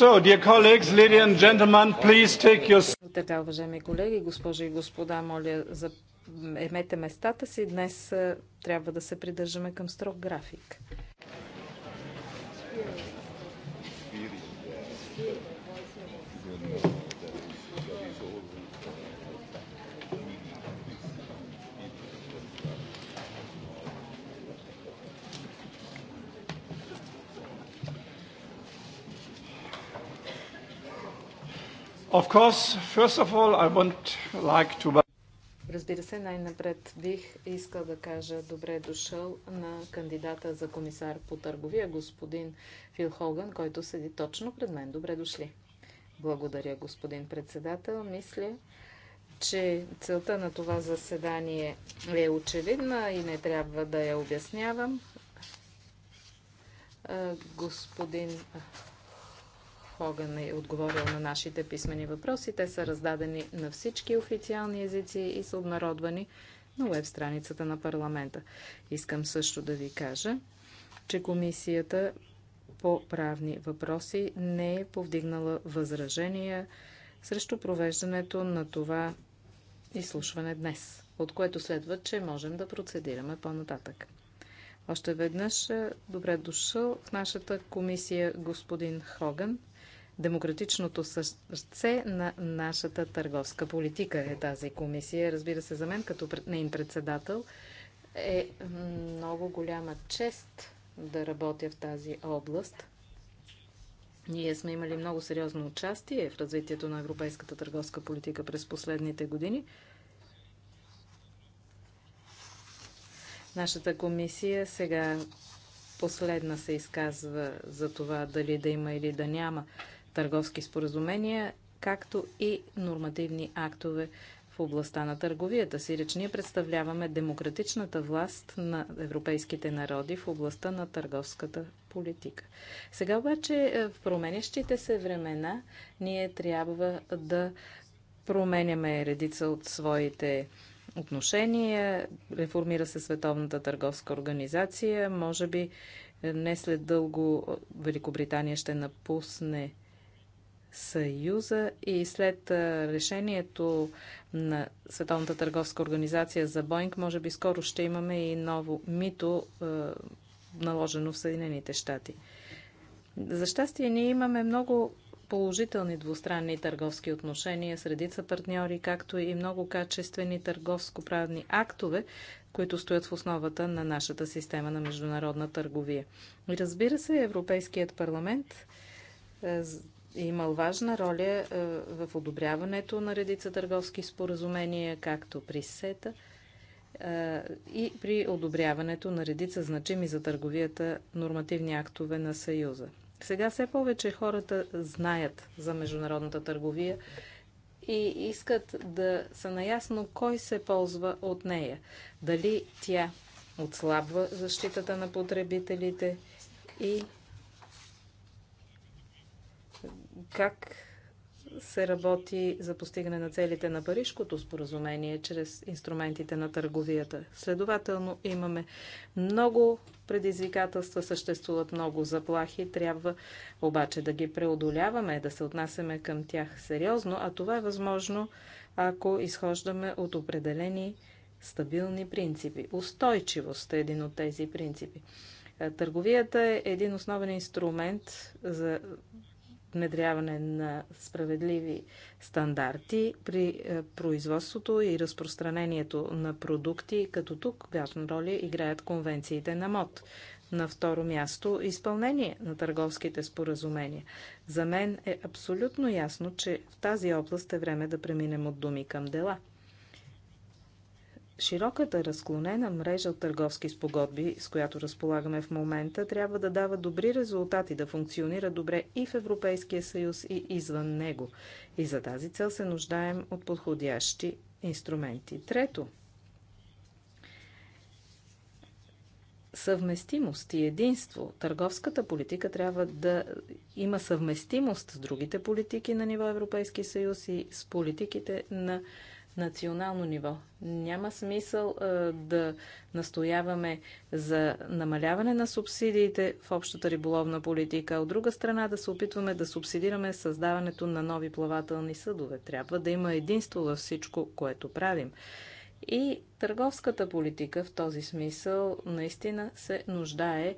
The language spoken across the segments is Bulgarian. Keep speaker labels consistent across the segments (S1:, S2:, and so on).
S1: So, dear colleagues, ladies and gentlemen, please take your...
S2: Така, уважаеми колеги, госпожи и господа, моля, заемете местата си. Днес е, трябва да се придържаме към строг график.
S1: course, first of all, I want like to...
S2: Разбира се, най-напред бих искал да кажа добре дошъл на кандидата за комисар по търговия, господин Фил Хоган, който седи точно пред мен. Добре дошли. Благодаря, господин председател. Мисля, че целта на това заседание е очевидна и не трябва да я обяснявам. Господин Хоган е отговорил на нашите писмени въпроси. Те са раздадени на всички официални езици и са обнародвани на веб страницата на парламента. Искам също да ви кажа, че комисията по правни въпроси не е повдигнала възражения срещу провеждането на това изслушване днес, от което следва, че можем да процедираме по-нататък. Още веднъж добре дошъл в нашата комисия господин Хоган демократичното сърце на нашата търговска политика е тази комисия. Разбира се, за мен като нейн председател е много голяма чест да работя в тази област. Ние сме имали много сериозно участие в развитието на европейската търговска политика през последните години. Нашата комисия сега последна се изказва за това дали да има или да няма търговски споразумения, както и нормативни актове в областта на търговията. Сирич ние представляваме демократичната власт на европейските народи в областта на търговската политика. Сега обаче е, в променящите се времена ние трябва да променяме редица от своите отношения. Реформира се Световната търговска организация. Може би е, не след дълго Великобритания ще напусне Съюза и след решението на Световната търговска организация за Боинг, може би скоро ще имаме и ново мито, наложено в Съединените щати. За щастие, ние имаме много положителни двустранни търговски отношения с редица партньори, както и много качествени търговско-правни актове, които стоят в основата на нашата система на международна търговия. И разбира се, Европейският парламент е имал важна роля е, в одобряването на редица търговски споразумения, както при СЕТА е, и при одобряването на редица значими за търговията нормативни актове на Съюза. Сега все повече хората знаят за международната търговия и искат да са наясно кой се ползва от нея. Дали тя отслабва защитата на потребителите и как се работи за постигане на целите на Парижкото споразумение чрез инструментите на търговията. Следователно имаме много предизвикателства, съществуват много заплахи, трябва обаче да ги преодоляваме, да се отнасяме към тях сериозно, а това е възможно, ако изхождаме от определени стабилни принципи. Устойчивост е един от тези принципи. Търговията е един основен инструмент за внедряване на справедливи стандарти при е, производството и разпространението на продукти, като тук важна роля играят конвенциите на МОД. На второ място изпълнение на търговските споразумения. За мен е абсолютно ясно, че в тази област е време да преминем от думи към дела – Широката разклонена мрежа от търговски спогодби, с която разполагаме в момента, трябва да дава добри резултати, да функционира добре и в Европейския съюз, и извън него. И за тази цел се нуждаем от подходящи инструменти. Трето, съвместимост и единство. Търговската политика трябва да има съвместимост с другите политики на ниво Европейски съюз и с политиките на национално ниво. Няма смисъл а, да настояваме за намаляване на субсидиите в общата риболовна политика, а от друга страна да се опитваме да субсидираме създаването на нови плавателни съдове. Трябва да има единство във всичко, което правим. И търговската политика в този смисъл наистина се нуждае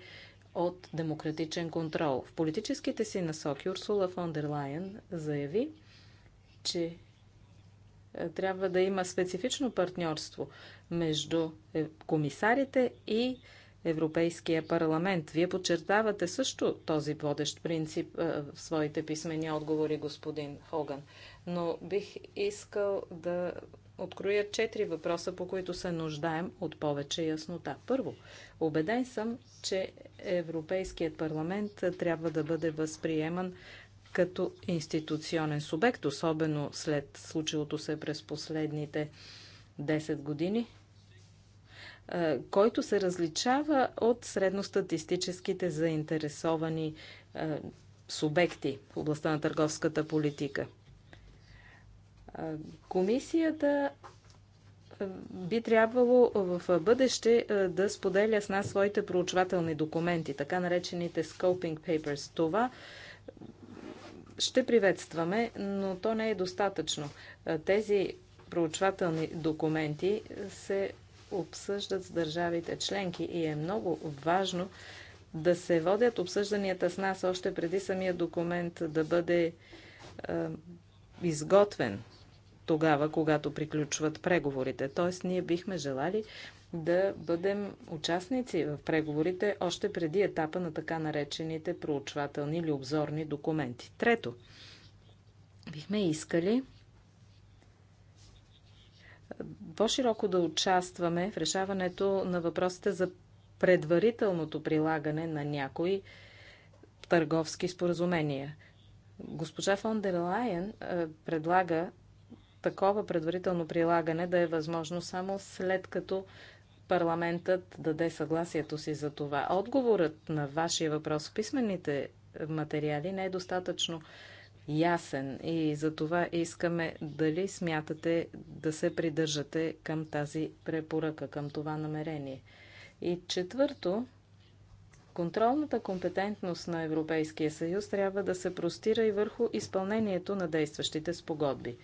S2: от демократичен контрол. В политическите си насоки Урсула фон дер Лайен заяви, че трябва да има специфично партньорство между е, комисарите и Европейския парламент. Вие подчертавате също този водещ принцип е, в своите писмени отговори, господин Хоган. Но бих искал да откроя четири въпроса, по които се нуждаем от повече яснота. Първо, убеден съм, че Европейският парламент трябва да бъде възприеман като институционен субект, особено след случилото се през последните 10 години, който се различава от средностатистическите заинтересовани субекти в областта на търговската политика. Комисията би трябвало в бъдеще да споделя с нас своите проучвателни документи, така наречените scoping papers. Това ще приветстваме, но то не е достатъчно. Тези проучвателни документи се обсъждат с държавите членки и е много важно да се водят обсъжданията с нас още преди самия документ да бъде е, изготвен тогава, когато приключват преговорите. Тоест, ние бихме желали да бъдем участници в преговорите още преди етапа на така наречените проучвателни или обзорни документи. Трето, бихме искали по-широко да участваме в решаването на въпросите за предварителното прилагане на някои търговски споразумения. Госпожа фон дер Лайен е, предлага такова предварително прилагане да е възможно само след като парламентът даде съгласието си за това. Отговорът на вашия въпрос в писмените материали не е достатъчно ясен и за това искаме дали смятате да се придържате към тази препоръка, към това намерение. И четвърто, контролната компетентност на Европейския съюз трябва да се простира и върху изпълнението на действащите спогодби.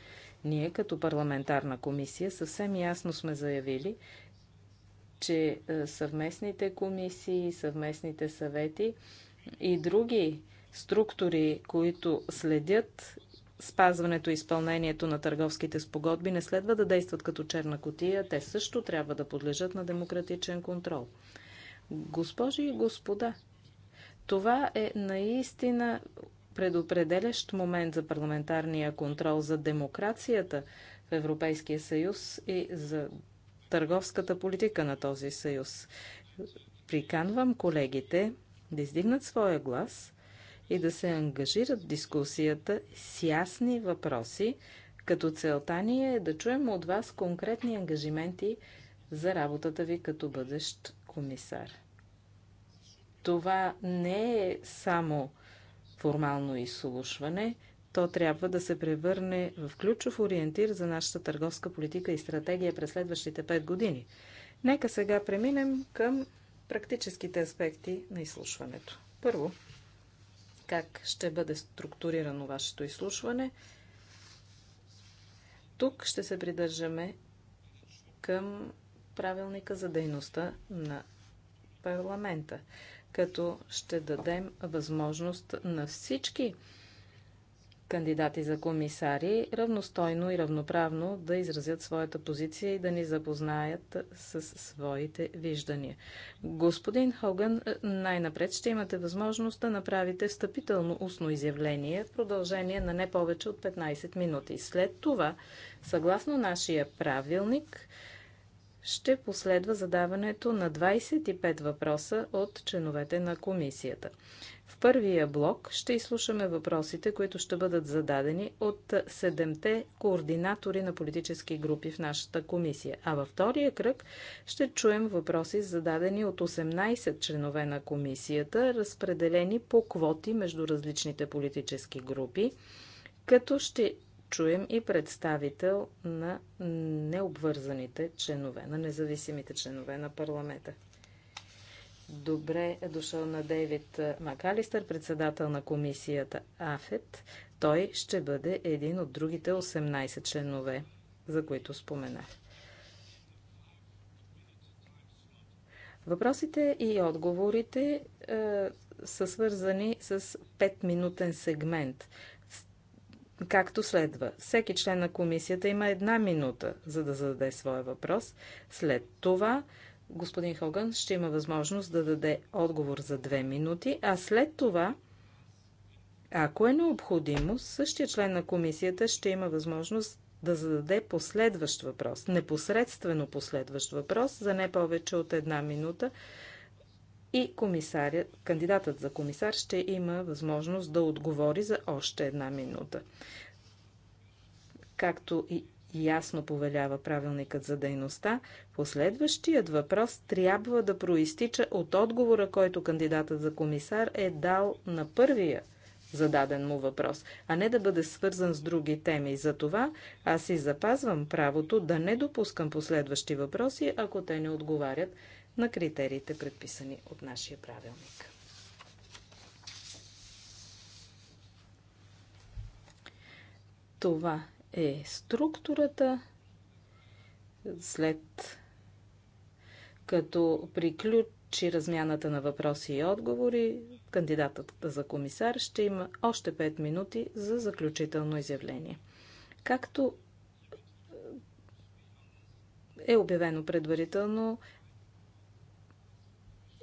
S2: Ние като парламентарна комисия съвсем ясно сме заявили, че е, съвместните комисии, съвместните съвети и други структури, които следят спазването и изпълнението на търговските спогодби, не следва да действат като черна котия. Те също трябва да подлежат на демократичен контрол. Госпожи и господа, това е наистина предопределящ момент за парламентарния контрол за демокрацията в Европейския съюз и за търговската политика на този съюз. Приканвам колегите да издигнат своя глас и да се ангажират в дискусията с ясни въпроси, като целта ни е да чуем от вас конкретни ангажименти за работата ви като бъдещ комисар. Това не е само формално изслушване – то трябва да се превърне в ключов ориентир за нашата търговска политика и стратегия през следващите 5 години. Нека сега преминем към практическите аспекти на изслушването. Първо, как ще бъде структурирано вашето изслушване? Тук ще се придържаме към правилника за дейността на парламента, като ще дадем възможност на всички кандидати за комисари равностойно и равноправно да изразят своята позиция и да ни запознаят с своите виждания. Господин Хоган, най-напред ще имате възможност да направите встъпително устно изявление в продължение на не повече от 15 минути. След това, съгласно нашия правилник, ще последва задаването на 25 въпроса от членовете на комисията. В първия блок ще изслушаме въпросите, които ще бъдат зададени от седемте координатори на политически групи в нашата комисия. А във втория кръг ще чуем въпроси, зададени от 18 членове на комисията, разпределени по квоти между различните политически групи, като ще чуем и представител на необвързаните членове, на независимите членове на парламента. Добре е дошъл на Дейвид Макалистър, председател на комисията АФЕТ. Той ще бъде един от другите 18 членове, за които споменах. Въпросите и отговорите е, са свързани с 5-минутен сегмент – както следва. Всеки член на комисията има една минута, за да зададе своя въпрос. След това господин Хоган ще има възможност да даде отговор за две минути, а след това, ако е необходимо, същия член на комисията ще има възможност да зададе последващ въпрос, непосредствено последващ въпрос за не повече от една минута и кандидатът за комисар ще има възможност да отговори за още една минута. Както и ясно повелява правилникът за дейността, последващият въпрос трябва да проистича от отговора, който кандидатът за комисар е дал на първия зададен му въпрос, а не да бъде свързан с други теми. За това аз си запазвам правото да не допускам последващи въпроси, ако те не отговарят на критериите, предписани от нашия правилник. Това е структурата след като приключи размяната на въпроси и отговори, кандидатът за комисар ще има още 5 минути за заключително изявление. Както е обявено предварително,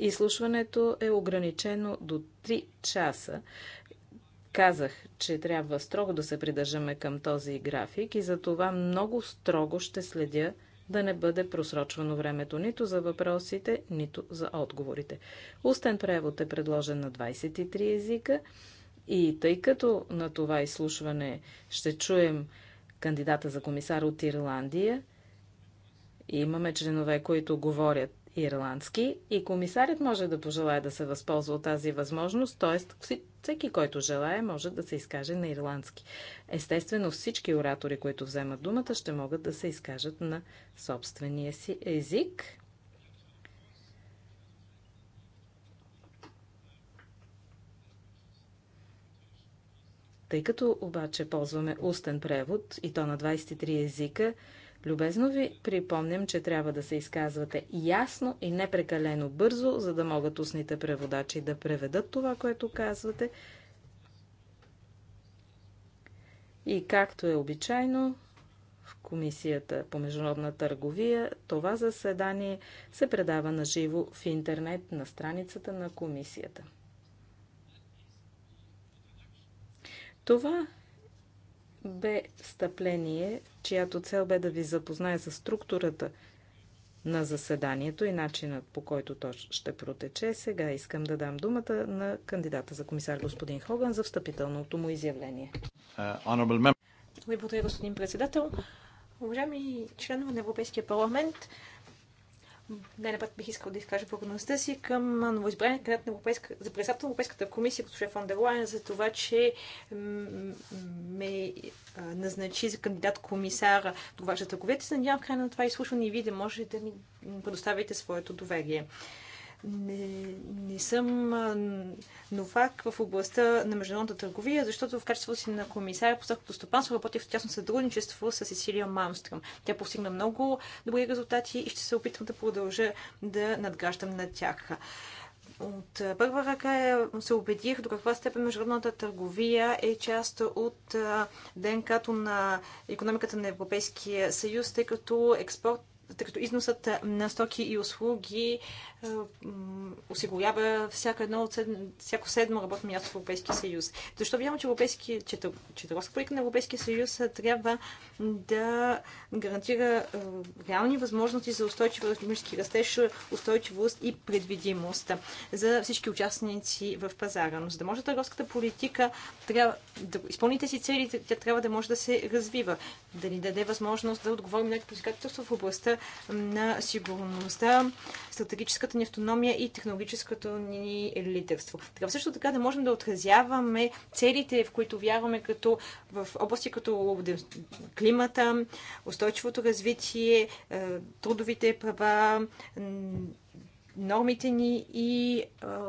S2: Изслушването е ограничено до 3 часа. Казах, че трябва строго да се придържаме към този график и за това много строго ще следя да не бъде просрочвано времето нито за въпросите, нито за отговорите. Устен превод е предложен на 23 езика и тъй като на това изслушване ще чуем кандидата за комисар от Ирландия, и имаме членове, които говорят ирландски и комисарят може да пожелая да се възползва от тази възможност, т.е. всеки, който желая, може да се изкаже на ирландски. Естествено, всички оратори, които вземат думата, ще могат да се изкажат на собствения си език. Тъй като обаче ползваме устен превод и то на 23 езика, Любезно ви припомням, че трябва да се изказвате ясно и непрекалено бързо, за да могат устните преводачи да преведат това, което казвате. И както е обичайно, в Комисията по международна търговия това заседание се предава на живо в интернет на страницата на Комисията. Това бе встъпление, чиято цел бе да ви запознае за структурата на заседанието и начинът по който то ще протече. Сега искам да дам думата на кандидата за комисар господин
S3: Хоган за встъпителното му изявление. Uh, благодаря, господин председател. Уважаеми членове на Европейския парламент, най-напред бих искал да изкажа благодарността си към новоизбрания кандидат на Европейска, за председател на Европейската комисия, госпожа фон дер за това, че ме назначи за кандидат комисар това вашата търговията. Се надявам в края на това изслушване и вие да може да ми предоставите своето доверие не, не съм новак в областта на международната търговия, защото в качеството си на комисар по стъкото стопанство работи в тясно сътрудничество с Сесилия Мамстрам. Тя постигна много добри резултати и ще се опитвам да продължа да надграждам на тях. От първа ръка е, се убедих до каква степен международната търговия е част от ДНК-то на економиката на Европейския съюз, тъй като експорт тъй като износът на стоки и услуги е, осигурява всяко едно от всяко седмо работно място в Европейския съюз. Защо вярвам, че, европейски, че, че търговска политика на Европейския съюз е, трябва да гарантира е, реални възможности за устойчиво економически растеж, устойчивост и предвидимост за всички участници в пазара. Но за да може търговската политика трябва да изпълни тези цели, тя трябва да може да се развива, да ни даде възможност да отговорим на предизвикателство в областта на сигурността, стратегическата ни автономия и технологическото ни лидерство. Така също така да можем да отразяваме целите, в които вярваме като в области като климата, устойчивото развитие, е, трудовите права, нормите ни и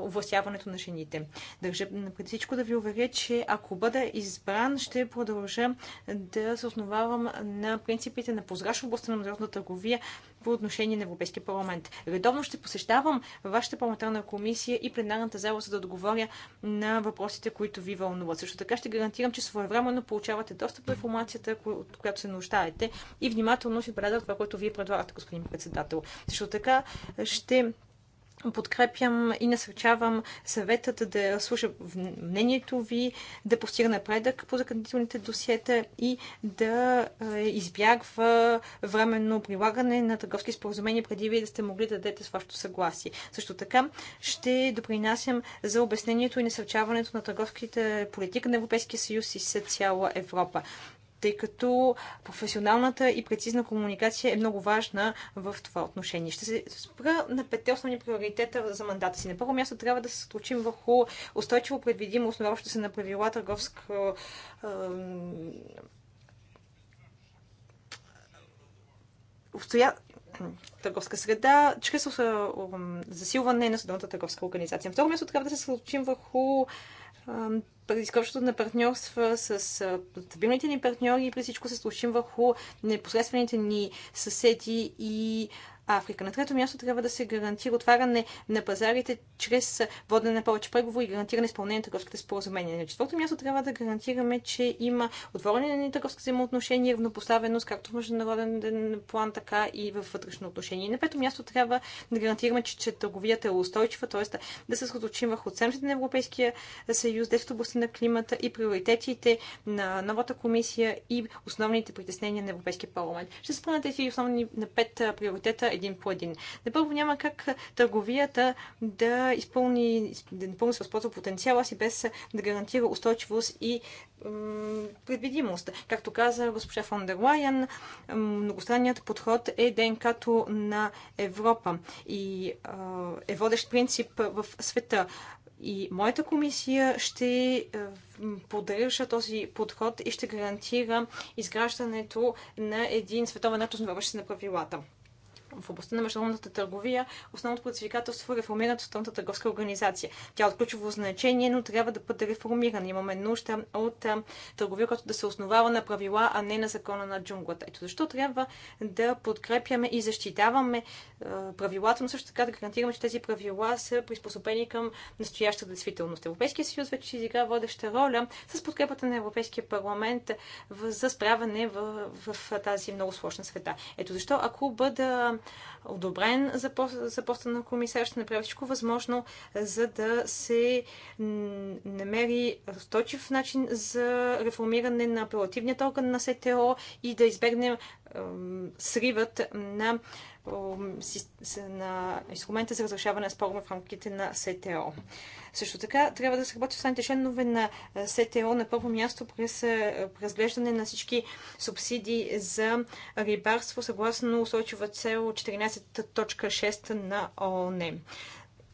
S3: овластяването на жените. Държа преди всичко да ви уверя, че ако бъда избран, ще продължа да се основавам на принципите на прозрачно областта на международната търговия, по отношение на Европейския парламент. Редовно ще посещавам вашата парламентарна комисия и пленарната зала, за да отговоря на въпросите, които ви вълнуват. Също така ще гарантирам, че своевременно получавате достъп до информацията, от която се нуждаете и внимателно ще предадат това, което вие предлагате, господин председател. Също така ще подкрепям и насърчавам съветът да слуша мнението ви, да постига напредък по заканителните досиета и да е, избягва временно прилагане на търговски споразумения преди вие да сте могли да дадете с вашето съгласие. Също така ще допринасям за обяснението и насърчаването на търговските политика на Европейския съюз и с цяла Европа тъй като професионалната и прецизна комуникация е много важна в това отношение. Ще се спра на петте основни приоритета за мандата си. На първо място трябва да се случим върху устойчиво предвидимо, основаващо се на правила търговско търговска среда, чрез засилване на Съдовната търговска организация. На второ място трябва да се случим върху изкочването на партньорства с стабилните ни партньори и при всичко се случим върху непосредствените ни съседи и Африка. На трето място трябва да се гарантира отваряне на пазарите чрез водене на повече преговори и гарантиране изпълнение на търговските споразумения. На четвърто място трябва да гарантираме, че има отворени търговски взаимоотношения, равнопоставеност както в международен план, така и във вътрешно отношение. И на пето място трябва да гарантираме, че, че търговията е устойчива, т.е. да се съсредоточим върху ценностите на Европейския съюз, действието областта на климата и приоритетите на новата комисия и основните притеснения на Европейския парламент. Ще спомнете и основни на пет приоритета един по един. На първо няма как търговията да изпълни, да напълно се потенциала си без да гарантира устойчивост и предвидимост. Както каза госпожа фон дер Лайен, многостранният подход е ДНК-то на Европа и е водещ принцип в света. И моята комисия ще поддържа този подход и ще гарантира изграждането на един световен атос на правилата в областта на международната търговия, основното предизвикателство е реформирането Световната търговска организация. Тя е от ключово значение, но трябва да бъде реформирана. Имаме нужда от търговия, която да се основава на правила, а не на закона на джунглата. Ето защо трябва да подкрепяме и защитаваме правилата, но също така да гарантираме, че тези правила са приспособени към настоящата действителност. Европейския съюз вече изигра водеща роля с подкрепата на Европейския парламент за справяне в, в, в тази много сложна света. Ето защо, ако бъда одобрен за, по- за поста на комисар. Ще направи всичко възможно, за да се намери устойчив начин за реформиране на апелативният орган на СТО и да избегнем сривът на на инструмента за разрешаване на спорове в рамките на СТО. Също така трябва да се работи в останалите членове на СТО на първо място през разглеждане на всички субсидии за рибарство съгласно устойчива цел 14.6 на ООН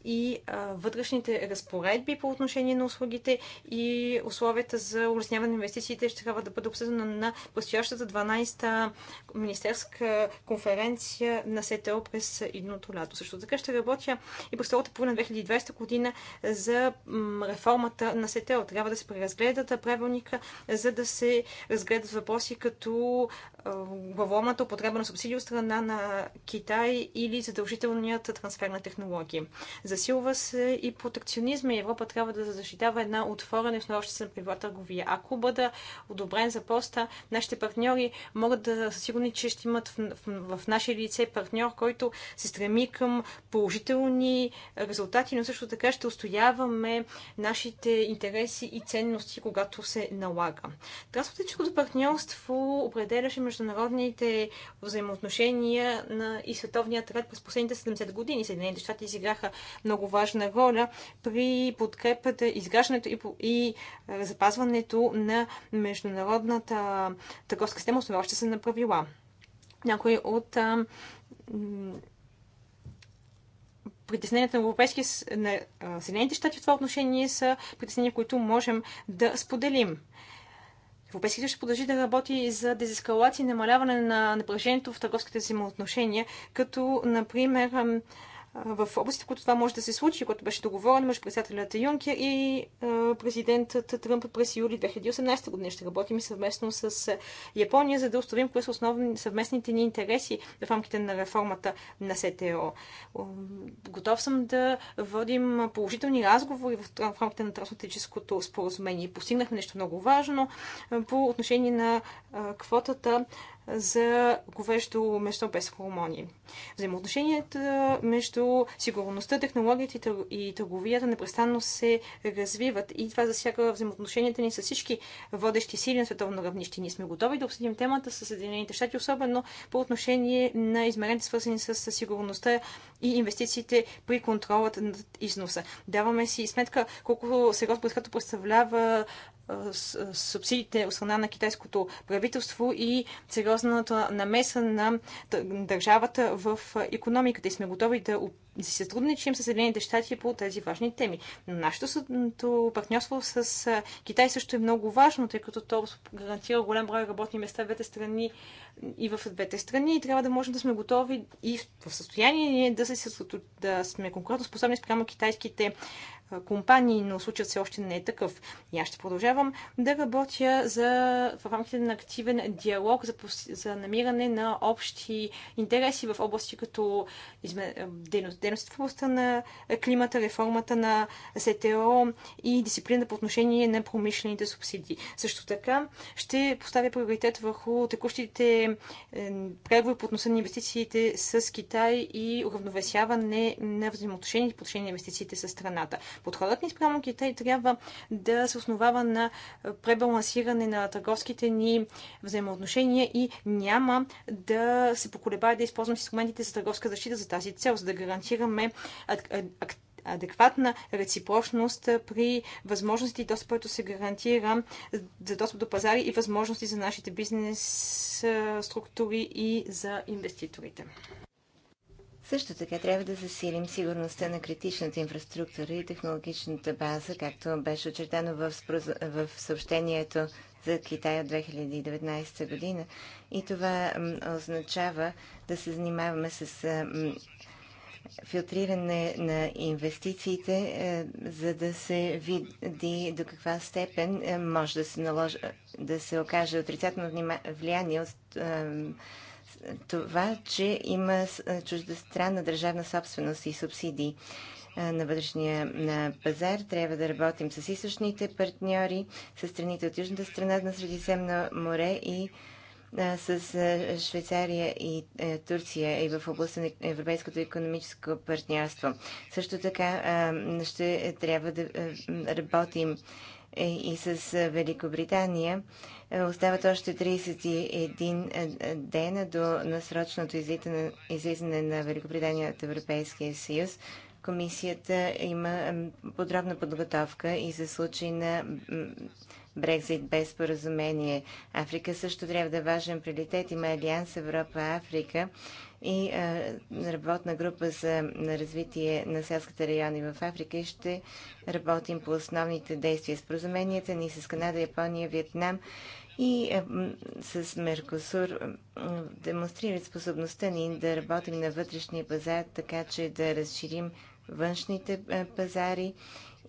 S3: и вътрешните разпоредби по отношение на услугите и условията за улесняване на инвестициите ще трябва да бъде обсъдена на предстоящата 12-та министерска конференция на СТО през едното лято. Също така ще работя и през втората половина 2020 година за реформата на СТО. Трябва да се преразгледат правилника, за да се разгледат въпроси като главоломната употреба на субсидия от страна на Китай или задължителният трансфер на технологии. За Засилва се и протекционизма и Европа трябва да защитава една отворена и основаща на търговия. Ако бъда одобрен за поста, нашите партньори могат да са сигурни, че ще имат в, в, в наше лице партньор, който се стреми към положителни резултати, но също така ще устояваме нашите интереси и ценности, когато се налага. Трансатлантическото партньорство определяше международните взаимоотношения на и световният ред през последните 70 години. Съединените щати изиграха много важна роля при подкрепата, изграждането и, и е, запазването на международната търговска система, основаваща се на правила. Някои от а, притесненията на, европейски, на Съединените щати в това отношение са притеснения, които можем да споделим. Европейския съюз ще продължи да работи за дезескалация и намаляване на напрежението в търговските взаимоотношения, като, например, в областите, които това може да се случи, което беше договорено между председателят Юнкер и президентът Тръмп през юли 2018 година. Ще работим съвместно с Япония, за да установим кои са основни съвместните ни интереси в рамките на реформата на СТО. Готов съм да водим положителни разговори в рамките на трансатлантическото споразумение. Постигнахме нещо много важно по отношение на квотата за говещо место без хормони. Взаимоотношенията между сигурността, технологията и търговията непрестанно се развиват и това засяга взаимоотношенията ни с всички водещи сили на световно равнище. Ние сме готови да обсъдим темата с Съединените щати, особено по отношение на измерените, свързани с сигурността и инвестициите при контролът над износа. Даваме си сметка колко сериозно като представлява субсидиите от страна на китайското правителство и сериозната намеса на държавата в економиката. И сме готови да да си сътрудничим с Съединените щати по тези важни теми. Но нашето партньорство с Китай също е много важно, тъй като то гарантира голям брой работни места в двете страни и в двете страни и трябва да можем да сме готови и в състояние да, се, да сме конкурентоспособни спрямо китайските компании, но случаят все още не е такъв. И аз ще продължавам да работя за, в рамките на активен диалог за, за намиране на общи интереси в области като изме, дейност, дейност в областта на климата, реформата на СТО и дисциплина по отношение на промишлените субсидии. Също така ще поставя приоритет върху текущите е, преговори по отношение на инвестициите с Китай и уравновесяване на взаимоотношения по отношение на инвестициите с страната. Подходът ни спрямо Китай трябва да се основава на пребалансиране на търговските ни взаимоотношения и няма да се поколебае да използвам инструментите за търговска защита за тази цел, за да гарантира гарантираме адекватна реципрочност при възможности и достъп, който се гарантира за достъп до пазари и възможности за нашите бизнес структури и за инвеститорите.
S1: Също така трябва да засилим сигурността на критичната инфраструктура и технологичната база, както беше очертано в, в съобщението за Китай от 2019 година. И това означава да се занимаваме с филтриране на инвестициите, е, за да се види до каква степен е, може да се, наложи, да се окаже отрицателно влияние от е, това, че има чуждестранна държавна собственост и субсидии на вътрешния на пазар. Трябва да работим с източните партньори, с страните от южната страна на Средиземно море и с Швейцария и Турция и в областта на Европейското економическо партньорство. Също така ще трябва да работим е, и с Великобритания. Остават още 31 дена до насрочното излизане на Великобритания от Европейския съюз. Комисията има подробна подготовка и за случай на Брекзит без споразумение. Африка също трябва да е важен приоритет. Има Алианс Европа-Африка и а, работна група за на развитие на селските райони в Африка и ще работим по основните действия. с поразуменията ни с Канада, Япония, Виетнам и а, с Меркосур демонстрират способността ни да работим на вътрешния пазар, така че да разширим външните пазари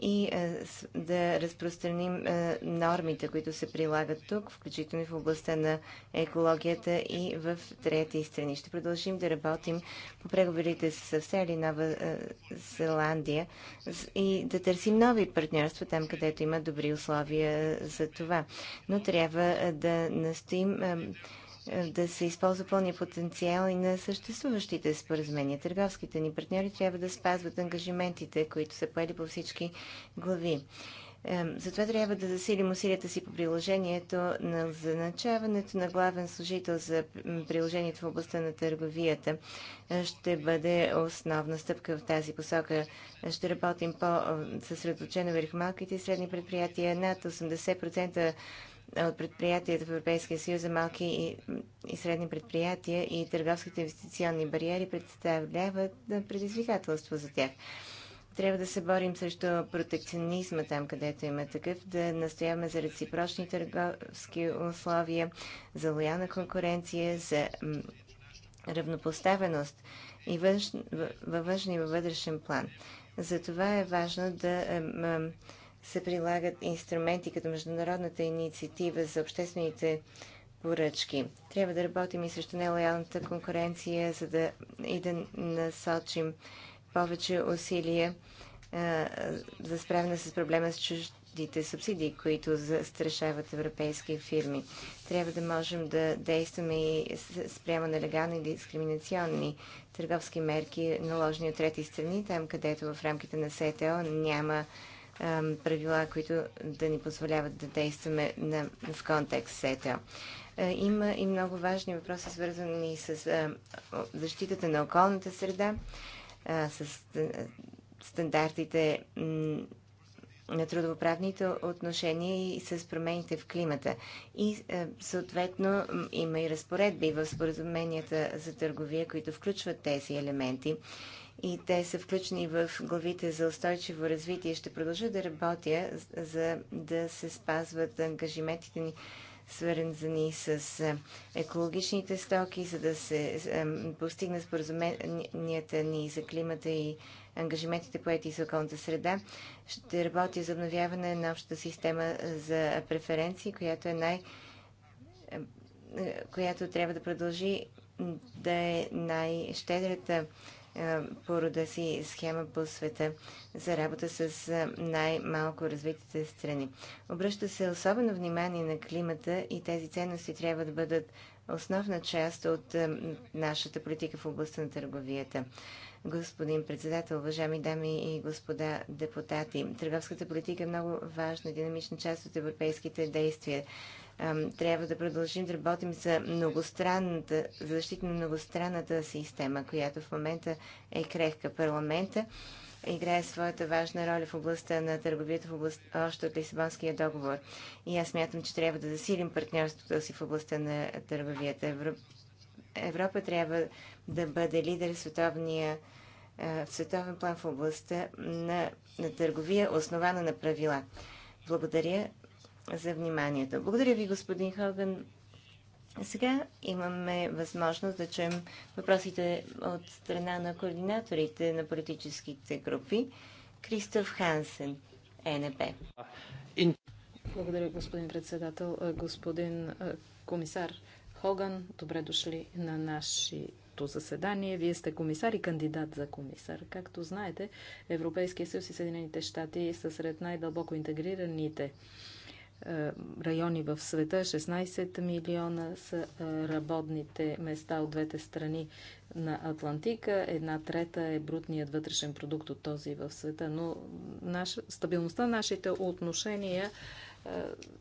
S1: и е, да разпространим е, нормите, които се прилагат тук, включително и в областта на екологията и в трети страни. Ще продължим да работим по преговорите с Австралия и Нова е, Зеландия и да търсим нови партньорства там, където има добри условия за това. Но трябва да настоим да се използва пълния потенциал и на съществуващите споразумения. Търговските ни партньори трябва да спазват ангажиментите, които са поели по всички глави. Затова трябва да засилим усилията си по приложението на заначаването на главен служител за приложението в областта на търговията. Е, ще бъде основна стъпка в тази посока. Е, ще работим по-съсредоточено върху малките и средни предприятия. Над 80% от предприятията в Европейския съюз за малки и, и средни предприятия и търговските инвестиционни бариери представляват предизвикателство за тях. Трябва да се борим срещу протекционизма там, където има такъв, да настояваме за реципрочни търговски условия, за лоялна конкуренция, за равнопоставеност и външ, във външен и във вътрешен план. Затова е важно да се прилагат инструменти като Международната инициатива за обществените поръчки. Трябва да работим и срещу нелоялната конкуренция, за да и да насочим повече усилия за справяне с проблема с чуждите субсидии, които застрашават европейски фирми. Трябва да можем да действаме и спрямо нелегални и дискриминационни търговски мерки, наложени от трети страни, там където в рамките на СТО няма правила, които да ни позволяват да действаме на, в контекст с ЕТО. Има и много важни въпроси, свързани с защитата на околната среда, с стандартите на трудовоправните отношения и с промените в климата. И съответно има и разпоредби в споразуменията за търговия, които включват тези елементи и те са включени в главите за устойчиво развитие. Ще продължа да работя, за да се спазват ангажиментите ни, свързани с е, екологичните стоки, за да се е, постигне споразуменията ни за климата и ангажиментите поети за околната среда. Ще работя за обновяване на общата система за преференции, която е най е, която трябва да продължи да е най-щедрата е, по рода си схема по света за работа с е, най-малко развитите страни. Обръща се особено внимание на климата и тези ценности трябва да бъдат основна част от е, нашата политика в областта на търговията. Господин председател, уважаеми дами и господа депутати, търговската политика е много важна и динамична част от европейските действия трябва да продължим да работим за многостранната, за защита на многостранната система, която в момента е крехка. Парламента играе своята важна роля в областта на търговията в област, още от Лисабонския договор. И аз смятам, че трябва да засилим партньорството си в областта на търговията. Европа, Европа трябва да бъде лидер в световния в световен план в областта на, на търговия, основана на правила. Благодаря за вниманието. Благодаря ви, господин Хоган. Сега имаме възможност да чуем въпросите от страна на координаторите на политическите групи. Кристоф Хансен, ЕНП. Благодаря,
S2: господин председател. Е, господин е, комисар Хоган, добре дошли на нашето заседание. Вие сте комисар и кандидат за комисар. Както знаете, Европейския съюз и Съединените щати са сред най-дълбоко интегрираните е, райони в света. 16 милиона са е, работните места от двете страни на Атлантика. Една трета е брутният вътрешен продукт от този в света. Но стабилността на нашите отношения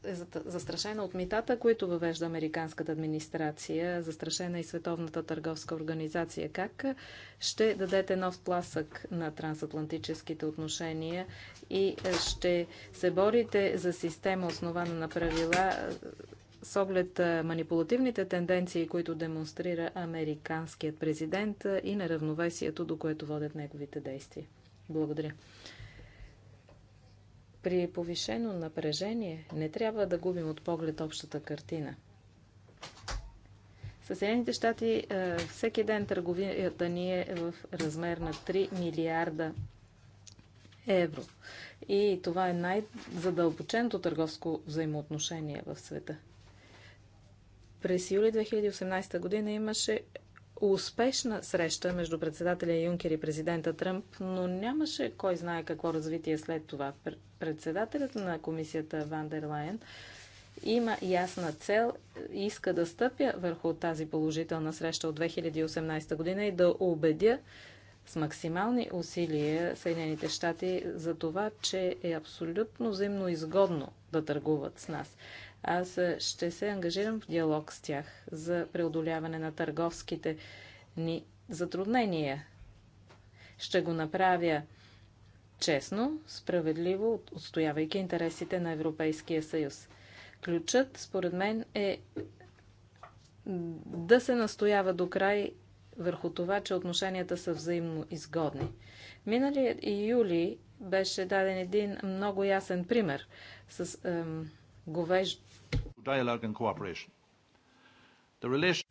S2: е застрашена от митата, които въвежда американската администрация, застрашена и Световната търговска организация. Как ще дадете нов пласък на трансатлантическите отношения и ще се борите за система, основана на правила, с оглед манипулативните тенденции, които демонстрира американският президент и неравновесието, до което водят неговите действия? Благодаря. При повишено напрежение не трябва да губим от поглед общата картина. Съединените щати е, всеки ден търговията ни е в размер на 3 милиарда евро. И това е най-задълбоченото търговско взаимоотношение в света. През юли 2018 година имаше успешна среща между председателя Юнкер и президента Тръмп, но нямаше кой знае какво развитие след това. Председателят на комисията Ван дер Лайен има ясна цел, иска да стъпя върху тази положителна среща от 2018 година и да убедя с максимални усилия Съединените щати за това, че е абсолютно взаимно изгодно да търгуват с нас. Аз ще се ангажирам в диалог с тях за преодоляване на търговските ни затруднения. Ще го направя честно, справедливо, отстоявайки интересите на Европейския съюз. Ключът, според мен, е да се настоява до край върху това, че отношенията са взаимно изгодни. и юли беше даден един много ясен пример с ем, говеж,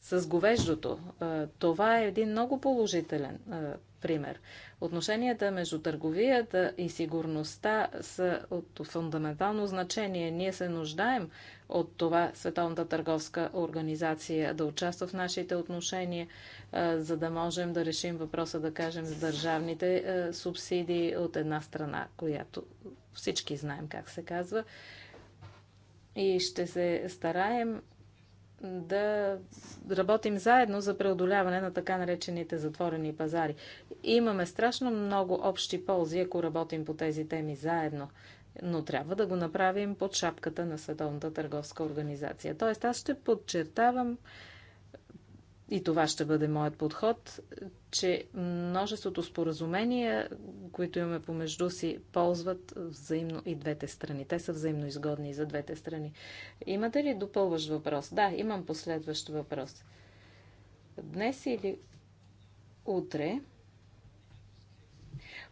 S2: с говеждото. Това е един много положителен пример. Отношенията между търговията и сигурността са от фундаментално значение. Ние се нуждаем от това Световната търговска организация да участва в нашите отношения, за да можем да решим въпроса, да кажем, с държавните субсидии от една страна, която всички знаем как се казва, и ще се стараем да работим заедно за преодоляване на така наречените затворени пазари. Имаме страшно много общи ползи, ако работим по тези теми заедно. Но трябва да го направим под шапката на Световната търговска организация. Тоест, аз ще подчертавам и това ще бъде моят подход, че множеството споразумения, които имаме помежду си, ползват взаимно и двете страни. Те са взаимно изгодни и за двете страни. Имате ли допълващ въпрос? Да, имам последващ въпрос. Днес или утре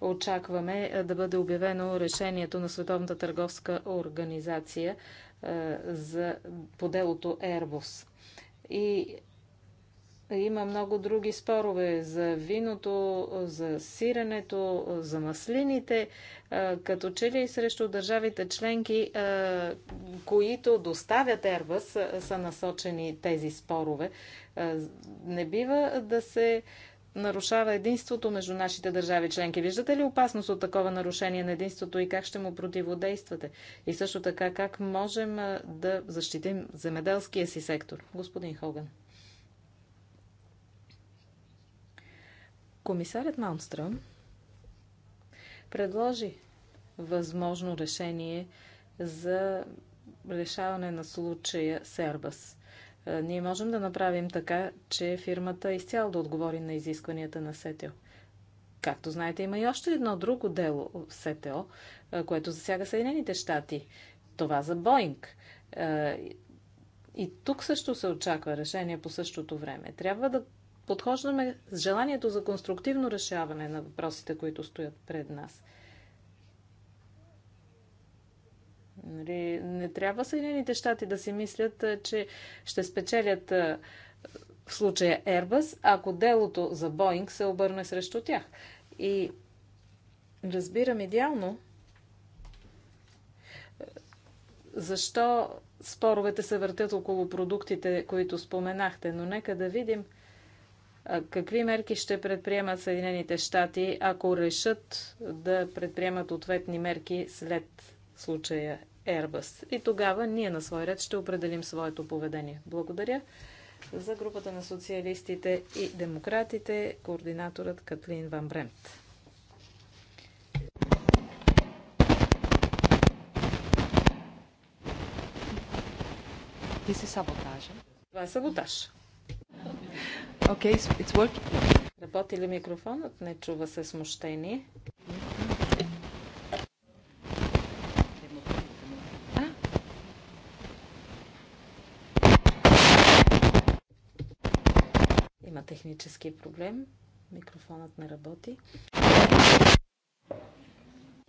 S2: очакваме да бъде обявено решението на Световната търговска организация за по делото Airbus. И има много други спорове за виното, за сиренето, за маслините, като че ли срещу държавите членки, които доставят Airbus, са насочени тези спорове. Не бива да се нарушава единството между нашите държави членки. Виждате ли опасност от такова нарушение на единството и как ще му противодействате? И също така, как можем да защитим земеделския си сектор? Господин Хоган. Комисарят Малмстръм предложи възможно решение за решаване на случая Сербас. Ние можем да направим така, че фирмата изцяло да отговори на изискванията на СТО. Както знаете, има и още едно друго дело в СТО, което засяга Съединените щати. Това за Боинг. И тук също се очаква решение по същото време. Трябва да подхождаме с желанието за конструктивно решаване на въпросите, които стоят пред нас. Нали, не трябва Съединените щати да си мислят, че ще спечелят в случая Airbus, ако делото за Боинг се обърне срещу тях. И разбирам идеално защо споровете се въртят около продуктите, които споменахте, но нека да видим – Какви мерки ще предприемат Съединените щати, ако решат да предприемат ответни мерки след случая Airbus? И тогава ние на свой ред ще определим своето поведение. Благодаря. За групата на социалистите и демократите, координаторът Катлин Ван Бремт. Ти си саботажа. Това е саботаж. Окей, okay, it's working. Работи ли микрофонът? Не чува се смущение. Има технически проблем. Микрофонът не работи.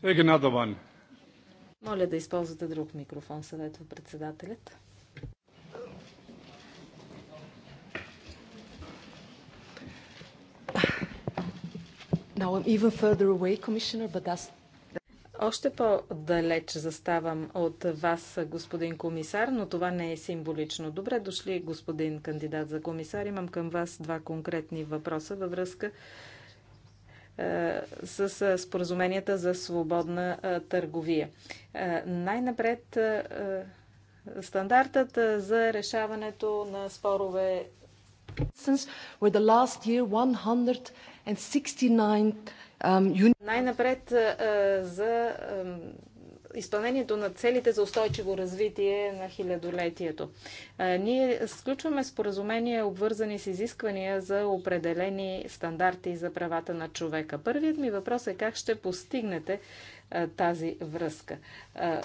S3: Take another one.
S2: Моля да използвате друг микрофон, съветва председателят. още по-далеч заставам от вас, господин комисар, но това не е символично. Добре дошли, господин кандидат за комисар. Имам към вас два конкретни въпроса във връзка е, с споразуменията за свободна е, търговия. Е, най-напред стандартът за решаването на спорове. the last year 100 Um, Най-напред за изпълнението на целите за устойчиво развитие на хилядолетието. Ние сключваме споразумения, обвързани с изисквания за определени стандарти за правата на човека. Първият ми въпрос е как ще постигнете тази връзка.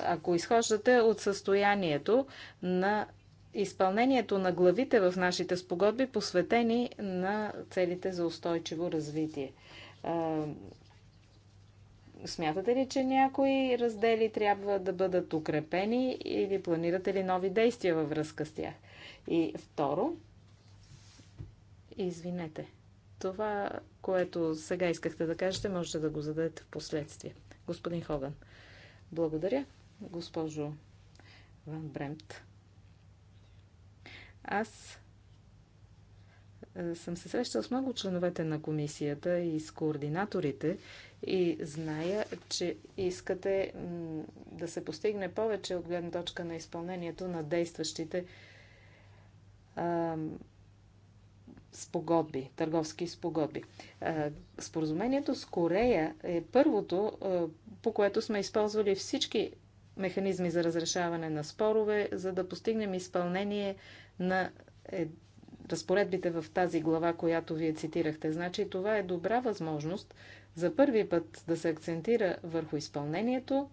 S2: Ако изхождате от състоянието на изпълнението на главите в нашите спогодби, посветени на целите за устойчиво развитие. Смятате ли, че някои раздели трябва да бъдат укрепени или планирате ли нови действия във връзка с тях? И второ, извинете, това, което сега искахте да кажете, можете да го зададете в последствие. Господин Хоган, благодаря. Госпожо Ван Бремт. Аз е, съм се срещал с много членовете на комисията и с координаторите и зная, че искате да се постигне повече от гледна точка на изпълнението на действащите спогодби, търговски спогодби. споразумението с Корея е първото, по което сме използвали всички механизми за разрешаване на спорове, за да постигнем изпълнение на е, разпоредбите в тази глава, която вие цитирахте. Значи това е добра възможност за първи път да се акцентира върху изпълнението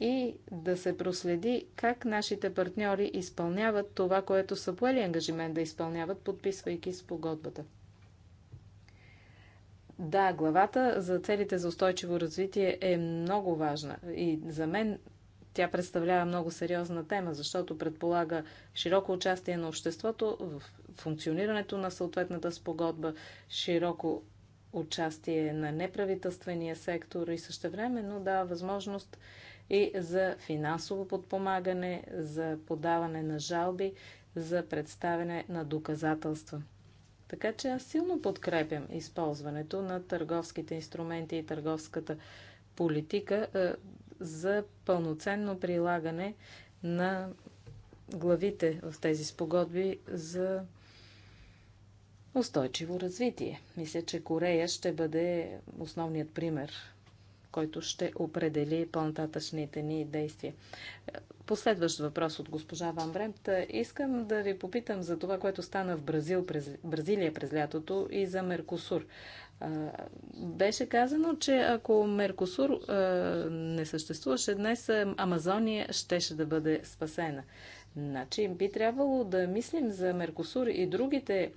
S2: и да се проследи как нашите партньори изпълняват това, което са поели ангажимент да изпълняват, подписвайки спогодбата. Да, главата за целите за устойчиво развитие е много важна и за мен тя представлява много сериозна тема, защото предполага широко участие на обществото в функционирането на съответната спогодба, широко участие на неправителствения сектор и същевременно дава възможност и за финансово подпомагане, за подаване на жалби, за представяне на доказателства. Така че аз силно подкрепям използването на търговските инструменти и търговската политика е, за пълноценно прилагане на главите в тези спогодби за устойчиво развитие. Мисля, че Корея ще бъде основният пример, който ще определи по-нататъчните ни действия. Последващ въпрос от госпожа Ван Бремт. Искам да ви попитам за това, което стана в Бразил, през, Бразилия през лятото и за Меркосур. Беше казано, че ако Меркосур не съществуваше днес, Амазония щеше да бъде спасена. Значи би трябвало да мислим за Меркосур и другите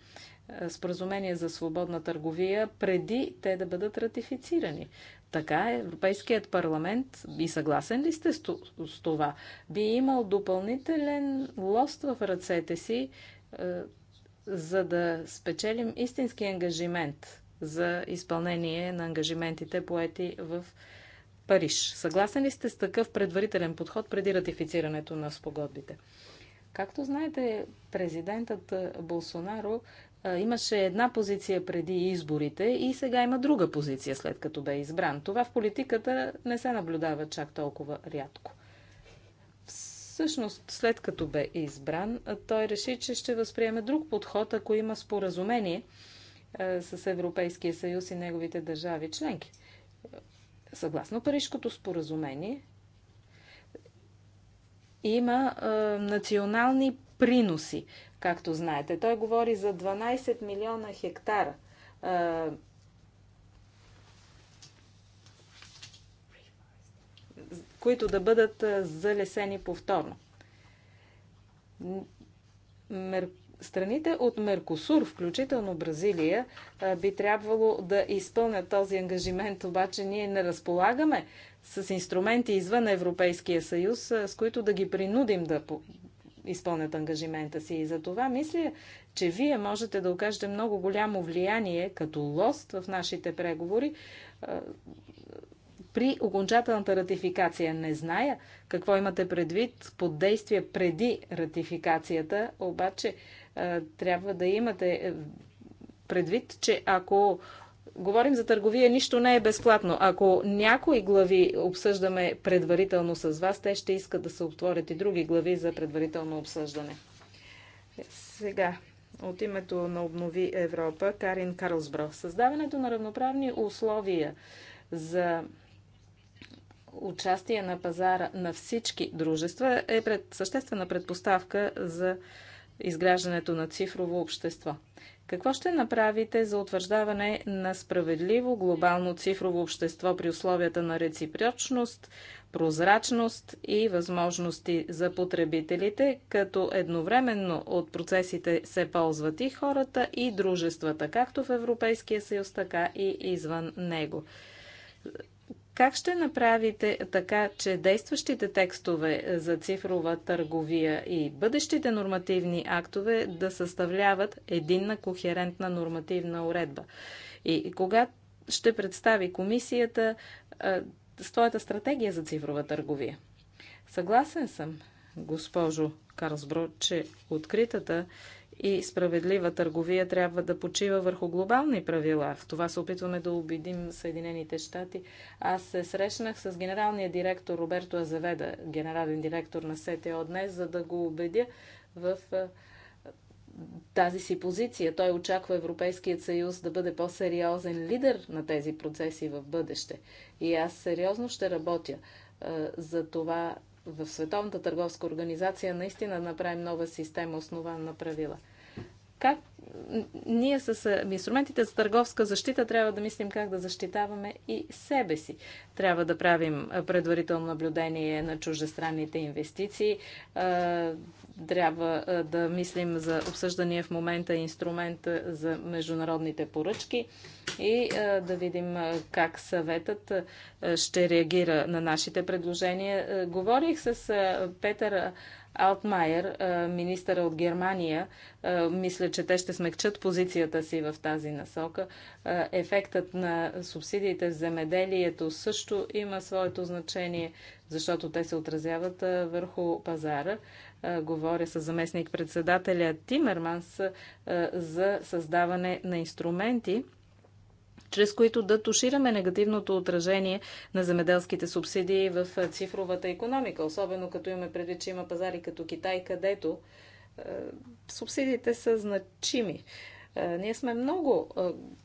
S2: споразумения за свободна търговия преди те да бъдат ратифицирани. Така е, Европейският парламент, и съгласен ли сте с това, би имал допълнителен лост в ръцете си, за да спечелим истински ангажимент за изпълнение на ангажиментите поети в Париж. Съгласен ли сте с такъв предварителен подход преди ратифицирането на спогодбите? Както знаете, президентът Болсонаро имаше една позиция преди изборите и сега има друга позиция след като бе избран. Това в политиката не се наблюдава чак толкова рядко. Всъщност, след като бе избран, той реши, че ще възприеме друг подход, ако има споразумение – е, с Европейския съюз и неговите държави членки. Съгласно Парижкото споразумение, има е, национални приноси, както знаете. Той говори за 12 милиона хектара. Е, които да бъдат е, залесени повторно. Мер... Страните от Меркосур, включително Бразилия, би трябвало да изпълнят този ангажимент, обаче ние не разполагаме с инструменти извън Европейския съюз, с които да ги принудим да изпълнят ангажимента си. И за това мисля, че вие можете да окажете много голямо влияние като лост в нашите преговори при окончателната ратификация. Не зная какво имате предвид под действие преди ратификацията, обаче е, трябва да имате е, предвид, че ако говорим за търговия, нищо не е безплатно. Ако някои глави обсъждаме предварително с вас, те ще искат да се отворят и други глави за предварително обсъждане. Сега, от името на Обнови Европа, Карин Карлсбро. Създаването на равноправни условия за участие на пазара на всички дружества е пред, съществена предпоставка за изграждането на цифрово общество. Какво ще направите за утвърждаване на справедливо глобално цифрово общество при условията на реципрочност, прозрачност и възможности за потребителите, като едновременно от процесите се ползват и хората, и дружествата, както в Европейския съюз, така и извън него? Как ще направите така, че действащите текстове за цифрова търговия и бъдещите нормативни актове да съставляват единна кохерентна нормативна уредба? И кога ще представи комисията своята стратегия за цифрова търговия? Съгласен съм, госпожо Карлсбро, че откритата и справедлива търговия трябва да почива върху глобални правила. В това се опитваме да убедим Съединените щати. Аз се срещнах с генералния директор Роберто Азаведа, генерален директор на СТО днес, за да го убедя в тази си позиция. Той очаква Европейският съюз да бъде по-сериозен лидер на тези процеси в бъдеще. И аз сериозно ще работя за това в Световната търговска организация наистина да направим нова система, основана на правила – как ние с инструментите за търговска защита трябва да мислим как да защитаваме и себе си. Трябва да правим предварително наблюдение на чуждестранните инвестиции. Трябва да мислим за обсъждания в момента инструмент за международните поръчки и да видим как съветът ще реагира на нашите предложения. Говорих с Петър Алтмайер, министъра от Германия, мисля, че те ще смекчат позицията си в тази насока. Ефектът на субсидиите в земеделието също има своето значение, защото те се отразяват върху пазара. Говоря с заместник-председателя Тимерманс за създаване на инструменти, чрез които да тушираме негативното отражение на земеделските субсидии в цифровата економика, особено като имаме предвид, че има пазари като Китай, където е, субсидиите са значими. Ние сме много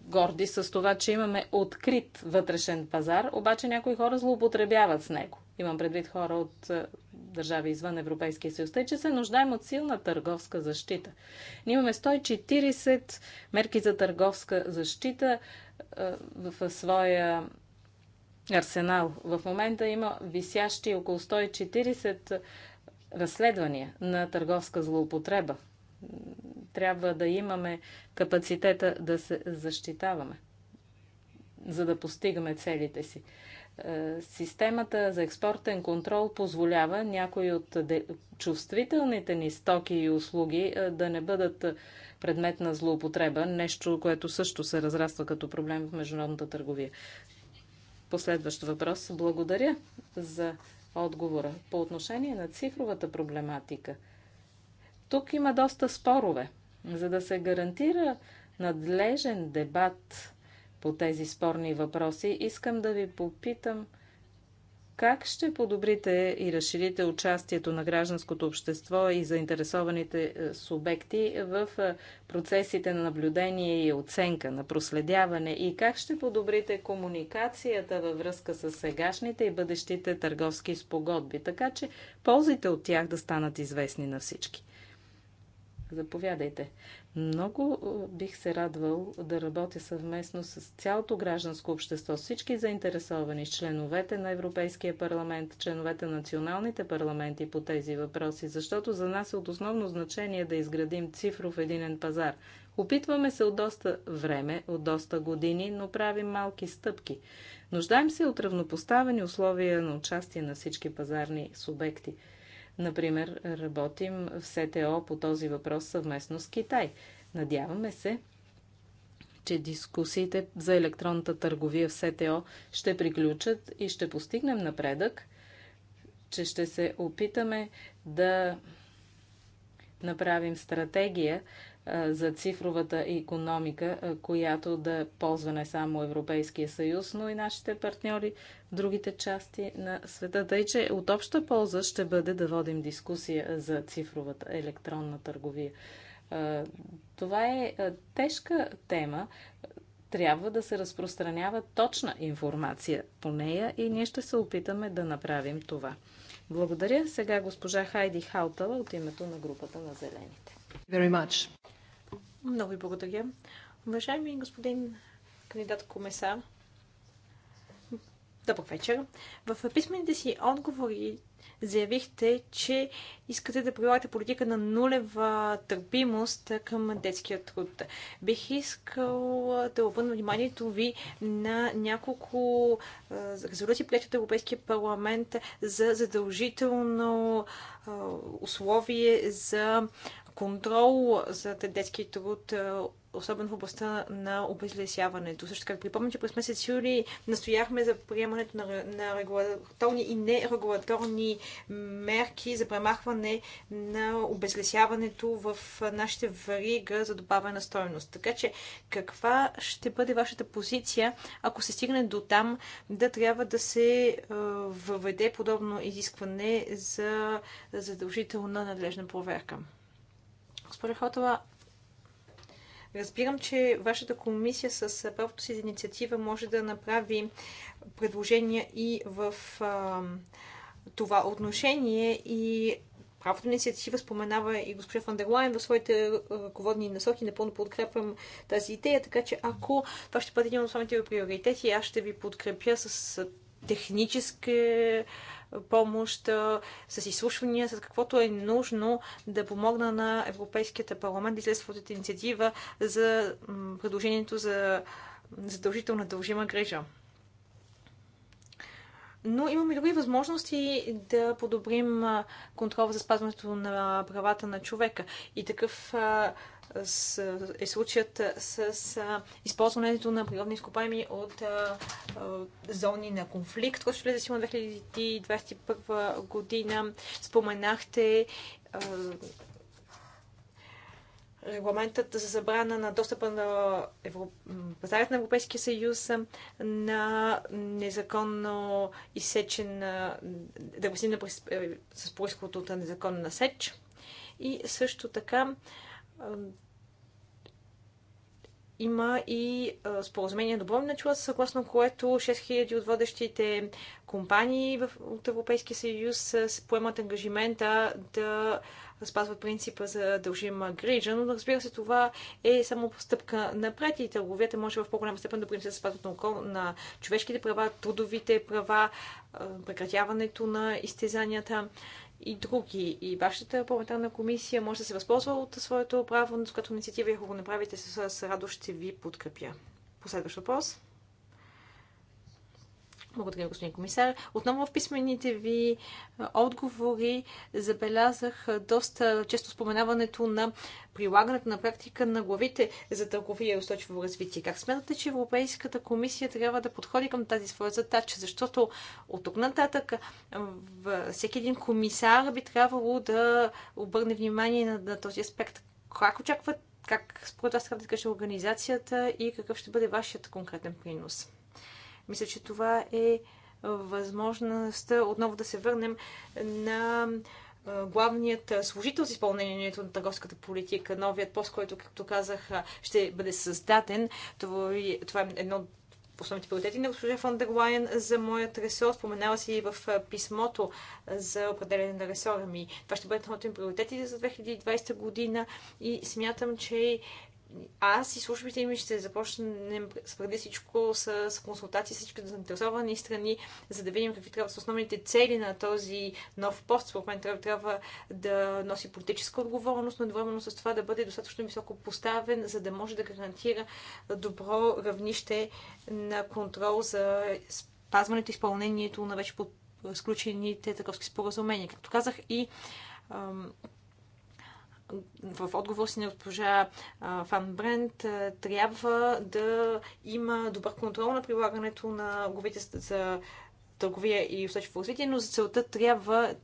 S2: горди с това, че имаме открит вътрешен пазар, обаче някои хора злоупотребяват с него. Имам предвид хора от държави извън Европейския съюз, тъй че се нуждаем от силна търговска защита. Ние имаме 140 мерки за търговска защита, в своя арсенал. В момента има висящи около 140 разследвания на търговска злоупотреба. Трябва да имаме капацитета да се защитаваме, за да постигаме целите си. Системата за експортен контрол позволява някои от чувствителните ни стоки и услуги да не бъдат предмет на злоупотреба, нещо, което също се разраства като проблем в международната търговия. Последващ въпрос. Благодаря за отговора. По отношение на цифровата проблематика, тук има доста спорове. За да се гарантира надлежен дебат по тези спорни въпроси, искам да ви попитам – как ще подобрите и разширите участието на гражданското общество и заинтересованите е, субекти в е, процесите на наблюдение и оценка, на проследяване? И как ще подобрите комуникацията във връзка с сегашните и бъдещите търговски спогодби, така че ползите от тях да станат известни на всички? Заповядайте. Много е, бих се радвал да работя съвместно с цялото гражданско общество, всички заинтересовани, членовете на Европейския парламент, членовете на националните парламенти по тези въпроси, защото за нас е от основно значение да изградим цифров единен пазар. Опитваме се от доста време, от доста години, но правим малки стъпки. Нуждаем се от равнопоставени условия на участие на всички пазарни субекти – Например, работим в СТО по този въпрос съвместно с Китай. Надяваме се, че дискусиите за електронната търговия в СТО ще приключат и ще постигнем напредък, че ще се опитаме да направим стратегия за цифровата економика, която да ползва не само Европейския съюз, но и нашите партньори в другите части на света. Тъй, че от обща полза ще бъде да водим дискусия за цифровата електронна търговия. Това е тежка тема. Трябва да се разпространява точна информация по нея и ние ще се опитаме да направим това. Благодаря. Сега госпожа Хайди Хаутала от името на групата на Зелените.
S3: Very much. Много ви благодаря. Уважаеми господин кандидат Комесар, добър вечер. В писмените си отговори заявихте, че искате да прилагате политика на нулева търпимост към детския труд. Бих искал да обърна вниманието ви на няколко резолюции, плечи от Европейския парламент за задължително условие за контрол за детски труд, е, особено в областта на обезлесяването. Също така, припомня, че през месец юли настояхме за приемането на, на регулаторни и нерегулаторни мерки за премахване на обезлесяването в нашите варига за добавена стоеност. Така че, каква ще бъде вашата позиция, ако се стигне до там да трябва да се е, въведе подобно изискване за задължителна надлежна проверка? Госпожа Хотова, разбирам, че вашата комисия с правото си за инициатива може да направи предложения и в а, това отношение и правото на инициатива споменава и госпожа Фандерлайн в своите ръководни насоки. Напълно подкрепям тази идея, така че ако това ще бъде един от основните ви приоритети, аз ще ви подкрепя с технически помощ, с изслушвания, с каквото е нужно да помогна на Европейския парламент да излезе от инициатива за предложението за задължителна дължима грижа. Но имаме други възможности да подобрим контрола за спазването на правата на човека. И такъв е случаят с използването на природни изкопаеми от зони на конфликт, който ще влезе сила 2021 година. Споменахте регламентът за забрана на достъпа на Евро... пазарите на Европейския съюз на незаконно изсечен дървесина с происход от незаконна сеч. И също така има и споразумение доброволни начала, съгласно което 6000 от водещите компании в, от Европейския съюз поемат ангажимента да спазват принципа за дължима грижа, но разбира се това е само стъпка напред и търговията може в по-голяма степен да принесе да спазват на, окол, на човешките права, трудовите права, прекратяването на изтезанията и други. И вашата парламентарна комисия може да се възползва от своето право, с което инициатива и ако го направите с радост, ще ви подкрепя. Последващ въпрос. Благодаря, господин комисар. Отново в писмените ви отговори забелязах доста често споменаването на прилагането на практика на главите за търговия и устойчиво развитие. Как смятате, че Европейската комисия трябва да подходи към тази своя задача? Защото от тук нататък всеки един комисар би трябвало да обърне внимание на, на този аспект. Как очакват, как според вас трябва да каже организацията и какъв ще бъде вашият конкретен принос? Мисля, че това е възможността отново да се върнем на главният служител с изпълнението на търговската политика, новият пост, който, както казах, ще бъде създаден. Това е едно от основните приоритети на госпожа фон Дерлайен за моят ресор. Споменава си и в писмото за определение на ресора ми. Това ще бъде едно от приоритетите за 2020 година и смятам, че аз и службите ми ще започнем преди всичко с, с консултации с всички заинтересовани страни, за да видим какви трябва да са основните цели на този нов пост. Според мен трябва, трябва да носи политическа отговорност, но едновременно с това да бъде достатъчно високо поставен, за да може да гарантира добро равнище на контрол за спазването и изпълнението на вече сключените търговски споразумения. Както казах и в отговор си на госпожа Фан Брент, трябва да има добър контрол на прилагането на главите за търговия и устойчиво развитие, но за целта трябва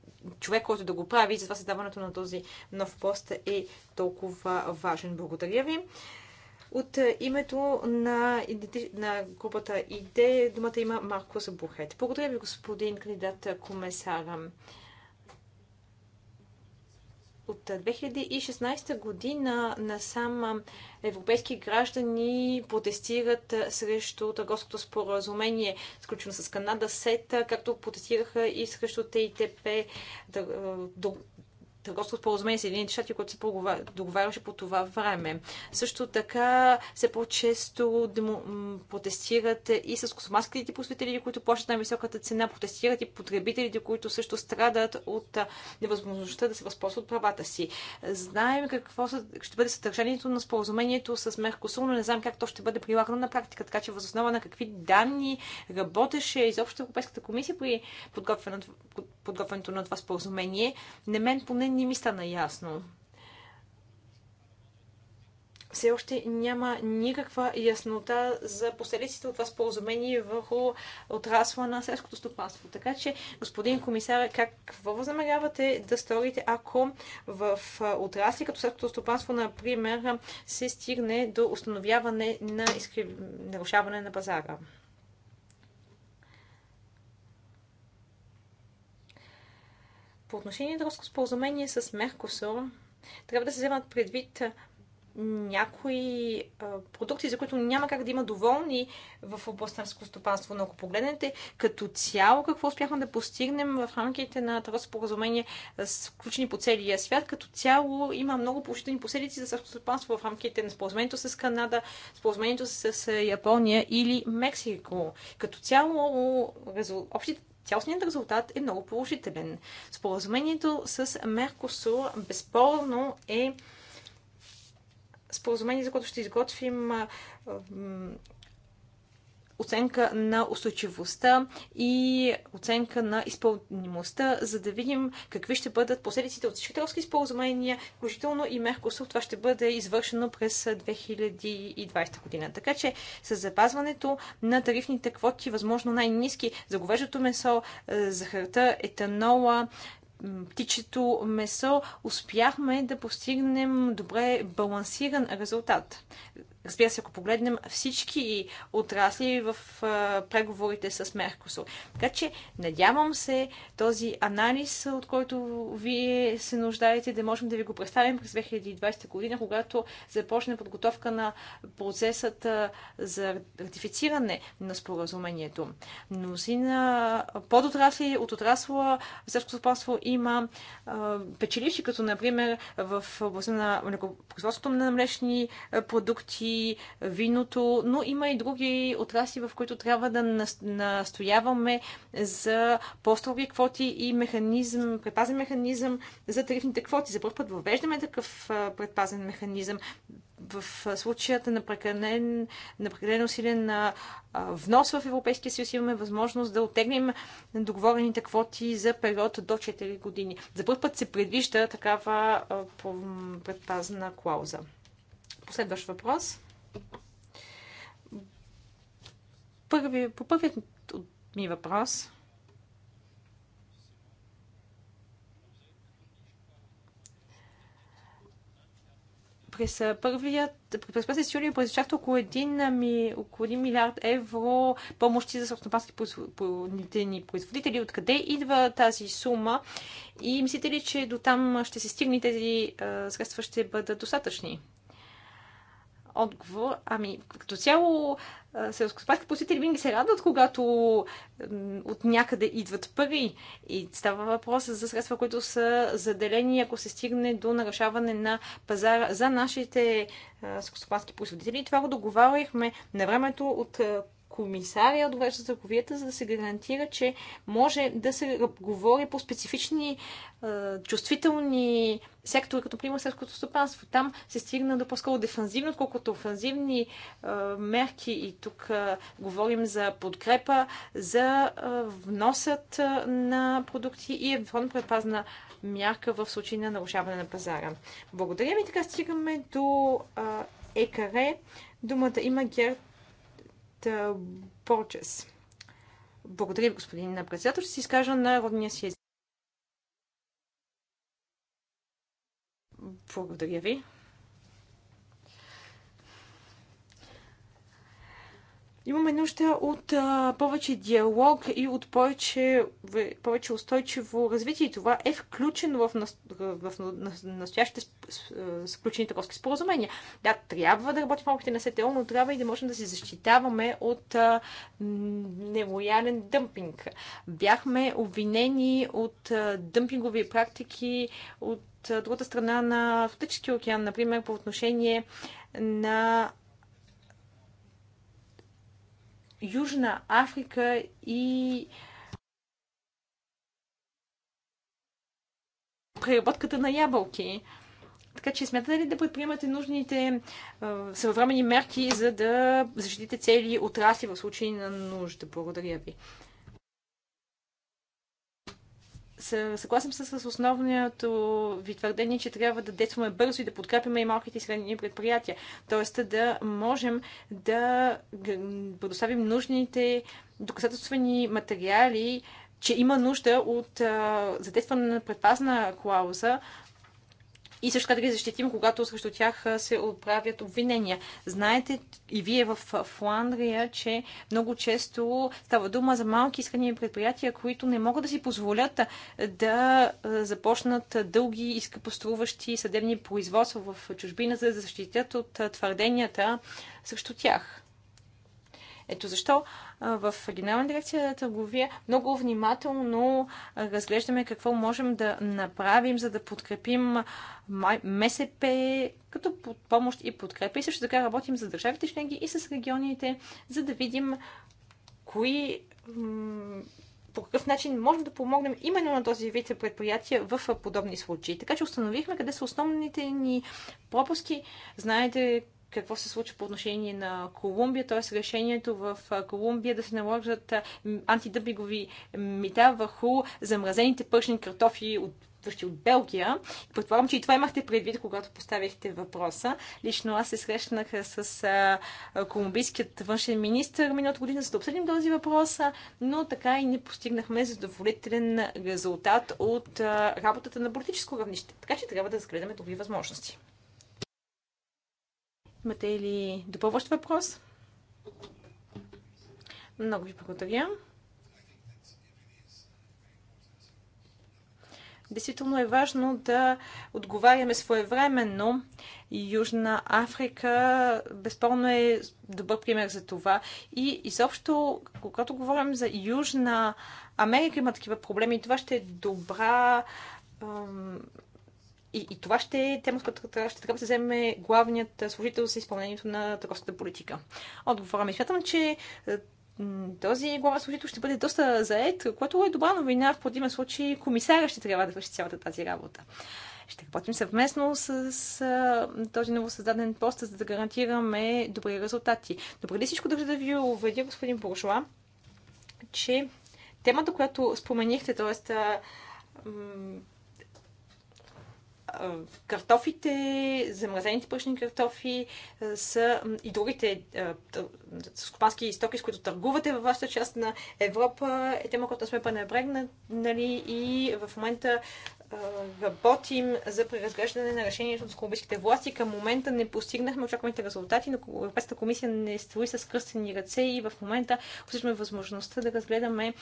S3: човек, който да го прави. Затова създаването на този нов пост е толкова важен. Благодаря ви. От името на, на групата ИДЕ думата има Марко Бухет. Благодаря ви, господин кандидат комесара. От 2016 година насам европейски граждани протестират срещу търговското споразумение, сключено с Канада, СЕТА, както протестираха и срещу ТИТП, търговско споразумение с едините щати, което се договаряше по това време. Също така се по-често демо... протестират и с космаските посветители, които плащат най-високата цена, протестират и потребителите, които също страдат от невъзможността да се възползват правата си. Знаем какво ще бъде съдържанието на споразумението с Меркосур, но не знам как то ще бъде прилагано на практика, така че възоснова на какви данни работеше изобщо Европейската комисия при подготвянето подготвянето на това споразумение. На мен поне не ми стана ясно. Все още няма никаква яснота за последиците от това споразумение върху отрасла на селското стопанство. Така че, господин комисар, какво възнамерявате да сторите, ако в отрасли като селското стопанство, например, се стигне до установяване на изкрив... нарушаване на пазара? По отношение на търговско споразумение с Меркосур, трябва да се вземат предвид някои а, продукти, за които няма как да има доволни в областта на скостопанство. Но ако погледнете като цяло какво успяхме да постигнем в рамките на това споразумение, включени по целия свят, като цяло има много положителни последици за скостопанство в рамките на споразумението с Канада, споразумението с Япония или Мексико. Като цяло, резул... общите цялостният резултат е много положителен. Споразумението с Меркосур безспорно е споразумение, за което ще изготвим оценка на устойчивостта и оценка на изпълнимостта, за да видим какви ще бъдат последиците от всички използвания, споразумения, включително и Меркосур. Това ще бъде извършено през 2020 година. Така че с запазването на тарифните квоти, възможно най-низки за говеждото месо, е, захарта, етанола, птичето месо, успяхме да постигнем добре балансиран резултат. Разбира се, ако погледнем всички отрасли в преговорите с Меркосо. Така че надявам се този анализ, от който вие се нуждаете, да можем да ви го представим през 2020 година, когато започне подготовка на процесът за ратифициране на споразумението. Мнозина подотрасли от отрасла в селското има печеливши, като например в областта на производството на млечни продукти, виното, но има и други отрасли, в които трябва да настояваме за по-строги квоти и механизъм, предпазен механизъм за тарифните квоти. За първ път въвеждаме такъв предпазен механизъм в случаята на прекален, на усилен на внос в Европейския съюз имаме възможност да отегнем договорените квоти за период до 4 години. За първ път се предвижда такава предпазна клауза. Последващ въпрос. Първи, по първият ми въпрос през първият, през месец юли произвещахте около 1, ми, около 1 милиард евро помощи за собственопански производители. производители. Откъде идва тази сума и мислите ли, че до там ще се стигне тези средства ще бъдат достатъчни? отговор. Ами, като цяло, селскостопански посетители винаги се радват, когато от някъде идват пари. И става въпрос за средства, които са заделени, ако се стигне до нарушаване на пазара за нашите селскоспадски посетители. Това го договаряхме на времето от комисария отговарящ за търговията, за да се гарантира, че може да се говори по специфични е, чувствителни сектори, като пример селското стопанство. Там се стигна до по-скоро дефанзивно, отколкото офанзивни е, мерки. И тук е, говорим за подкрепа, за е, вносът е, на продукти и евентуално предпазна мярка в случай на нарушаване на пазара. Благодаря ви. Така стигаме до е, ЕКАРЕ. Думата има Герб. Борчес. Благодаря ви, господин председател. Ще си изкажа на родния си език. Благодаря ви. Имаме нужда от а, повече диалог и от повече, повече устойчиво развитие. И това е включено в, нас, в, в настоящите сключени търговски споразумения. Да, трябва да работим в рамките на СТО, но трябва и да можем да се защитаваме от а, нелоялен дъмпинг. Бяхме обвинени от а, дъмпингови практики от а, другата страна на Атлантическия океан, например, по отношение на Южна Африка и преработката на ябълки. Така че смятате ли да предприемате нужните съвременни мерки, за да защитите цели отрасли в случай на нужда? Благодаря ви. Съгласен съм с основното ви твърдение, че трябва да действаме бързо и да подкрепяме и малките и средни предприятия. Тоест да можем да предоставим нужните доказателствени материали, че има нужда от задействане на предпазна клауза, и също така да ги защитим, когато срещу тях се отправят обвинения. Знаете и вие в Фландрия, че много често става дума за малки искрени предприятия, които не могат да си позволят да започнат дълги и скъпоструващи съдебни производства в чужбина, за да защитят от твърденията срещу тях. Ето защо в Генерална дирекция за търговия много внимателно разглеждаме какво можем да направим, за да подкрепим МСП като помощ и подкрепа. И също така работим за държавите членки и с регионите, за да видим кои по какъв начин можем да помогнем именно на този вид предприятия в подобни случаи. Така че установихме къде са основните ни пропуски. Знаете какво се случва по отношение на Колумбия, т.е. решението в Колумбия да се наложат антидъбигови мита върху замразените пъшни картофи от от Белгия. предполагам, че и това имахте предвид, когато поставихте въпроса. Лично аз се срещнах с а, колумбийският външен министр миналата година, за да обсъдим този въпрос, но така и не постигнахме задоволителен резултат от а, работата на политическо равнище. Така че трябва да разгледаме други възможности. Имате ли допълващ въпрос? Много ви благодаря. Действително е важно да отговаряме своевременно. Южна Африка безспорно е добър пример за това. И изобщо, когато говорим за Южна Америка, има такива проблеми. Това ще е добра и, и това ще е тема, която ще трябва да се вземе главният служител за изпълнението на търговската политика. Отговора ми смятам, че е, този глава служител ще бъде доста заед, което е добра новина. В противен случай комисаря ще трябва да върши цялата тази работа. Ще работим съвместно с, с този новосъздаден пост, за да гарантираме добри резултати. Добре ли всичко държа да ви уведя, господин Буржуа, че темата, която споменихте, т.е картофите, замразените пръчни картофи са и другите скопански стоки, с които търгувате във вашата част на Европа е тема, която сме пренебрегнали нали, и в момента работим за преразглеждане на решението от колумбийските власти. Към момента не постигнахме очакваните резултати, но Европейската комисия не стои с кръстени ръце и в момента обсъждаме възможността да разгледаме,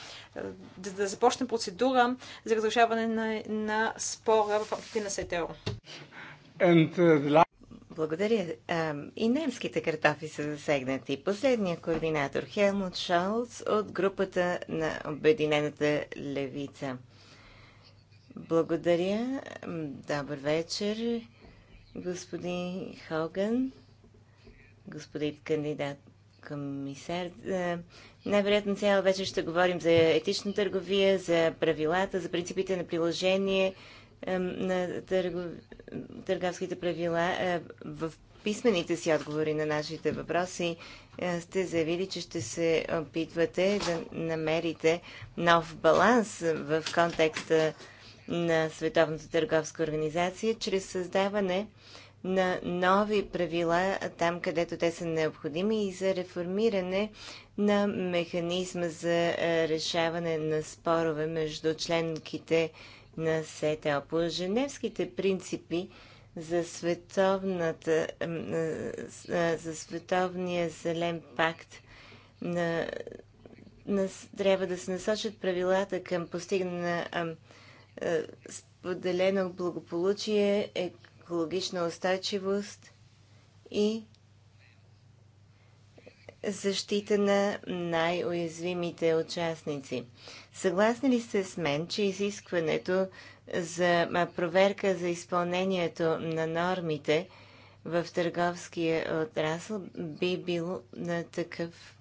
S3: да, да започне процедура за разрешаване на, на спора в рамките на СТО.
S1: Uh, Благодаря. И немските картофи са засегнати. Последният координатор Хелмут Шолц от групата на Обединената левица. Благодаря. Добър вечер, господин Хоган, господин кандидат комисар. Е, най-вероятно цяла вечер ще говорим за етична търговия, за правилата, за принципите на приложение е, на търговските правила. Е, в писмените си отговори на нашите въпроси сте заявили, че ще се опитвате да намерите нов баланс в контекста на Световната търговска организация чрез създаване на нови правила там, където те са необходими и за реформиране на механизма за е, решаване на спорове между членките на СТО. По женевските принципи за, световната, е, е, за световния зелен пакт на, на, трябва да се насочат правилата към постигане на е, споделено благополучие, екологична устойчивост и защита на най-уязвимите участници. Съгласни ли сте с мен, че изискването за проверка за изпълнението на нормите в търговския отрасъл би бил на такъв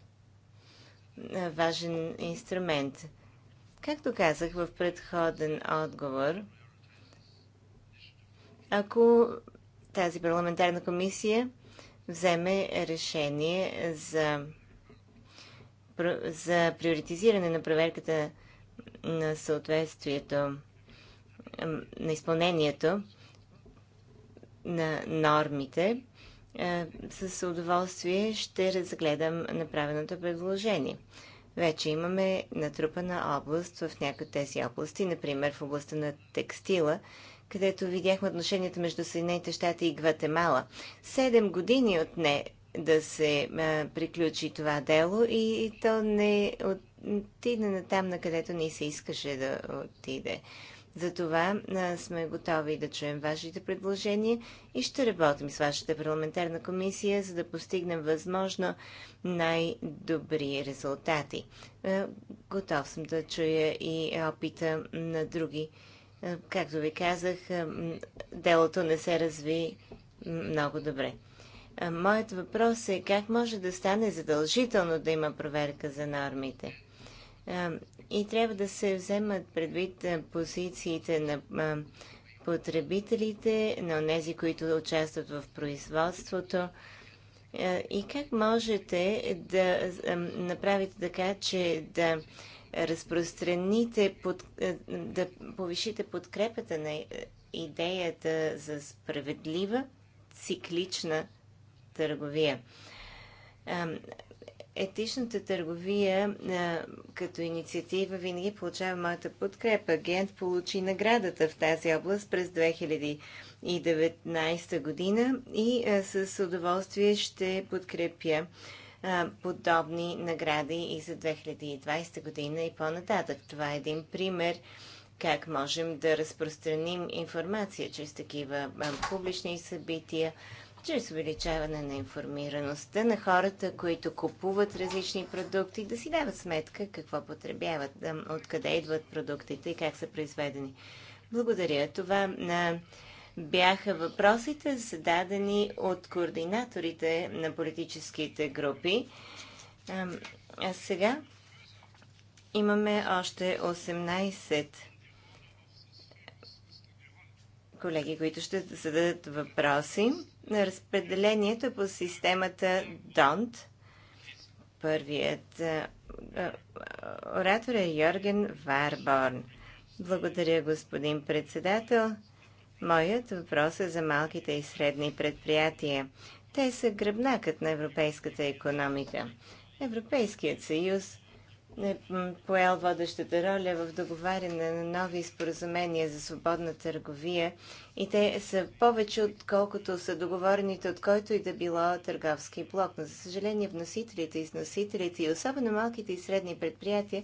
S1: важен инструмент? Както казах в предходен отговор, ако тази парламентарна комисия вземе решение за, за приоритизиране на проверката на съответствието на изпълнението на нормите, с удоволствие ще разгледам направеното предложение вече имаме натрупана област в някои тези области, например в областта на текстила, където видяхме отношенията между Съединените щати и Гватемала. Седем години отне да се а, приключи това дело и, и то не отиде на там, на където не се искаше да отиде. Затова сме готови да чуем вашите предложения и ще работим с вашата парламентарна комисия, за да постигнем възможно най-добри резултати. Готов съм да чуя и опита на други. Както ви казах, делото не се разви много добре. Моят въпрос е как може да стане задължително да има проверка за нормите? и трябва да се вземат предвид позициите на потребителите, на тези, които участват в производството. И как можете да направите така, че да разпространите, да повишите подкрепата на идеята за справедлива циклична търговия? Етичната търговия като инициатива винаги получава моята подкрепа. Агент получи наградата в тази област през 2019 година и с удоволствие ще подкрепя подобни награди и за 2020 година и по-нататък. Това е един пример как можем да разпространим информация чрез такива публични събития чрез увеличаване на информираността на хората, които купуват различни продукти, да си дават сметка какво потребяват, откъде идват продуктите и как са произведени. Благодаря. Това на... бяха въпросите, зададени от координаторите на политическите групи. А сега имаме още 18 колеги, които ще зададат въпроси. На разпределението по системата DONT. Първият е, е, оратор е Йорген Варборн. Благодаря, господин председател. Моят въпрос е за малките и средни предприятия. Те са гръбнакът на европейската економика. Европейският съюз е поел водещата роля в договаряне на нови споразумения за свободна търговия и те са повече отколкото са договорените от който и да било търговски блок. Но за съжаление вносителите, износителите и особено малките и средни предприятия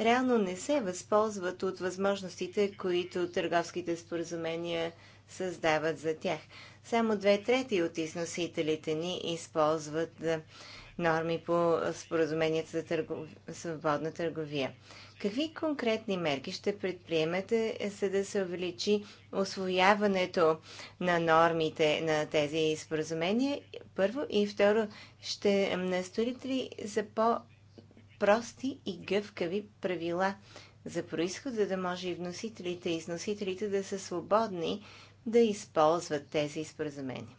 S1: реално не се възползват от възможностите, които търговските споразумения създават за тях. Само две трети от износителите ни използват е, норми по споразумението за търгов... свободна търговия. Какви конкретни мерки ще предприемете, за да се увеличи освояването на нормите на тези споразумения? Първо и второ, ще насторите ли за по-прости и гъвкави правила за происход, за да може и вносителите и износителите да са свободни да използват тези споразумения?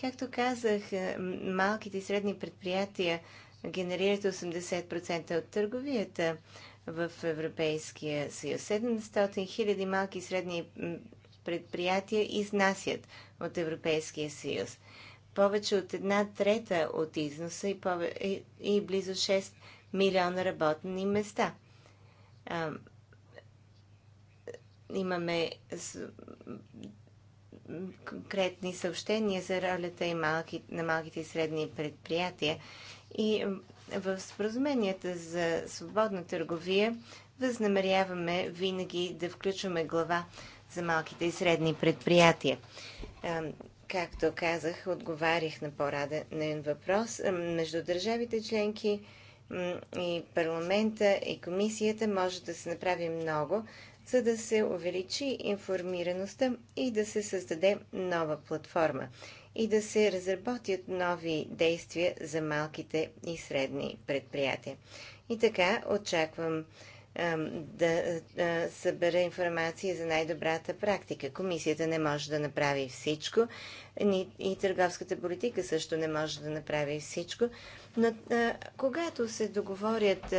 S1: Както казах, е, малките и средни предприятия генерират 80% от търговията в Европейския съюз. 700 хиляди малки и средни предприятия изнасят от Европейския съюз. Повече от една трета от износа и, пове... и близо 6 милиона работни места. А, имаме конкретни съобщения за ролята и малки, на малките и средни предприятия. И в споразуменията за свободна търговия възнамеряваме винаги да включваме глава за малките и средни предприятия. Както казах, отговарях на по-раден въпрос. Между държавите членки и парламента и комисията може да се направи много, за да се увеличи информираността и да се създаде нова платформа и да се разработят нови действия за малките и средни предприятия. И така очаквам да събера информация за най-добрата практика. Комисията не може да направи всичко и търговската политика също не може да направи всичко. Но когато се договорят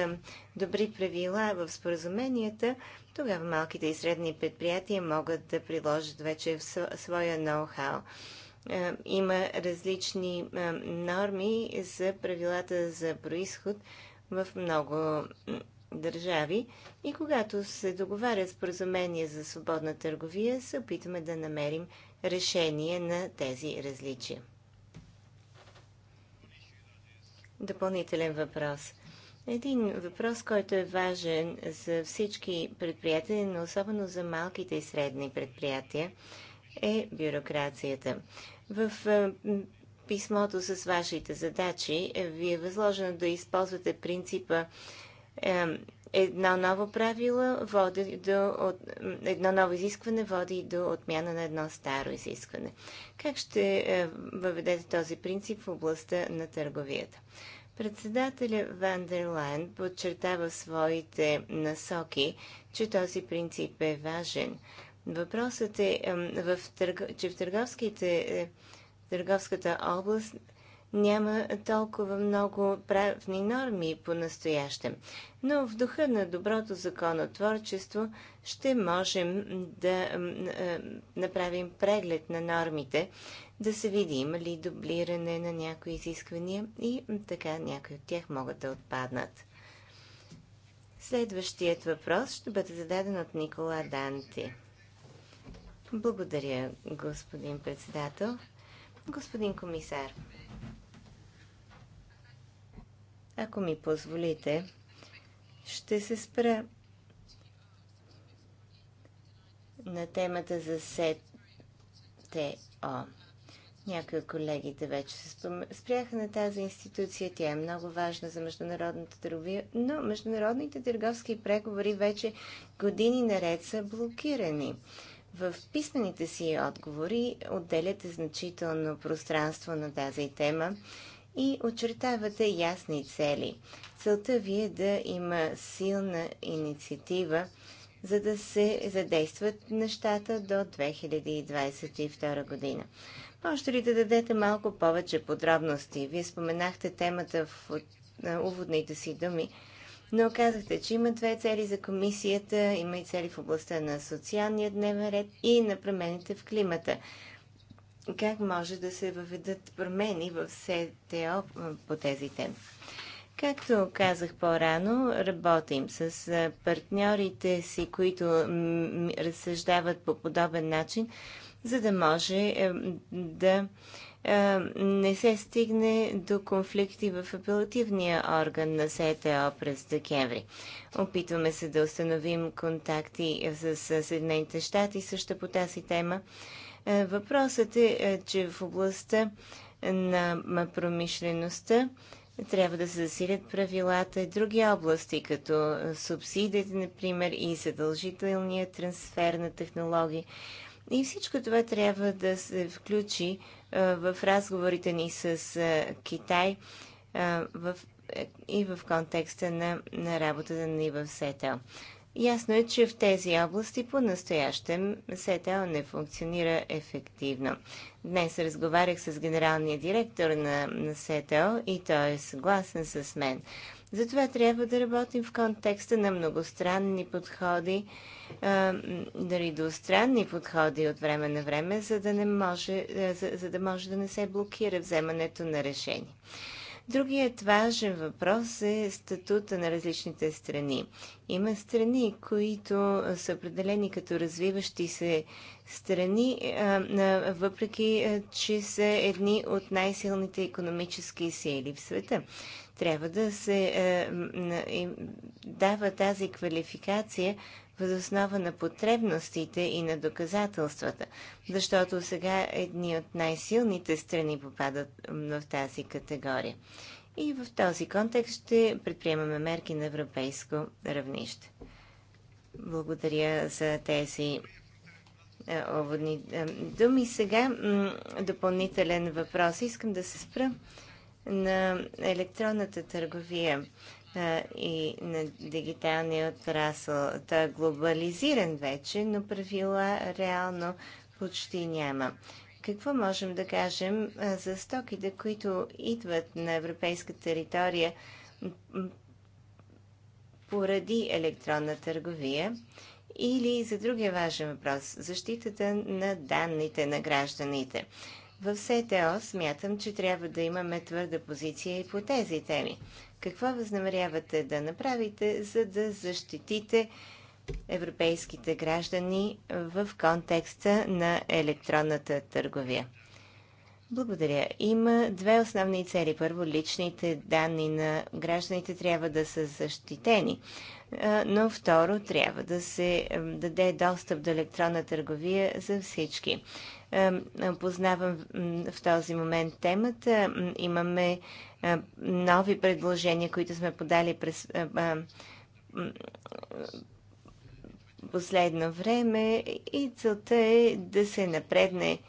S1: добри правила в споразуменията, тогава малките и средни предприятия могат да приложат вече в своя ноу-хау. Е, има различни е, норми за правилата за происход в много държави и когато се с споразумения за свободна търговия, се опитваме да намерим решение на тези различия. Допълнителен въпрос. Един въпрос, който е важен за всички предприятия, но особено за малките и средни предприятия, е бюрокрацията. В писмото с вашите задачи е, ви е възложено да използвате принципа е, едно ново правило води до, едно ново изискване води до отмяна на едно старо изискване. Как ще е, въведете този принцип в областта на търговията? Председателя Вандерлайн подчертава в своите насоки, че този принцип е важен. Въпросът е, че в търговските, е, търговската област няма толкова много правни норми по-настоящем. Но в духа на доброто законотворчество ще можем да е, направим преглед на нормите, да се види има ли дублиране на някои изисквания и така някои от тях могат да отпаднат. Следващият въпрос ще бъде зададен от Никола Данти. Благодаря, господин председател. Господин комисар, ако ми позволите, ще се спра на темата за СЕТО. Някои от колегите вече се спряха на тази институция. Тя е много важна за международната търговия, но международните търговски преговори вече години наред са блокирани. В писмените си отговори отделяте значително пространство на тази тема и очертавате ясни цели. Целта ви е да има силна инициатива, за да се задействат нещата до 2022 година. Може ли да дадете малко повече подробности? Вие споменахте темата в уводните си думи, но казахте, че има две цели за комисията, има и цели в областта на социалния дневен ред и на промените в климата. Как може да се въведат промени в СТО по тези теми? Както казах по-рано, работим с партньорите си, които разсъждават по подобен начин за да може е, да е, не се стигне до конфликти в апелативния орган на СТО през декември. Опитваме се да установим контакти с Съединените щати също по тази тема. Е, въпросът е, че в областта на промишлеността трябва да се засилят правилата и други области, като субсидиите, например, и задължителният трансфер на технологии. И всичко това трябва да се включи в разговорите ни с Китай в, е, и в контекста на, на работата ни в СЕТЕЛ. Ясно е, че в тези области по-настоящем СЕТЕЛ не функционира ефективно. Днес разговарях с генералния директор на, на СЕТЕЛ и той е съгласен с мен. Затова трябва да работим в контекста на многостранни подходи, а, дали двустранни подходи от време на време, за да, не може, за, за да може да не се блокира вземането на решение. Другият важен въпрос е статута на различните страни. Има страни, които са определени като развиващи се страни, въпреки че са едни от най-силните економически сили в света трябва да се е, дава тази квалификация въз основа на потребностите и на доказателствата, защото сега едни от най-силните страни попадат в тази категория. И в този контекст ще предприемаме мерки на европейско равнище. Благодаря за тези оводни е, е, думи. Сега допълнителен въпрос. Искам да се спра на електронната търговия и на дигиталния отрасъл. Той е глобализиран вече, но правила реално почти няма. Какво можем да кажем за стоките, които идват на европейска територия поради електронна търговия? Или за другия важен въпрос – защитата на данните на гражданите. В СТО смятам, че трябва да имаме твърда позиция и по тези теми. Какво възнамерявате да направите, за да защитите европейските граждани в контекста на електронната търговия? Благодаря. Има две основни цели. Първо, личните данни на гражданите трябва да са защитени. Но второ, трябва да се даде достъп до електронна търговия за всички познавам в този момент темата. Имаме нови предложения, които сме подали през последно време и целта е да се напредне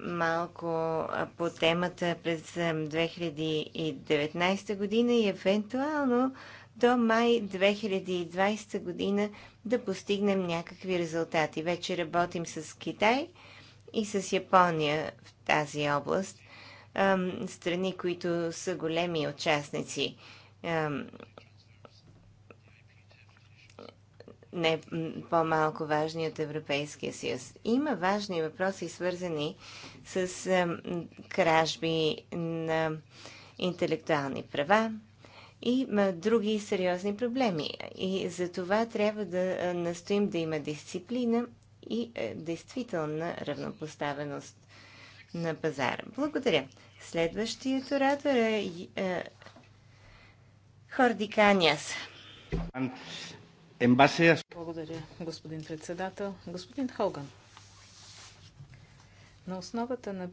S1: малко по темата през 2019 година и евентуално до май 2020 година да постигнем някакви резултати. Вече работим с Китай и с Япония в тази област. Страни, които са големи участници. Не по-малко важни от Европейския съюз. Има важни въпроси, свързани с кражби на интелектуални права, и други сериозни проблеми. И за това трябва да настоим да има дисциплина и е, действителна равнопоставеност на пазара. Благодаря. Следващият оратор е, е Хорди Каняс. Благодаря,
S2: господин председател. Господин Хоган, на основата на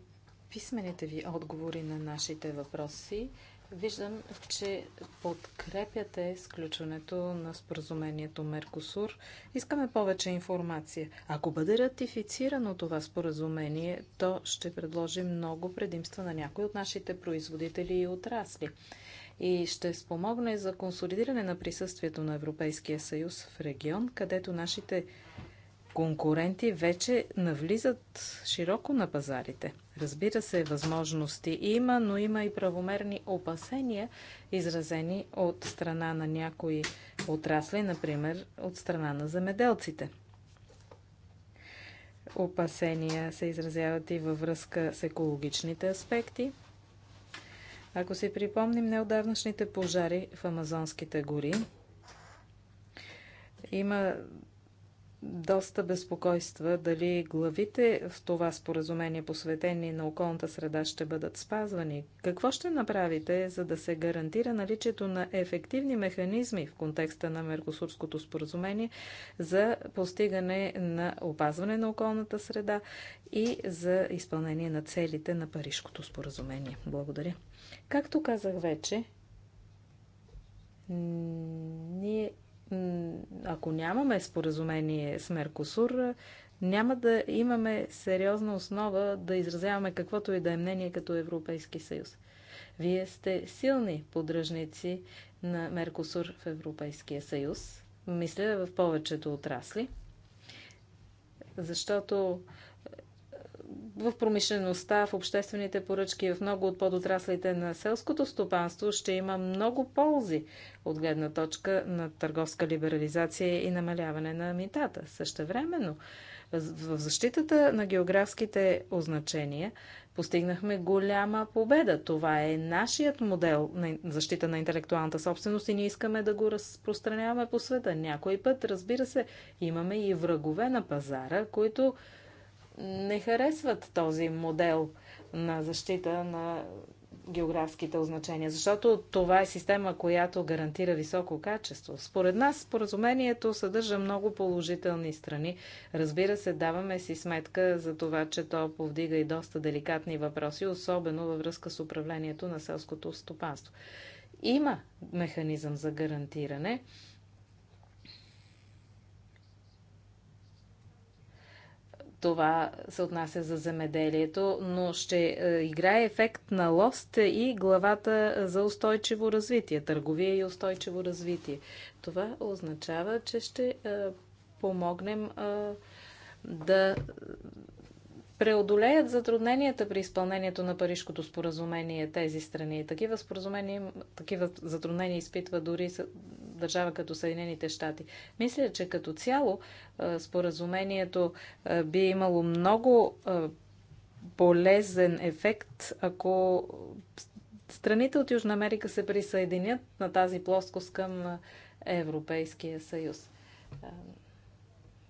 S2: писмените ви отговори на нашите въпроси, Виждам, че подкрепяте сключването на споразумението Меркосур. Искаме повече информация. Ако бъде ратифицирано това споразумение, то ще предложи много предимства на някои от нашите производители и отрасли и ще спомогне за консолидиране на присъствието на Европейския съюз в регион, където нашите конкуренти вече навлизат широко на пазарите. Разбира се, възможности има, но има и правомерни опасения, изразени от страна на някои отрасли, например от страна на замеделците. Опасения се изразяват и във връзка с екологичните аспекти. Ако си припомним неодавнашните пожари в амазонските гори, има доста безпокойства дали главите в това споразумение, посветени на околната среда, ще бъдат спазвани. Какво ще направите, за да се гарантира наличието на ефективни механизми в контекста на Меркосурското споразумение за постигане на опазване на околната среда и за изпълнение на целите на Парижкото споразумение? Благодаря. Както казах вече, ние ако нямаме споразумение с Меркосур, няма да имаме сериозна основа да изразяваме каквото и да е мнение като Европейски съюз. Вие сте силни подръжници на Меркосур в Европейския съюз, мисля в повечето отрасли, защото в промишлеността, в обществените поръчки, в много от подотраслите на селското стопанство ще има много ползи от гледна точка на търговска либерализация и намаляване на митата. Същевременно, в защитата на географските означения постигнахме голяма победа. Това е нашият модел на защита на интелектуалната собственост и ние искаме да го разпространяваме по света. Някой път, разбира се, имаме и врагове на пазара, които не харесват този модел на защита на географските означения, защото това е система, която гарантира високо качество. Според нас споразумението съдържа много положителни страни. Разбира се, даваме си сметка за това, че то повдига и доста деликатни въпроси, особено във връзка с управлението на селското стопанство. Има механизъм за гарантиране Това се отнася за земеделието, но ще е, играе ефект на лост и главата за устойчиво развитие, търговия и устойчиво развитие. Това означава, че ще е, помогнем е, да преодолеят затрудненията при изпълнението на Парижкото споразумение тези страни. Такива, споразумения, такива затруднения изпитва дори държава като Съединените щати. Мисля, че като цяло споразумението би имало много полезен ефект, ако страните от Южна Америка се присъединят на тази плоскост към Европейския съюз.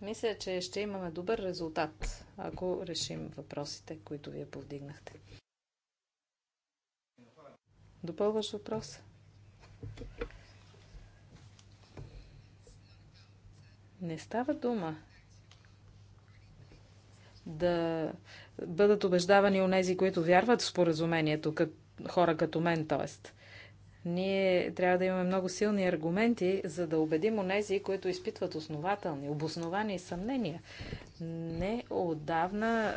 S2: Мисля, че ще имаме добър резултат, ако решим въпросите, които вие повдигнахте. Допълваш въпрос? Не става дума да бъдат убеждавани у нези, които вярват в споразумението, като, хора като мен, т.е. Ние трябва да имаме много силни аргументи, за да убедим онези, които изпитват основателни, обосновани съмнения. Не отдавна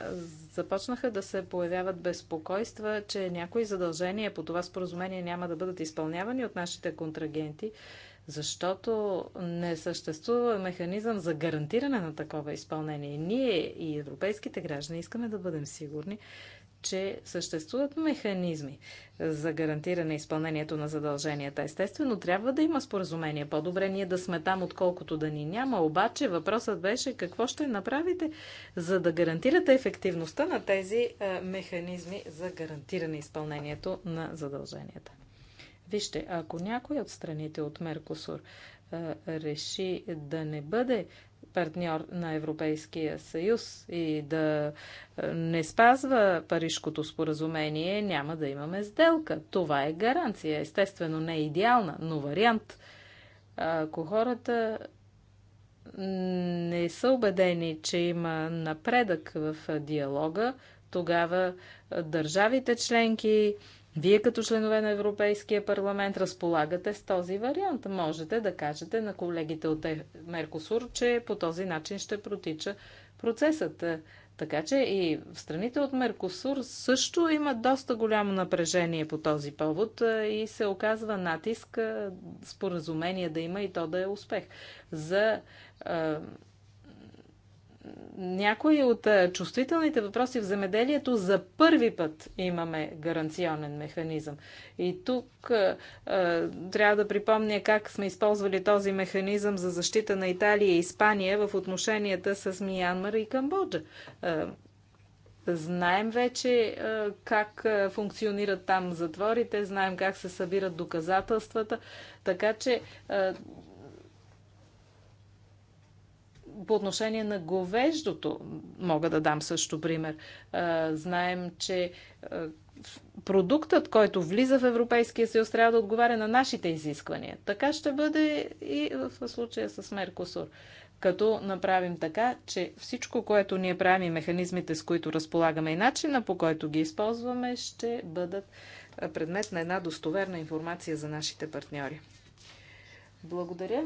S2: започнаха да се появяват безпокойства, че някои задължения по това споразумение няма да бъдат изпълнявани от нашите контрагенти, защото не съществува механизъм за гарантиране на такова изпълнение. Ние и европейските граждани искаме да бъдем сигурни, че съществуват механизми за гарантиране изпълнението на задълженията. Естествено, трябва да има споразумение. По-добре ние да сме там, отколкото да ни няма. Обаче въпросът беше какво ще направите, за да гарантирате ефективността на тези е, механизми за гарантиране изпълнението на задълженията. Вижте, ако някой от страните от Меркосур е, реши да не бъде партньор на Европейския съюз и да е, не спазва Парижкото споразумение, няма да имаме сделка. Това е гаранция. Естествено, не е идеална, но вариант. Ако хората не са убедени, че има напредък в диалога, тогава е, държавите членки, вие като членове на Европейския парламент разполагате с този вариант. Можете да кажете на колегите от Меркосур, че по този начин ще протича процесът. Така че и в страните от Меркосур също има доста голямо напрежение по този повод и се оказва натиск споразумение да има и то да е успех. За някои от е, чувствителните въпроси в земеделието за първи път имаме гаранционен механизъм. И тук е, е, трябва да припомня как сме използвали този механизъм за защита на Италия и Испания в отношенията с Миянмар и Камбоджа. Е, знаем вече е, как е, функционират там затворите, знаем как се събират доказателствата, така че по отношение на говеждото мога да дам също пример. Знаем, че продуктът, който влиза в Европейския съюз, трябва да отговаря на нашите изисквания. Така ще бъде и в случая с Меркосур. Като направим така, че всичко, което ние правим и механизмите, с които разполагаме и начина по който ги използваме, ще бъдат предмет на една достоверна информация за нашите партньори. Благодаря.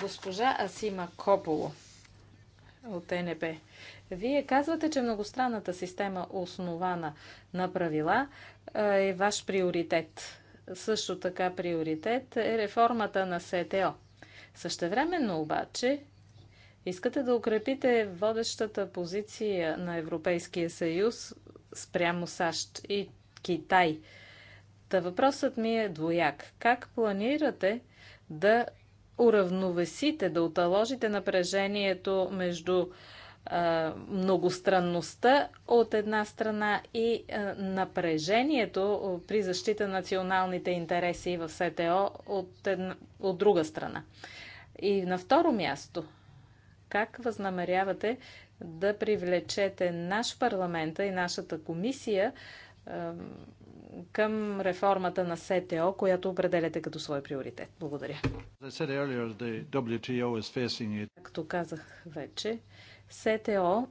S2: Госпожа Асима Кополо от НП. Вие казвате, че многостранната система, основана на правила, е ваш приоритет. Също така приоритет е реформата на СТО. Същевременно обаче искате да укрепите водещата позиция на Европейския съюз спрямо САЩ и Китай. Та въпросът ми е двояк. Как планирате да уравновесите, да оталожите напрежението между многостранността от една страна и напрежението при защита на националните интереси в СТО от, една, от друга страна. И на второ място, как възнамерявате да привлечете наш парламент и нашата комисия към реформата на СТО, която определяте като свой приоритет? Благодаря. Както казах вече, СТО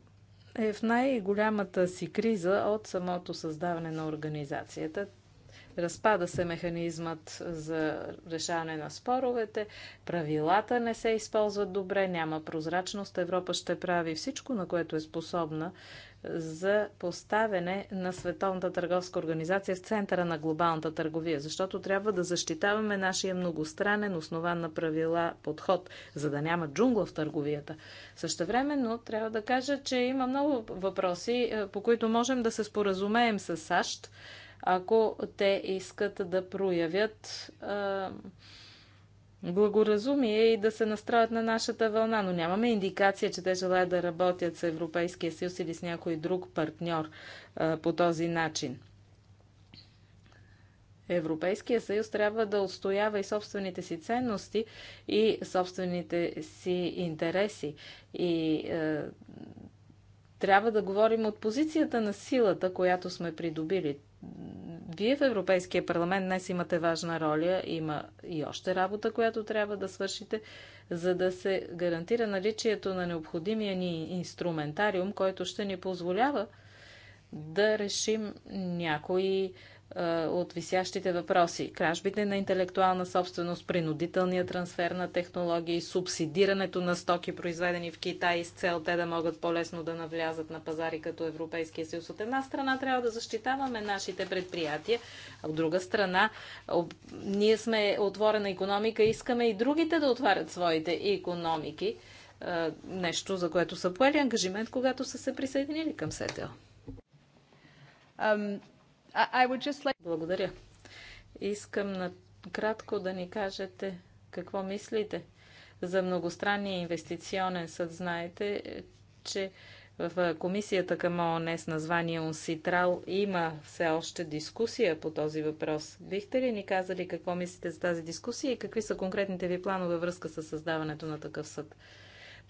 S2: е в най-голямата си криза от самото създаване на организацията. Разпада се механизмът за решаване на споровете, правилата не се използват добре, няма прозрачност. Европа ще прави всичко, на което е способна, за поставяне на Световната търговска организация в центъра на глобалната търговия, защото трябва да защитаваме нашия многостранен, основан на правила подход, за да няма джунгла в търговията. Същевременно трябва да кажа, че има много въпроси, е, по които можем да се споразумеем с САЩ, ако те искат да проявят е, благоразумие и да се настроят на нашата вълна, но нямаме индикация, че те желаят да работят с Европейския съюз или с някой друг партньор а, по този начин. Европейския съюз трябва да отстоява и собствените си ценности и собствените си интереси. И е, трябва да говорим от позицията на силата, която сме придобили. Вие в Европейския парламент днес имате важна роля, има и още работа, която трябва да свършите, за да се гарантира наличието на необходимия ни инструментариум, който ще ни позволява да решим някои е, от висящите въпроси. Кражбите на интелектуална собственост, принудителния трансфер на технологии, субсидирането на стоки, произведени в Китай, с цел те да могат по-лесно да навлязат на пазари като Европейския съюз. От една страна трябва да защитаваме нашите предприятия, а от друга страна ние сме отворена економика, искаме и другите да отварят своите економики. Е, нещо, за което са поели ангажимент, когато са се присъединили към СЕТЕЛ. Благодаря. Искам накратко да ни кажете какво мислите за многостранния инвестиционен съд. Знаете, че в комисията към ООН с название ОНСИТРАЛ, има все още дискусия по този въпрос. Бихте ли ни казали какво мислите за тази дискусия и какви са конкретните ви планове връзка с създаването на такъв съд?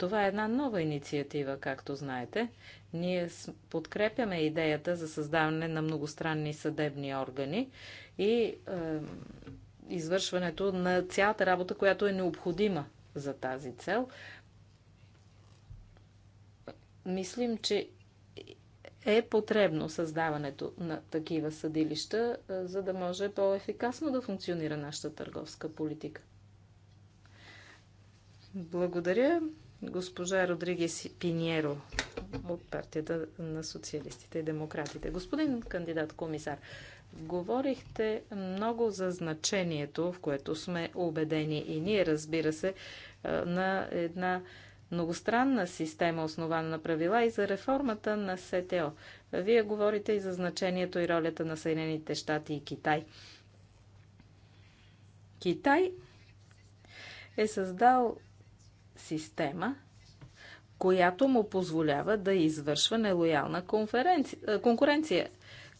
S2: Това е една нова инициатива, както знаете. Ние подкрепяме идеята за създаване на многостранни съдебни органи и е, извършването на цялата работа, която е необходима за тази цел. Мислим, че е потребно създаването на такива съдилища, е, за да може по-ефикасно да функционира нашата търговска политика. Благодаря госпожа Родригес Пиньеро от партията на социалистите и демократите. Господин кандидат комисар, говорихте много за значението, в което сме убедени и ние, разбира се, на една многостранна система, основана на правила и за реформата на СТО. Вие говорите и за значението и ролята на Съединените щати и Китай. Китай е създал система, която му позволява да извършва нелоялна конкуренция.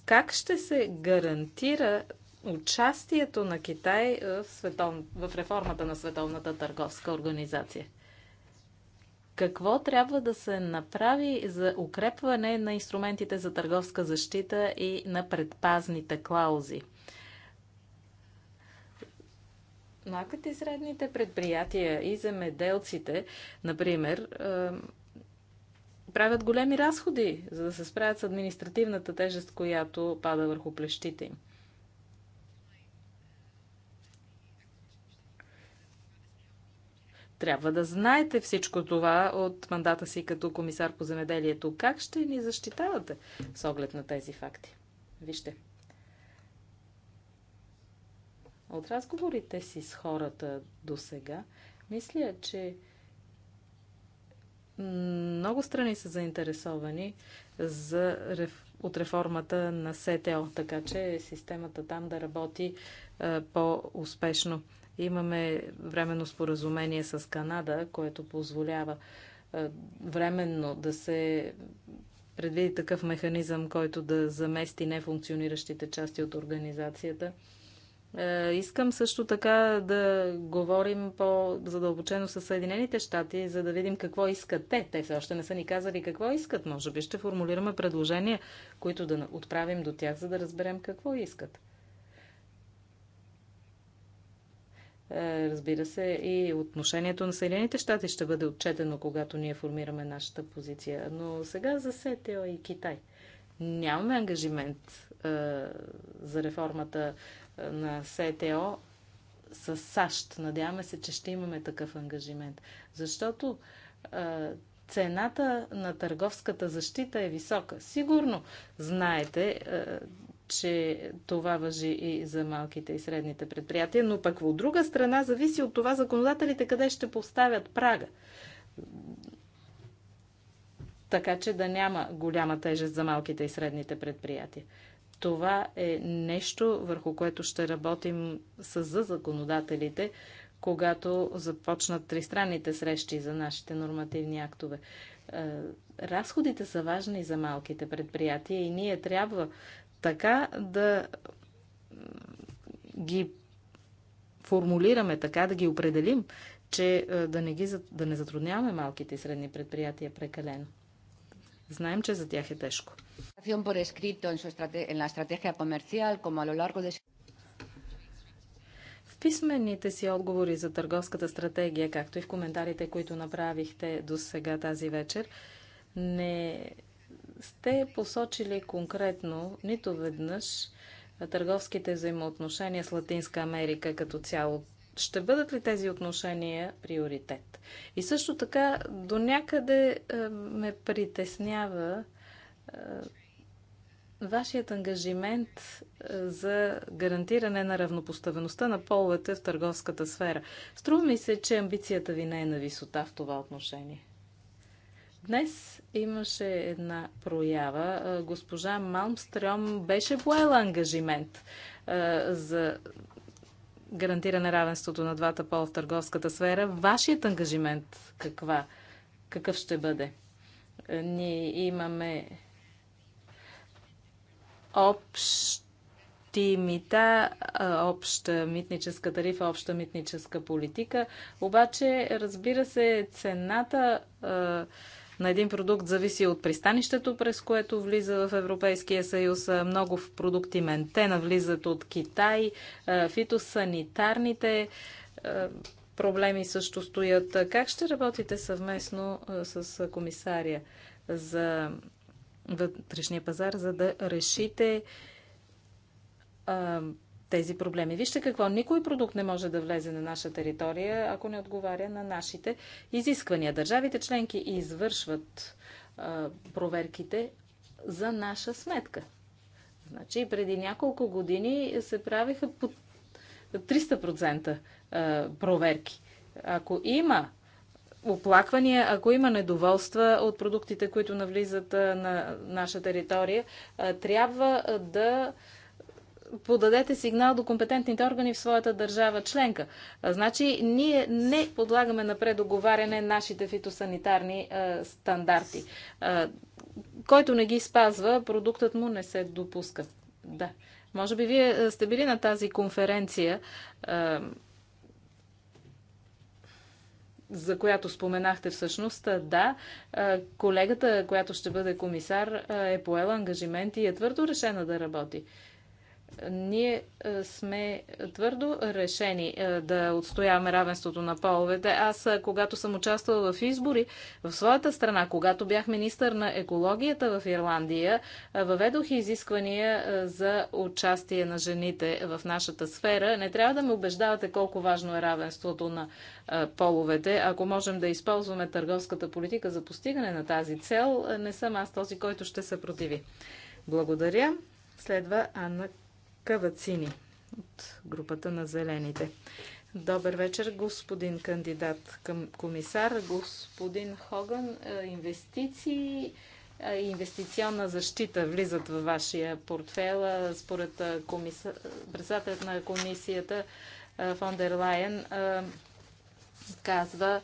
S2: Как ще се гарантира участието на Китай в, светов... в реформата на Световната търговска организация? Какво трябва да се направи за укрепване на инструментите за търговска защита и на предпазните клаузи? малките и средните предприятия и земеделците, например, е, правят големи разходи, за да се справят с административната тежест, която пада върху плещите им. Трябва да знаете всичко това от мандата си като комисар по земеделието. Как ще ни защитавате с оглед на тези факти? Вижте. От разговорите си с хората до сега, мисля, че много страни са заинтересовани за, от реформата на СТО, така че системата там да работи е, по-успешно. Имаме временно споразумение с Канада, което позволява е, временно да се предвиди такъв механизъм, който да замести нефункциониращите части от организацията. Е, искам също така да говорим по-задълбочено с Съединените щати, за да видим какво искат те. Те все още не са ни казали какво искат. Може би ще формулираме предложения, които да отправим до тях, за да разберем какво искат. Е, разбира се, и отношението на Съединените щати ще бъде отчетено, когато ние формираме нашата позиция. Но сега за СТО и Китай. Нямаме ангажимент е, за реформата на СТО с САЩ. Надяваме се, че ще имаме такъв ангажимент. Защото цената на търговската защита е висока. Сигурно знаете, че това въжи и за малките и средните предприятия, но пък от друга страна зависи от това законодателите къде ще поставят прага. Така че да няма голяма тежест за малките и средните предприятия. Това е нещо, върху което ще работим с за законодателите, когато започнат тристранните срещи за нашите нормативни актове. Е, разходите са важни за малките предприятия и ние трябва така да ги формулираме, така да ги определим, че е, да не, ги, да не затрудняваме малките и средни предприятия прекалено. Знаем, че за тях е тежко. В писмените си отговори за търговската стратегия, както и в коментарите, които направихте до сега тази вечер, не сте посочили конкретно нито веднъж търговските взаимоотношения с Латинска Америка като цяло ще бъдат ли тези отношения приоритет? И също така, до някъде е, ме притеснява е, вашият ангажимент е, за гарантиране на равнопоставеността на половете в търговската сфера. Струва ми се, че амбицията ви не е на висота в това отношение. Днес имаше една проява. Госпожа Малмстрём беше поела ангажимент за гарантиране равенството на двата пола в търговската сфера, вашият ангажимент каква, какъв ще бъде? Е, ние имаме общи мита, обща митническа тарифа, обща митническа политика. Обаче, разбира се, цената на един продукт зависи от пристанището, през което влиза в Европейския съюз. Много в продукти ментена влизат от Китай, фитосанитарните проблеми също стоят. Как ще работите съвместно с комисария за вътрешния пазар, за да решите тези проблеми. Вижте какво, никой продукт не може да влезе на наша територия, ако не отговаря на нашите изисквания. Държавите членки извършват а, проверките за наша сметка. Значи преди няколко години се правиха по 300% проверки. Ако има оплаквания, ако има недоволства от продуктите, които навлизат на наша територия, трябва да подадете сигнал до компетентните органи в своята държава членка. значи, ние не подлагаме на предоговаряне нашите фитосанитарни а, стандарти. А, който не ги спазва, продуктът му не се допуска. Да. Може би вие сте били на тази конференция, за която споменахте всъщност. Да, колегата, която ще бъде комисар, е поела ангажимент и е твърдо решена да работи ние е, сме твърдо решени е, да отстояваме равенството на половете. Аз, е, когато съм участвала в избори в своята страна, когато бях министър на екологията в Ирландия, въведох изисквания за участие на жените в нашата сфера. Не трябва да ме убеждавате колко важно е равенството на половете. Ако можем да използваме търговската политика за постигане на тази цел, не съм аз този, който ще се противи. Благодаря. Следва Анна Кавацини от групата на зелените. Добър вечер, господин кандидат към комисар, господин Хоган. Е, инвестиции и е, инвестиционна защита влизат във вашия портфел. Според председателят на комисията Фондер Лайен казва,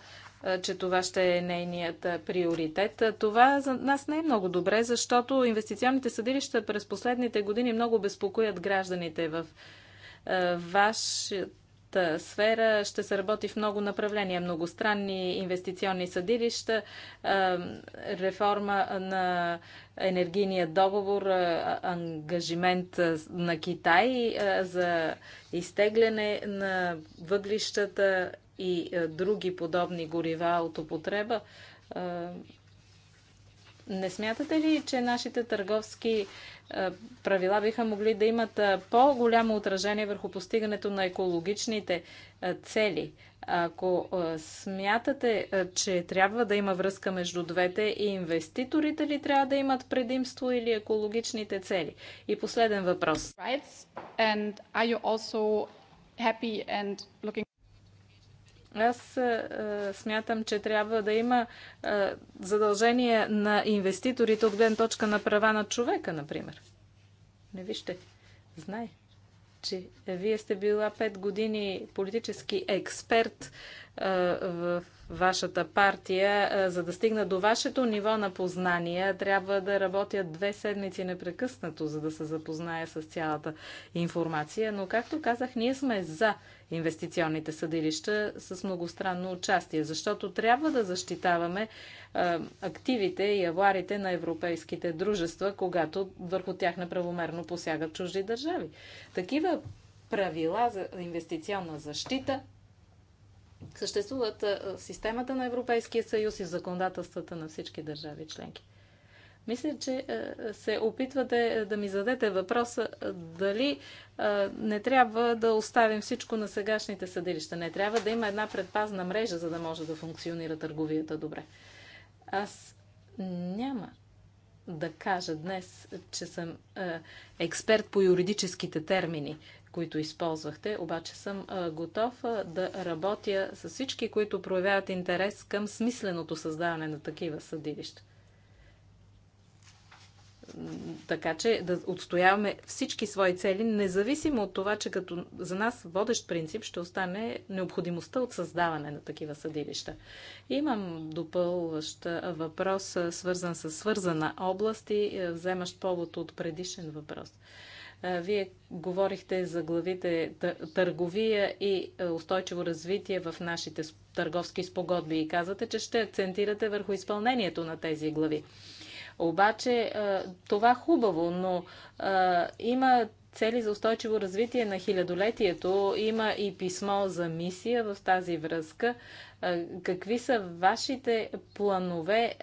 S2: че това ще е нейният приоритет. Това за нас не е много добре, защото инвестиционните съдилища през последните години много безпокоят гражданите в вашата сфера ще се работи в много направления. Многостранни инвестиционни съдилища, реформа на енергийния договор, ангажимент на Китай за изтегляне на въглищата и е, други подобни горива от употреба. Е, не смятате ли, че нашите търговски е, правила биха могли да имат по-голямо отражение върху постигането на екологичните цели? Ако смятате, че трябва да има връзка между двете и инвеститорите ли трябва да имат предимство или екологичните цели? И последен въпрос. Аз а, е, е, смятам, че трябва да има а, е, задължение на инвеститорите от гледна точка на права на човека, например. Не вижте. Знае, че вие сте била 5 години политически експерт е, в вашата партия, е, за да стигна до вашето ниво на познания, трябва да работя две седмици непрекъснато, за да се запозная с цялата информация. Но, както казах, ние сме за инвестиционните съдилища с многостранно участие, защото трябва да защитаваме е, активите и аварите на европейските дружества, когато върху тях неправомерно посягат чужди държави. Такива правила за инвестиционна защита съществуват системата на Европейския съюз и законодателствата на всички държави членки. Мисля, че се опитвате да ми зададете въпроса дали не трябва да оставим всичко на сегашните съдилища. Не трябва да има една предпазна мрежа, за да може да функционира търговията добре. Аз няма да кажа днес, че съм е, експерт по юридическите термини, които използвахте, обаче съм е, готов е, да работя с всички, които проявяват интерес към смисленото създаване на такива съдилища така че да отстояваме всички свои цели, независимо от това, че като за нас водещ принцип ще остане необходимостта от създаване на такива съдилища. Имам допълващ въпрос, свързан с свързана област и вземащ повод от предишен въпрос. Вие говорихте за главите търговия и устойчиво развитие в нашите търговски спогодби и казвате, че ще акцентирате върху изпълнението на тези глави. Обаче е, това хубаво, но е, има цели за устойчиво развитие на хилядолетието. Има и писмо за мисия в тази връзка. Е, какви са вашите планове,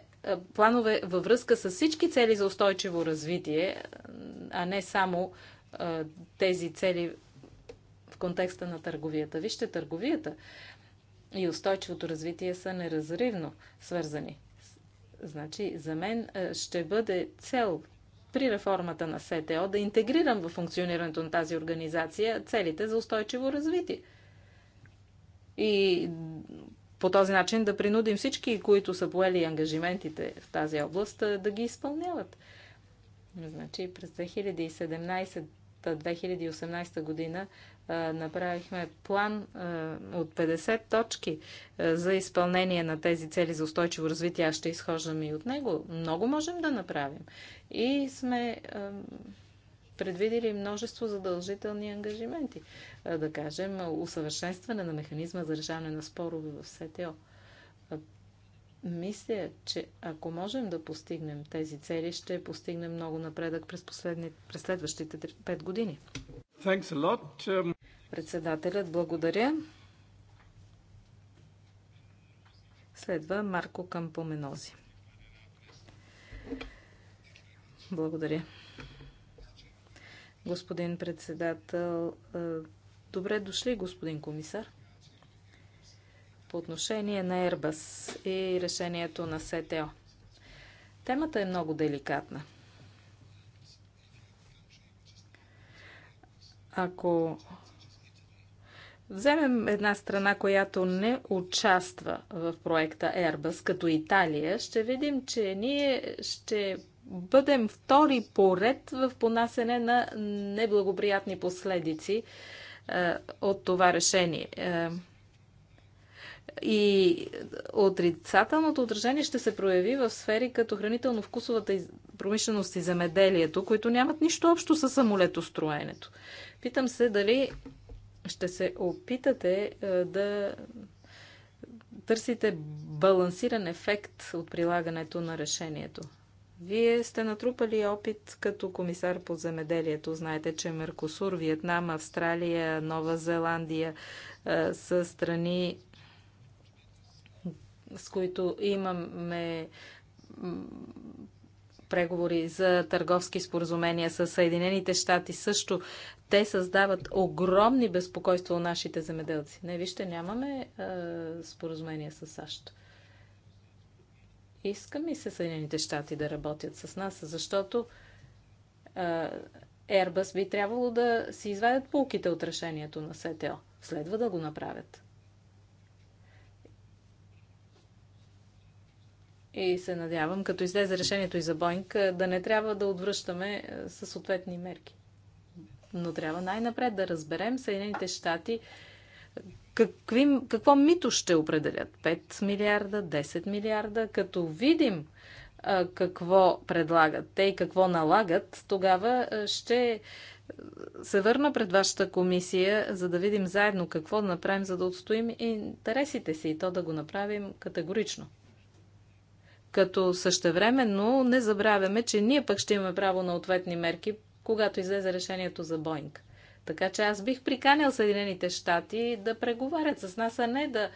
S2: планове във връзка с всички цели за устойчиво развитие, а не само тези цели в контекста на търговията? Вижте, търговията и устойчивото развитие са неразривно свързани. Значи, за мен е, ще бъде цел при реформата на СТО да интегрирам в функционирането на тази организация целите за устойчиво развитие. И по този начин да принудим всички, които са поели ангажиментите в тази област, е, да ги изпълняват. Значи през 2017-2018 година направихме план от 50 точки за изпълнение на тези цели за устойчиво развитие. Аз ще изхождам и от него. Много можем да направим. И сме предвидили множество задължителни ангажименти. Да кажем, усъвършенстване на механизма за решаване на спорове в СТО. Мисля, че ако можем да постигнем тези цели, ще постигнем много напредък през, последни, през следващите 5 години.
S1: Um,
S2: Председателят, благодаря. Следва Марко Кампоменози. Благодаря. Господин председател, е, добре дошли, господин комисар по отношение на Airbus и решението на СТО. Темата е много деликатна. Ако вземем една страна, която не участва в проекта Airbus, като Италия, ще видим, че ние ще бъдем втори поред в понасене на неблагоприятни последици е, от това решение. Е, и отрицателното отражение ще се прояви в сфери като хранително-вкусовата промишленост и земеделието, които нямат нищо общо с самолетостроенето. Питам се дали ще се опитате е, да търсите балансиран ефект от прилагането на решението. Вие сте натрупали опит като комисар по земеделието. Знаете, че Меркосур, Виетнам, Австралия, Нова Зеландия е, са страни, с които имаме преговори за търговски споразумения с Съединените щати също, те създават огромни безпокойства у нашите земеделци. Не, вижте, нямаме е, споразумения с САЩ. Искаме и се Съединените щати да работят с нас, защото е, Airbus би трябвало да си извадят полките от решението на СТО. Следва да го направят. И се надявам, като излезе решението и за Боинг, да не трябва да отвръщаме със съответни мерки. Но трябва най-напред да разберем Съединените щати какви, какво мито ще определят. 5 милиарда, 10 милиарда. Като видим какво предлагат те и какво налагат, тогава ще се върна пред вашата комисия, за да видим заедно какво да направим, за да отстоим интересите си и то да го направим категорично като същевременно не забравяме, че ние пък ще имаме право на ответни мерки, когато излезе решението за Боинг. Така че аз бих приканял Съединените щати да преговарят с нас, а не да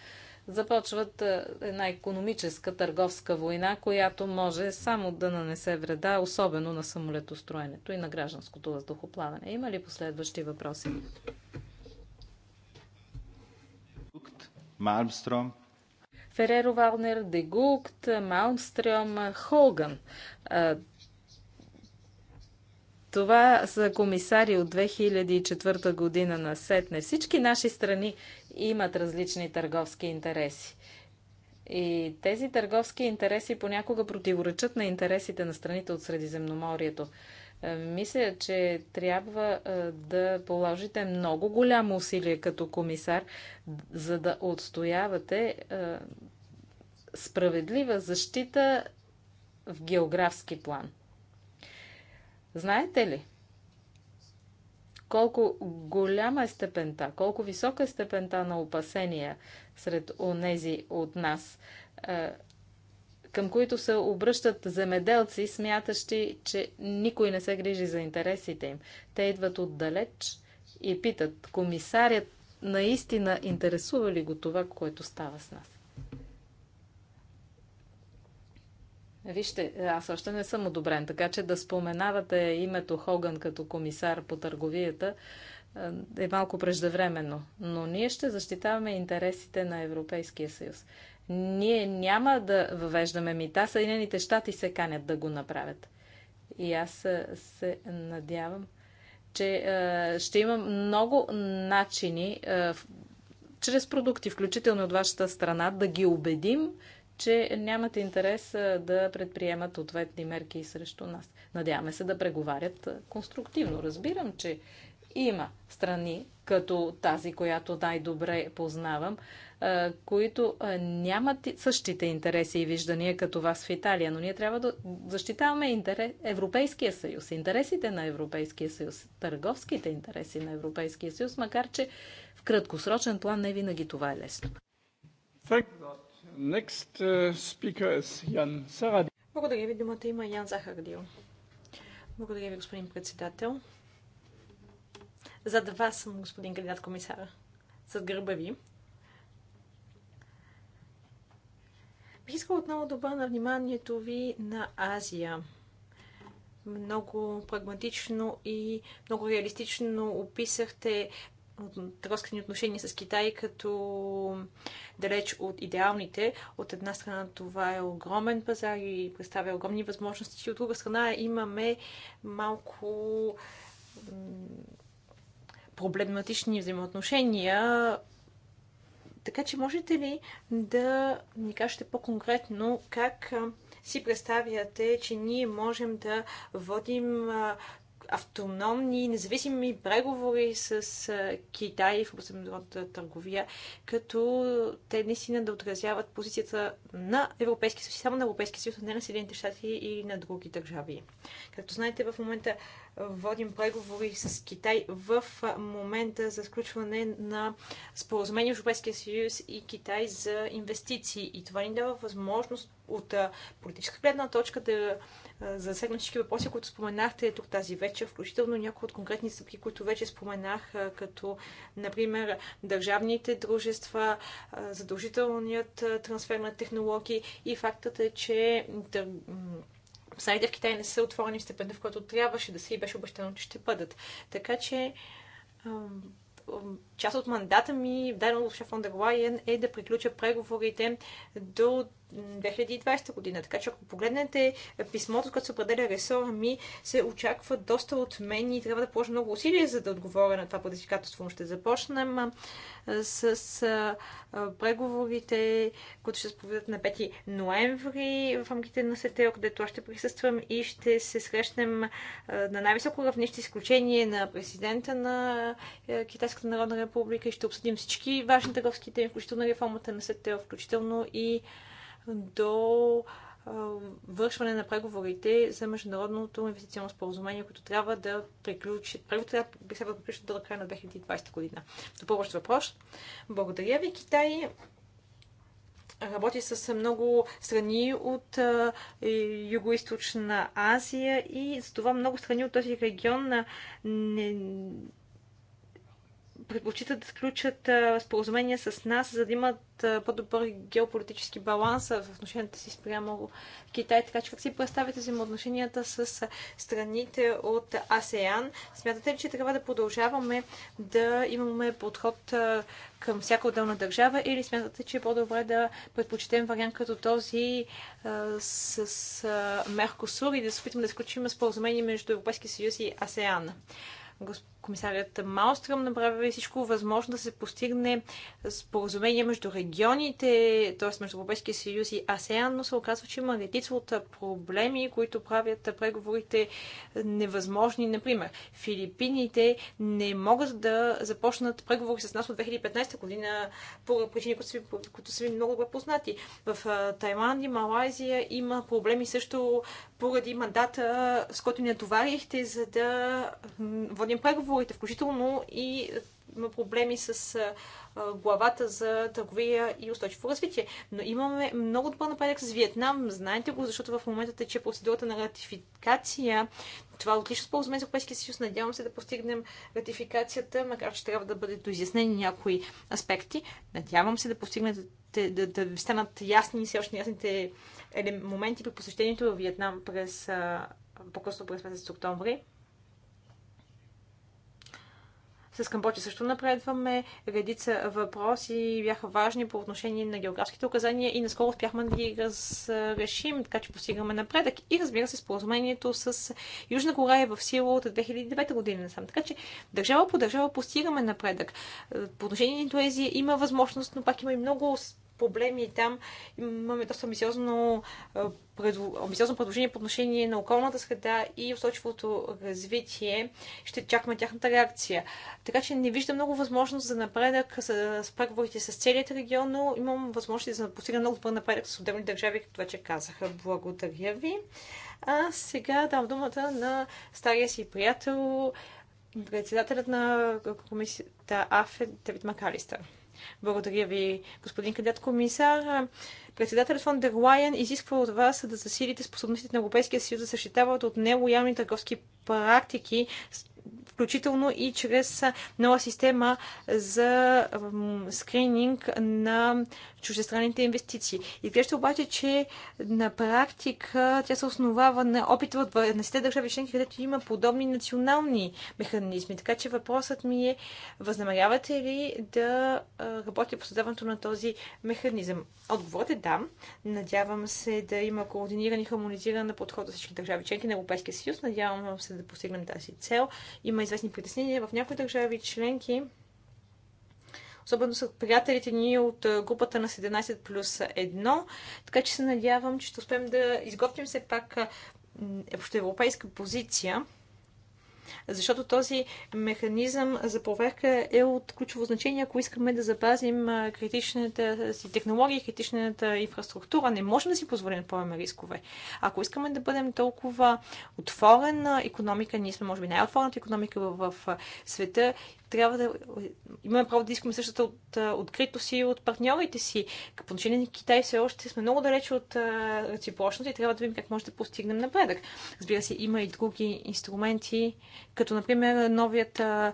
S2: започват е, една економическа търговска война, която може само да нанесе вреда, особено на самолетостроенето и на гражданското въздухоплаване. Има ли последващи въпроси? Малмстром Фереро Валнер, Дегукт, Маунстрем, Холган. Това са комисари от 2004 година на Сетне. Всички наши страни имат различни търговски интереси. И тези търговски интереси понякога противоречат на интересите на страните от Средиземноморието. Е, мисля, че трябва е, да положите много голямо усилие като комисар, за да отстоявате е, справедлива защита в географски план. Знаете ли колко голяма е степента, колко висока е степента на опасения сред онези от нас, към които се обръщат земеделци, смятащи, че никой не се грижи за интересите им. Те идват отдалеч и питат, комисарят наистина интересува ли го това, което става с нас? Вижте, аз още не съм одобрен, така че да споменавате името Хоган като комисар по търговията е малко преждевременно. Но ние ще защитаваме интересите на Европейския съюз. Ние няма да въвеждаме мита, Съединените щати се канят да го направят. И аз се надявам, че ще има много начини, чрез продукти, включително от вашата страна, да ги убедим, че нямат интерес да предприемат ответни мерки срещу нас. Надяваме се да преговарят конструктивно. Разбирам, че има страни, като тази, която най-добре познавам, които нямат същите интереси и виждания като вас в Италия, но ние трябва да защитаваме интерес, Европейския съюз, интересите на Европейския съюз, търговските интереси на Европейския съюз, макар че в краткосрочен план не винаги това е лесно.
S1: Next uh, speaker is Jan Saradil.
S3: Благодаря ви. Думата има Ян Захардил. Благодаря ви, господин председател. Зад вас съм господин кандидат комисар, Зад гърба ви Бих отново да обърна вниманието ви на Азия. Много прагматично и много реалистично описахте търговските отношения с Китай като далеч от идеалните. От една страна това е огромен пазар и представя огромни възможности, от друга страна имаме малко проблематични взаимоотношения така че можете ли да ни кажете по-конкретно как си представяте, че ние можем да водим автономни, независими преговори с Китай в международната търговия, като те наистина да отразяват позицията на Европейския съюз, само на Европейския съюз, а не на Съединените щати и на други държави. Както знаете, в момента водим преговори с Китай в момента за сключване на споразумение Европейския съюз и Китай за инвестиции. И това ни дава възможност от политическа гледна точка да засегнат всички въпроси, които споменахте тук тази вечер, включително някои от конкретни стъпки, които вече споменах, като, например, държавните дружества, задължителният трансфер на технологии и фактът е, че Сайде в Китай не са отворени в степента, в която трябваше да се и беше обещано, че ще бъдат. Така че част от мандата ми, дадено от Шефон Дерлайен, е да приключа преговорите до 2020 година. Така че ако погледнете писмото, като се определя ресора ми, се очаква доста от мен и трябва да положа много усилия, за да отговоря на това предизвикателство. ще започнем с преговорите, които ще се проведат на 5 ноември в рамките на СТО, където аз ще присъствам и ще се срещнем на най-високо равнище, изключение на президента на Китайската народна република и ще обсъдим всички важни търговски теми, включително реформата на СТО, включително и до вършване на преговорите за международното инвестиционно споразумение, което трябва да приключи. Първото трябва да приключи до края на 2020 година. Допълващ въпрос. Благодаря ви, Китай. Работи с много страни от Юго-Источна Азия и за това много страни от този регион не, предпочитат да сключат споразумения с нас, за да имат по-добър геополитически баланс в отношенията си спрямо Китай. Така че как си представите взаимоотношенията с страните от АСЕАН? Смятате ли, че трябва да продължаваме да имаме подход към всяка отделна държава или смятате, че е по-добре да предпочитем вариант като този с, с Меркосур и да се опитаме да сключим споразумение между Европейския съюз и АСЕАН? Господин комисарият Малстръм направи всичко възможно да се постигне споразумение между регионите, т.е. между Европейския съюз и АСЕАН, но се оказва, че има редица от проблеми, които правят преговорите невъзможни. Например, Филипините не могат да започнат преговори с нас от 2015 година по причини, които са, които са много добре познати. В Тайланд и Малайзия има проблеми също поради мандата, с който ни натоварихте, за да водим преговори преговорите, включително и има е, проблеми с е, е, главата за търговия и устойчиво развитие. Но имаме много добър напредък с Виетнам. Знаете го, защото в момента тече процедурата на ратификация. Това е отлично споразумение за Европейския съюз. Надявам се да постигнем ратификацията, макар че трябва да бъдат доизяснени някои аспекти. Надявам се да постигнете, да, да, да станат ясни и все още ясните моменти при посещението в Виетнам през по-късно през месец октомври. С Камбоджа също напредваме. Редица въпроси бяха важни по отношение на географските указания и наскоро успяхме да ги разрешим, така че постигаме напредък. И разбира се, споразумението с Южна Корея е в сила от 2009 година Насам. Така че държава по държава постигаме напредък. По отношение на Индонезия има възможност, но пак има и много проблеми и там. Имаме доста амбициозно, амбициозно предложение по отношение на околната среда и устойчивото развитие. Ще чакаме тяхната реакция. Така че не виждам много възможност за напредък с, с преговорите с целият регион, но имам възможност да постигна много добър напредък с отделни държави, като вече казаха. Благодаря ви. А сега дам думата на стария си приятел, председателят на комисията АФЕ Давид Макалистър. Благодаря ви, господин кандидат комисар. Председателят фон дер Лайен изисква от вас да засилите способностите на Европейския съюз да защитават от нелоялни търговски практики, включително и чрез нова система за скрининг на чуждестранните инвестиции. Изглежда обаче, че на практика тя се основава на опит в 12 държави членки, където има подобни национални механизми. Така че въпросът ми е, възнамерявате ли да работите по създаването на този механизъм? Отговорът е да. Надявам се да има координиран и хармонизиран подход за всички държави членки на Европейския съюз. Надявам се да постигнем тази цел. Има известни притеснения в някои държави членки особено с приятелите ни от групата на 17 плюс 1. Така че се надявам, че ще успеем да изготвим все пак европейска позиция защото този механизъм за проверка е от ключово значение, ако искаме да запазим критичната си технология, критичната инфраструктура. Не можем да си позволим да поемем рискове. Ако искаме да бъдем толкова отворена економика, ние сме може би най-отворената економика в света трябва да имаме право да искаме същата от открито и от партньорите си. По отношение на Китай все още сме много далече от реципрочност и трябва да видим как може да постигнем напредък. Разбира се, има и други инструменти, като например новият а,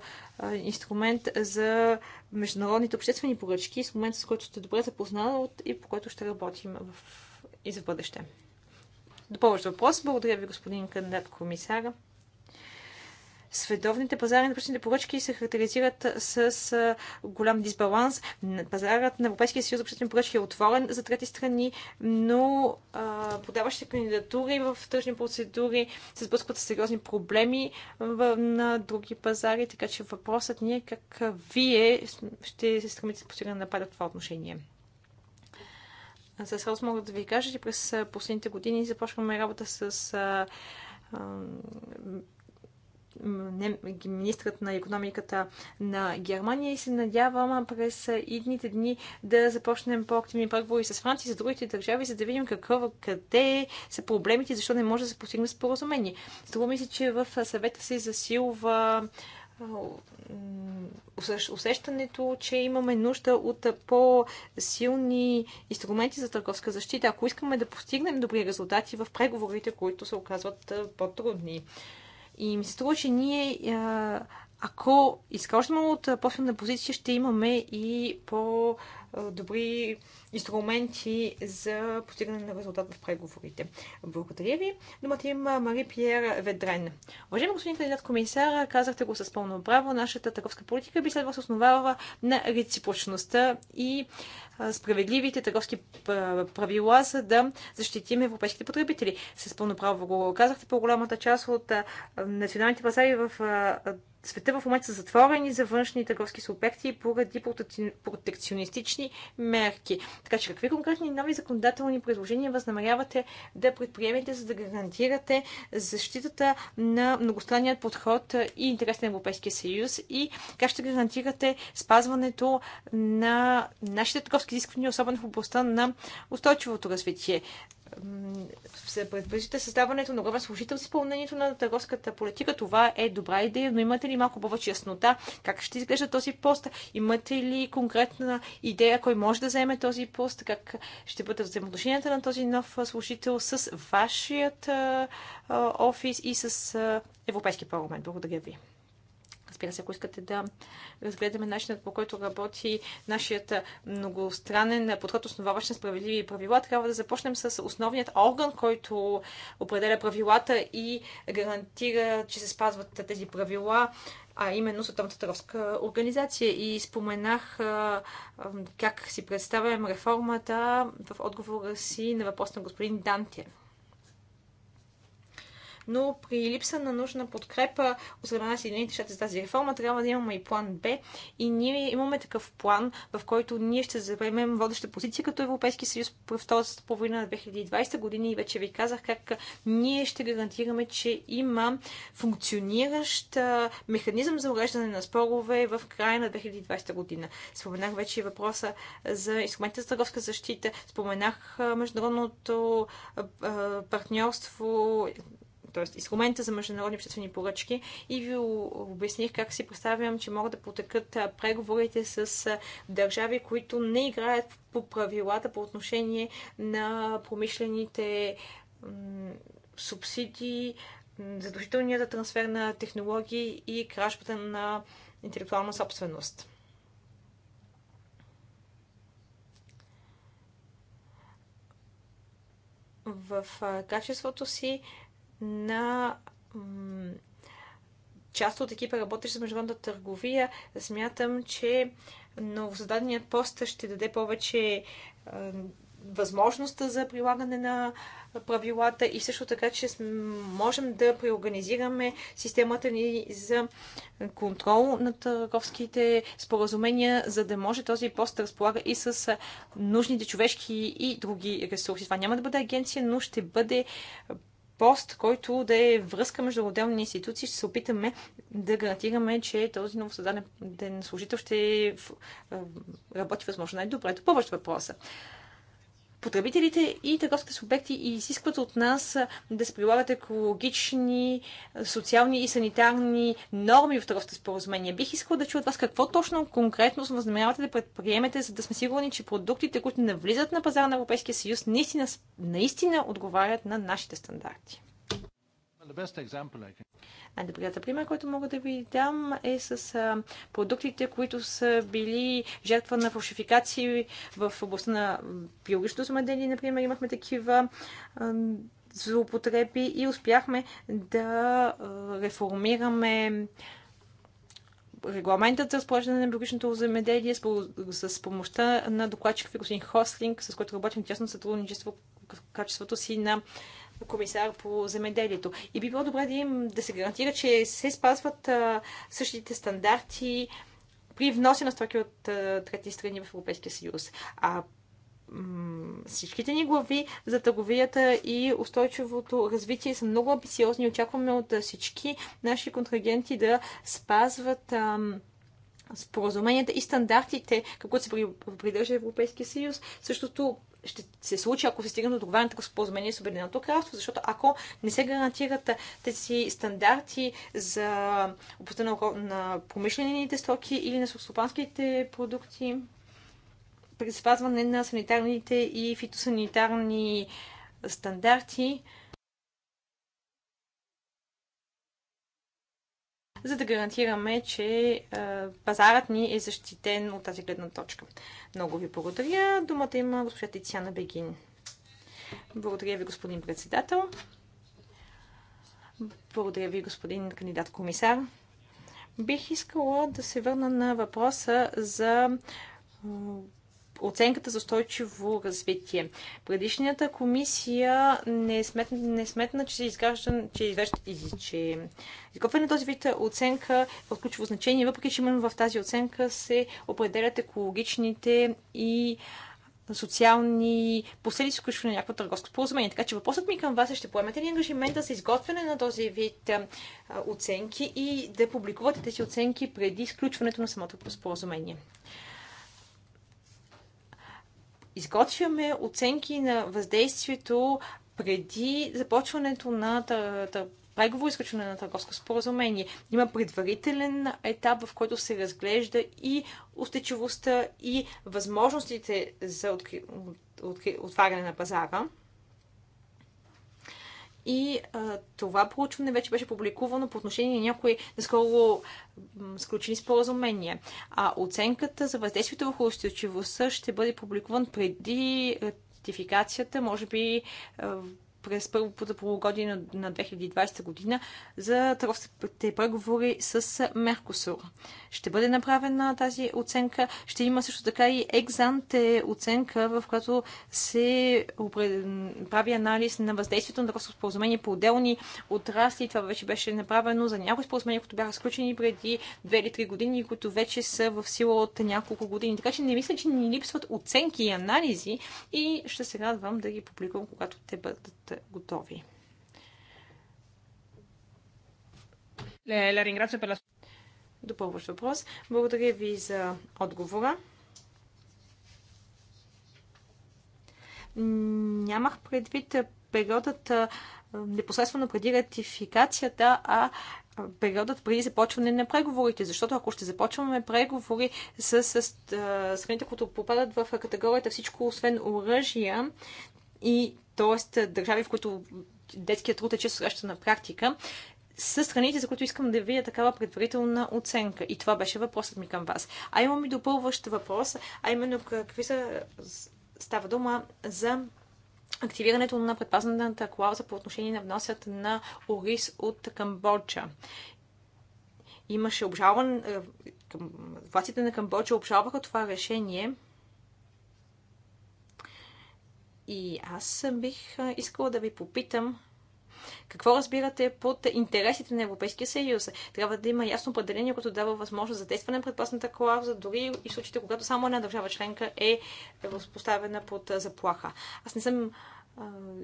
S3: инструмент за международните обществени поръчки, инструмент, с който сте добре запознали и по който ще работим в... и за бъдеще. Допълващ въпрос. Благодаря ви, господин кандидат комисара световните пазари на пръчните поръчки се характеризират с голям дисбаланс. Пазарът на Европейския съюз за пътните поръчки е отворен за трети страни, но подаващите кандидатури в тръжни процедури се сблъскват с сериозни проблеми на други пазари, така че въпросът ни е как вие ще се стремите да постигане нападък в това отношение. За сръз мога да ви кажа, че през последните години започваме работа с министрът на економиката на Германия и се надявам през идните дни да започнем по-активни преговори с Франция и с другите държави, за да видим какво, къде са проблемите и защо не може да се постигне споразумение. Струва ми се, че в съвета се засилва усещането, че имаме нужда от по-силни инструменти за търговска защита, ако искаме да постигнем добри резултати в преговорите, които се оказват по-трудни. И ми се струва, че ние, ако изхождаме от по-силна позиция, ще имаме и по-добри инструменти за постигане на резултат в преговорите. Благодаря ви. Думата има Мари Пьер Ведрен. Уважаеми господин кандидат комисар, казахте го с пълно право, нашата търговска политика би следва се основава на реципрочността и справедливите търговски правила, за да защитим европейските потребители. С пълно право го казахте, по-голямата част от националните пазари в света в момента са затворени за външни търговски субекти поради протекционистични мерки. Така че какви конкретни нови законодателни предложения възнамерявате да предприемете, за да гарантирате защитата на многостранният подход и интерес на Европейския съюз и как ще гарантирате спазването на нашите търговски изисквания, особено в областта на устойчивото развитие се предвиждате създаването на огромен служител с изпълнението на търговската политика. Това е добра идея, но имате ли малко повече яснота? Как ще изглежда този пост? Имате ли конкретна идея, кой може да вземе този пост? Как ще бъдат взаимоотношенията на този нов служител с вашият офис и с Европейския парламент? Благодаря ви. Разбира се, ако искате да разгледаме начинът по който работи нашият многостранен подход, основаващ на справедливи правила, трябва да започнем с основният орган, който определя правилата и гарантира, че се спазват тези правила а именно Световната търговска организация. И споменах а, как си представям реформата в отговора си на въпрос на господин Данте но при липса на нужна подкрепа от страна на Съединените щати за тази реформа трябва да имаме и план Б. И ние имаме такъв план, в който ние ще заемем водеща позиция като Европейски съюз в втората половина на 2020 година и вече ви казах как ние ще гарантираме, че има функциониращ механизъм за уреждане на спорове в края на 2020 година. Споменах вече и въпроса за инструментите за търговска защита, споменах международното партньорство, т.е. инструмента за международни обществени поръчки и ви обясних как си представям, че могат да потекат преговорите с държави, които не играят по правилата по отношение на промишлените субсидии, задължителният трансфер на технологии и кражбата на интелектуална собственост. В качеството си на част от екипа, работещ с международната търговия, смятам, че новозададеният пост ще даде повече е, възможността за прилагане на правилата и също така, че можем да преорганизираме системата ни за контрол на търговските споразумения, за да може този пост да разполага и с е, нужните човешки и други ресурси. Това няма да бъде агенция, но ще бъде пост, който да е връзка между отделни институции. Ще се опитаме да гарантираме, че този новосъздаден служител ще е работи възможно най-добре. Допълващ въпроса потребителите и търговските субекти и изискват от нас да се прилагат екологични, социални и санитарни норми в търговските споразумения. Бих искала да чуя от вас какво точно конкретно възнамерявате да предприемете, за да сме сигурни, че продуктите, които навлизат на пазара на Европейския съюз, наистина, наистина отговарят на нашите стандарти. Най-добрият пример, който мога да ви дам е с продуктите, които са били жертва на фалшификации в областта на биологичното земеделие. Например, имахме такива злоупотреби и успяхме да реформираме регламентът за разположение на биологичното земеделие с, с помощта на докладчик господин Хослинг, с който работим тясно сътрудничество в качеството си на комисар по земеделието. И би било добре да, им, да се гарантира, че се спазват а, същите стандарти при вноси на стоки от а, трети страни в Европейския съюз. А всичките ни глави за търговията и устойчивото развитие са много амбициозни. Очакваме от всички наши контрагенти да спазват ам, споразуменията и стандартите, какво се придържа Европейския съюз. Същото ще се случи, ако се стигне до договарянето споразумение с Обединеното кралство, защото ако не се гарантират тези стандарти за областта на, на промишлените стоки или на сухостопанските продукти, при спазване на санитарните и фитосанитарни стандарти, за да гарантираме, че пазарът ни е защитен от тази гледна точка. Много ви благодаря. Думата има госпожа Тициана Бегин. Благодаря ви, господин председател. Благодаря ви, господин кандидат-комисар. Бих искала да се върна на въпроса за оценката за устойчиво развитие. Предишната комисия не е сметна, не е сметна че се изгражда, че, е извещ, че изготвяне на този вид оценка е от ключово значение, въпреки че именно в тази оценка се определят екологичните и социални последици, включване на някакво търговско споразумение. Така че въпросът ми към вас е, ще поемете ли ангажимента за изготвяне на този вид оценки и да публикувате тези оценки преди изключването на самото споразумение? изготвяме оценки на въздействието преди започването на преговори изключване на търговско споразумение. Има предварителен етап, в който се разглежда и устечивостта, и възможностите за отваряне на пазара. И а, това проучване вече беше публикувано по отношение на някои наскоро сключени споразумения. А оценката за въздействието върху устойчивостта ще бъде публикуван преди ратификацията, може би през първото полугодие на, на 2020 година за търговските преговори с Меркосур. Ще бъде направена тази оценка. Ще има също така и екзанте оценка, в която се прави анализ на въздействието на търговското споразумение по отделни отрасли. Това вече беше направено за някои споразумения, които бяха сключени преди 2 или 3 години които вече са в сила от няколко години. Така че не мисля, че ни липсват оценки и анализи и ще се радвам да ги публикувам, когато те бъдат сте готови. Допълващ въпрос. Благодаря ви за отговора. Нямах предвид периодът непосредствено преди ратификацията, а периодът преди започване на преговорите. Защото ако ще започваме преговори с, с, с страните, които попадат в категорията всичко, освен оръжия, и т.е. държави, в които детският труд е често срещана практика, са страните, за които искам да видя такава предварителна оценка. И това беше въпросът ми към вас. А имам и допълващ въпрос, а именно какви са става дума за активирането на предпазната клауза по отношение на вносят на ориз от Камбоджа. Имаше обжалван... Е, властите на Камбоджа обжалваха това решение, и аз бих искала да ви попитам какво разбирате под интересите на Европейския съюз? Трябва да има ясно определение, което дава възможност за действане на предпасната клауза, дори и в случаите, когато само една държава членка е поставена под заплаха. Аз не съм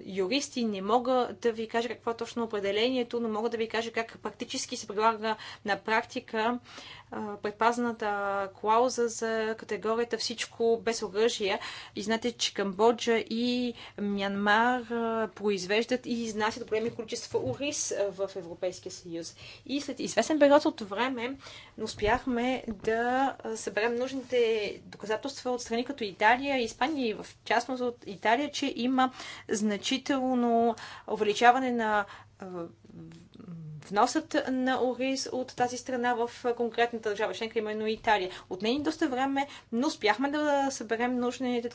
S3: юрист и не мога да ви кажа какво е точно определението, но мога да ви кажа как практически се прилага на практика предпазната клауза за категорията всичко без оръжие. И знаете, че Камбоджа и Мянмар произвеждат и изнасят големи количества ориз в Европейския съюз. И след известен период от време успяхме да съберем нужните доказателства от страни като Италия, Испания и в частност от Италия, че има значително увеличаване на вносът на ориз от тази страна в конкретната държава, членка, именно Италия. нейни доста време, но успяхме да съберем нужните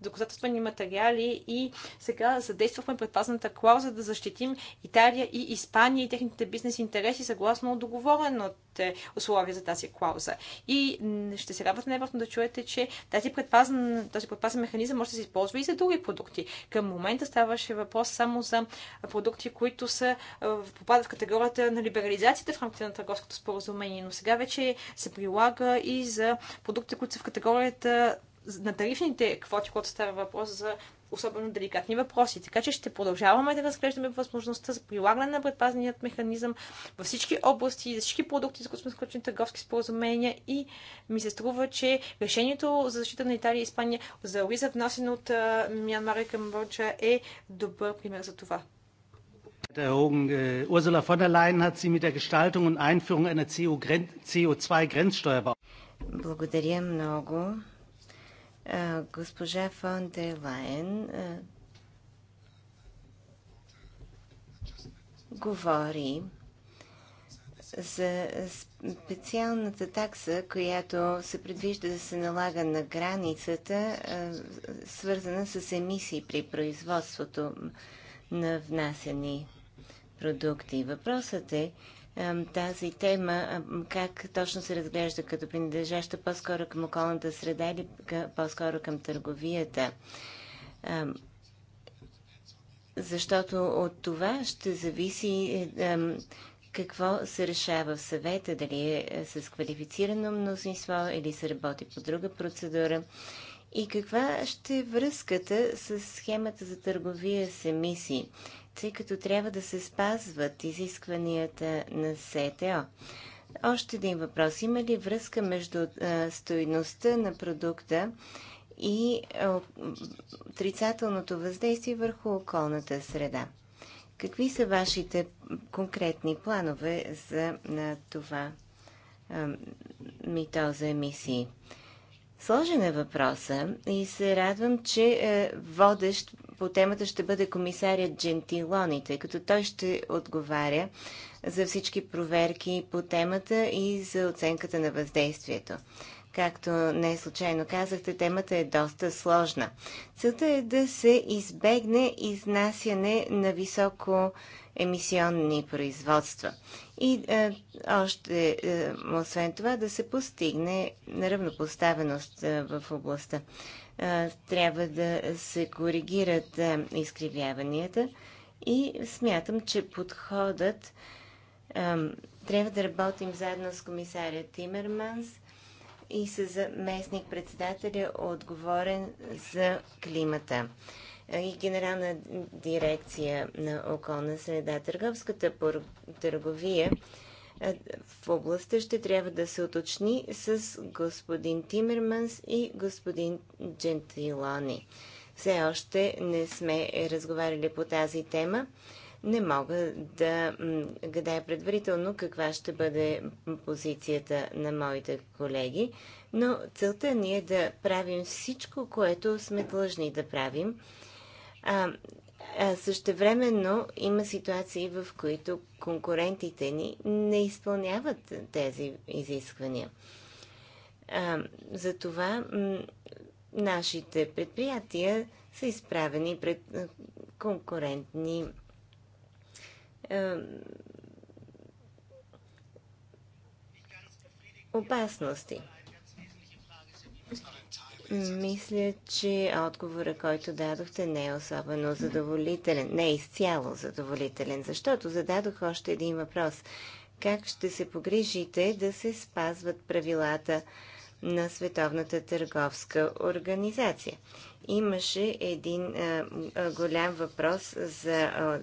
S3: доказателствени материали и сега задействахме предпазната клауза да защитим Италия и Испания и техните бизнес интереси съгласно договореното условия за тази клауза. И ще се радвате най-вероятно да чуете, че тази предпазен, този предпазен механизъм може да се използва и за други продукти. Към момента ставаше въпрос само за продукти, които са, е, попадат в категория силата на либерализацията в рамките на търговското споразумение, но сега вече се прилага и за продукти, които са в категорията на тарифните квоти, когато става въпрос за особено деликатни въпроси. Така че ще продължаваме да разглеждаме възможността за прилагане на предпазният механизъм във всички области, за всички продукти, за които сме сключени търговски споразумения и ми се струва, че решението за защита на Италия и Испания за ориза, носен от Мянмар и Камбоджа, е добър пример за това.
S1: Herr Hogan, äh, Ursula von der Leyen hat sie mit der Gestaltung und Einführung einer CO2-Grenzsteuer Благодаря много. Э, госпожа фон дер Лайен э, говори за специалната такса, която се предвижда да се налага на границата, э, свързана с емисии при производството на внасени продукти. Въпросът е тази тема как точно се разглежда като принадлежаща по-скоро към околната среда или по-скоро към търговията. Защото от това ще зависи какво се решава в съвета, дали е, е с квалифицирано мнозинство или се работи по друга процедура. И каква ще е връзката с схемата за търговия с емисии, тъй като трябва да се спазват изискванията на СТО? Още един въпрос. Има ли връзка между стоиността на продукта и отрицателното въздействие върху околната среда? Какви са вашите конкретни планове за това мито за емисии? Сложен е въпроса и се радвам, че е, водещ по темата ще бъде комисарят Джентилони, тъй като той ще отговаря за всички проверки по темата и за оценката на въздействието. Както не случайно казахте, темата е доста сложна. Целта е да се избегне изнасяне на високо емисионни производства. И е, още, е, освен това, да се постигне равнопоставеност е, в областта. Е, трябва да се коригират е, изкривяванията и смятам, че подходът е, трябва да работим заедно с комисаря Тимерманс и с заместник председателя отговорен за климата и генерална дирекция на околна среда. Търговската търговия е, в областта ще трябва да се уточни с господин Тимерманс и господин Джентилони. Все още не сме разговаряли по тази тема не мога да гадая предварително каква ще бъде позицията на моите колеги, но целта ни е да правим всичко, което сме длъжни да правим. А, а същевременно има ситуации, в които конкурентите ни не изпълняват тези изисквания. А, затова нашите предприятия са изправени пред конкурентни е, опасности. Мисля, че отговора, който дадохте, не е особено задоволителен. Не е изцяло задоволителен, защото зададох още един въпрос. Как ще се погрижите да се спазват правилата на Световната търговска организация? Имаше един а, е, голям въпрос за а,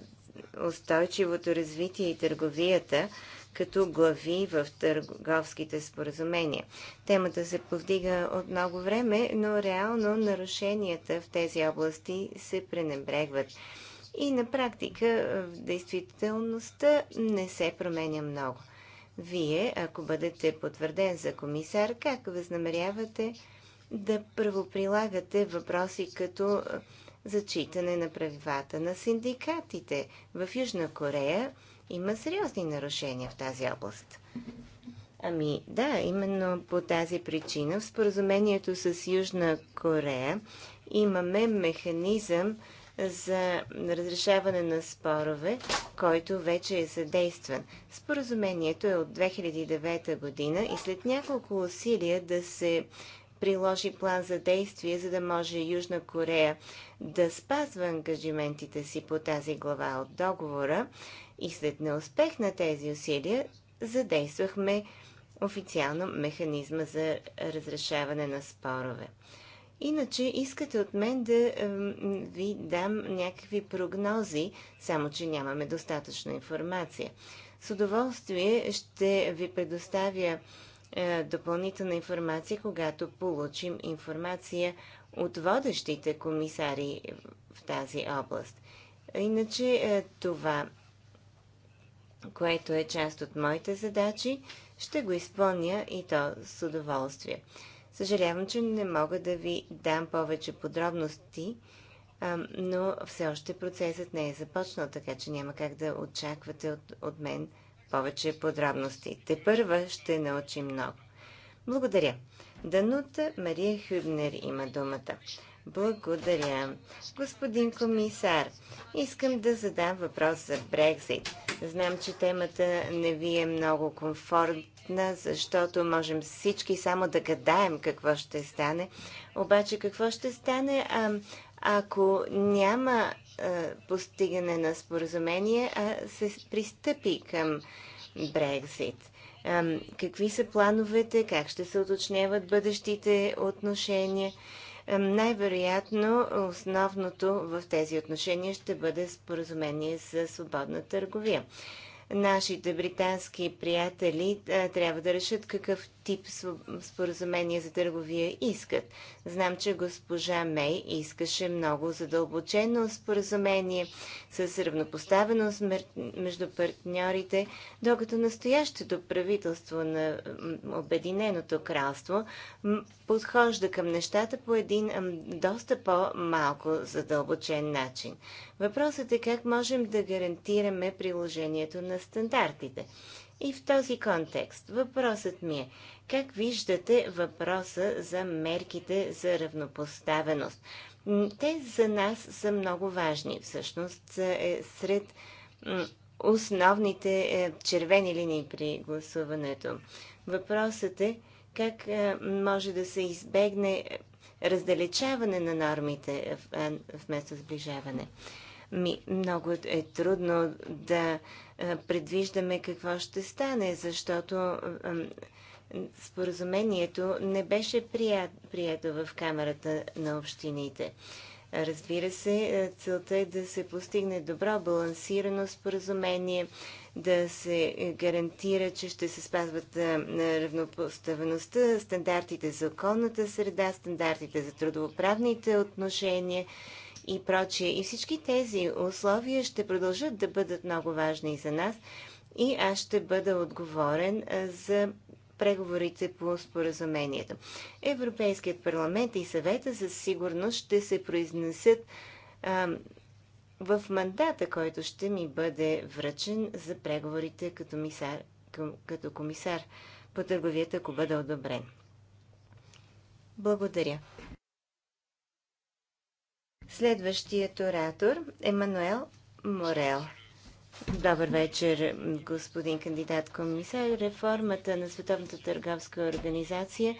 S1: устойчивото развитие и търговията като глави в търговските споразумения. Темата се повдига от много време, но реално нарушенията в тези области се пренебрегват. И на практика в действителността не се променя много. Вие, ако бъдете потвърден за комисар, как възнамерявате да правоприлагате въпроси като зачитане на правилата на синдикатите. В Южна Корея има сериозни нарушения в тази област. Ами да, именно по тази причина в споразумението с Южна Корея имаме механизъм за разрешаване на спорове, който вече е задействан. Споразумението е от 2009 година и след няколко усилия да се приложи план за действие, за да може Южна Корея да спазва ангажиментите си по тази глава от договора и след неуспех на тези усилия задействахме официално механизма за разрешаване на спорове. Иначе искате от мен да ви дам някакви прогнози, само че нямаме достатъчно информация. С удоволствие ще ви предоставя е, допълнителна информация, когато получим информация от водещите комисари в тази област. Иначе е, това, което е част от моите задачи, ще го изпълня и то с удоволствие. Съжалявам, че не мога да ви дам повече подробности, е, но все още процесът не е започнал, така че няма как да очаквате от, от мен повече подробности. Те първа ще научим много. Благодаря. Данута Мария Хюбнер има думата. Благодаря. Господин комисар, искам да задам въпрос за Брекзит. Знам, че темата не ви е много комфортна, защото можем всички само да гадаем какво ще стане. Обаче какво ще стане, а, ако няма е, постигане на споразумение, а се пристъпи към Брекзит. Какви са плановете, как ще се уточняват бъдещите отношения? Най-вероятно основното в тези отношения ще бъде споразумение за свободна търговия нашите британски приятели трябва да решат какъв тип споразумение за търговия искат. Знам, че госпожа Мей искаше много задълбочено споразумение с равнопоставеност между партньорите, докато настоящето правителство на Обединеното кралство подхожда към нещата по един доста по-малко задълбочен начин. Въпросът е как можем да гарантираме приложението на стандартите. И в този контекст въпросът ми е, как виждате въпроса за мерките за равнопоставеност? Те за нас са много важни. Всъщност, е сред основните е, червени линии при гласуването. Въпросът е как е, може да се избегне е, раздалечаване на нормите е, е, вместо сближаване. Ми, много е трудно да е, предвиждаме какво ще стане, защото е, споразумението не беше прието в Камерата на общините. Разбира се, е, целта е да се постигне добро, балансирано споразумение, да се гарантира, че ще се спазват равнопоставеността, стандартите за околната среда, стандартите за трудовоправните отношения и прочие. И всички тези условия ще продължат да бъдат много важни за нас и аз ще бъда отговорен за преговорите по споразумението. Европейският парламент и съвета със сигурност ще се произнесат в мандата, който ще ми бъде връчен за преговорите като, мисар, като комисар по търговията, ако бъде одобрен. Благодаря. Следващият оратор е Мануел Морел. Добър вечер, господин кандидат комисар. Реформата на Световната търговска организация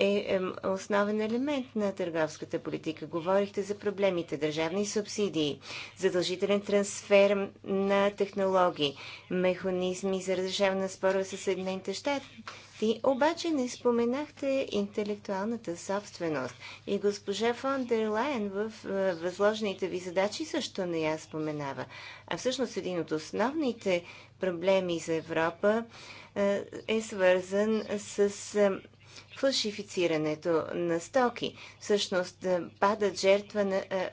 S1: е, е основен елемент на търговската политика. Говорихте за проблемите, държавни субсидии, задължителен трансфер на технологии, механизми за разрешаване на спорове с Съединените щати. Ти обаче не споменахте интелектуалната собственост. И госпожа фон дер Лайен в е, възложените ви задачи също не я споменава. А всъщност един от основните проблеми за Европа е, е свързан с фалшифицирането на стоки. Всъщност е, падат жертва на, е,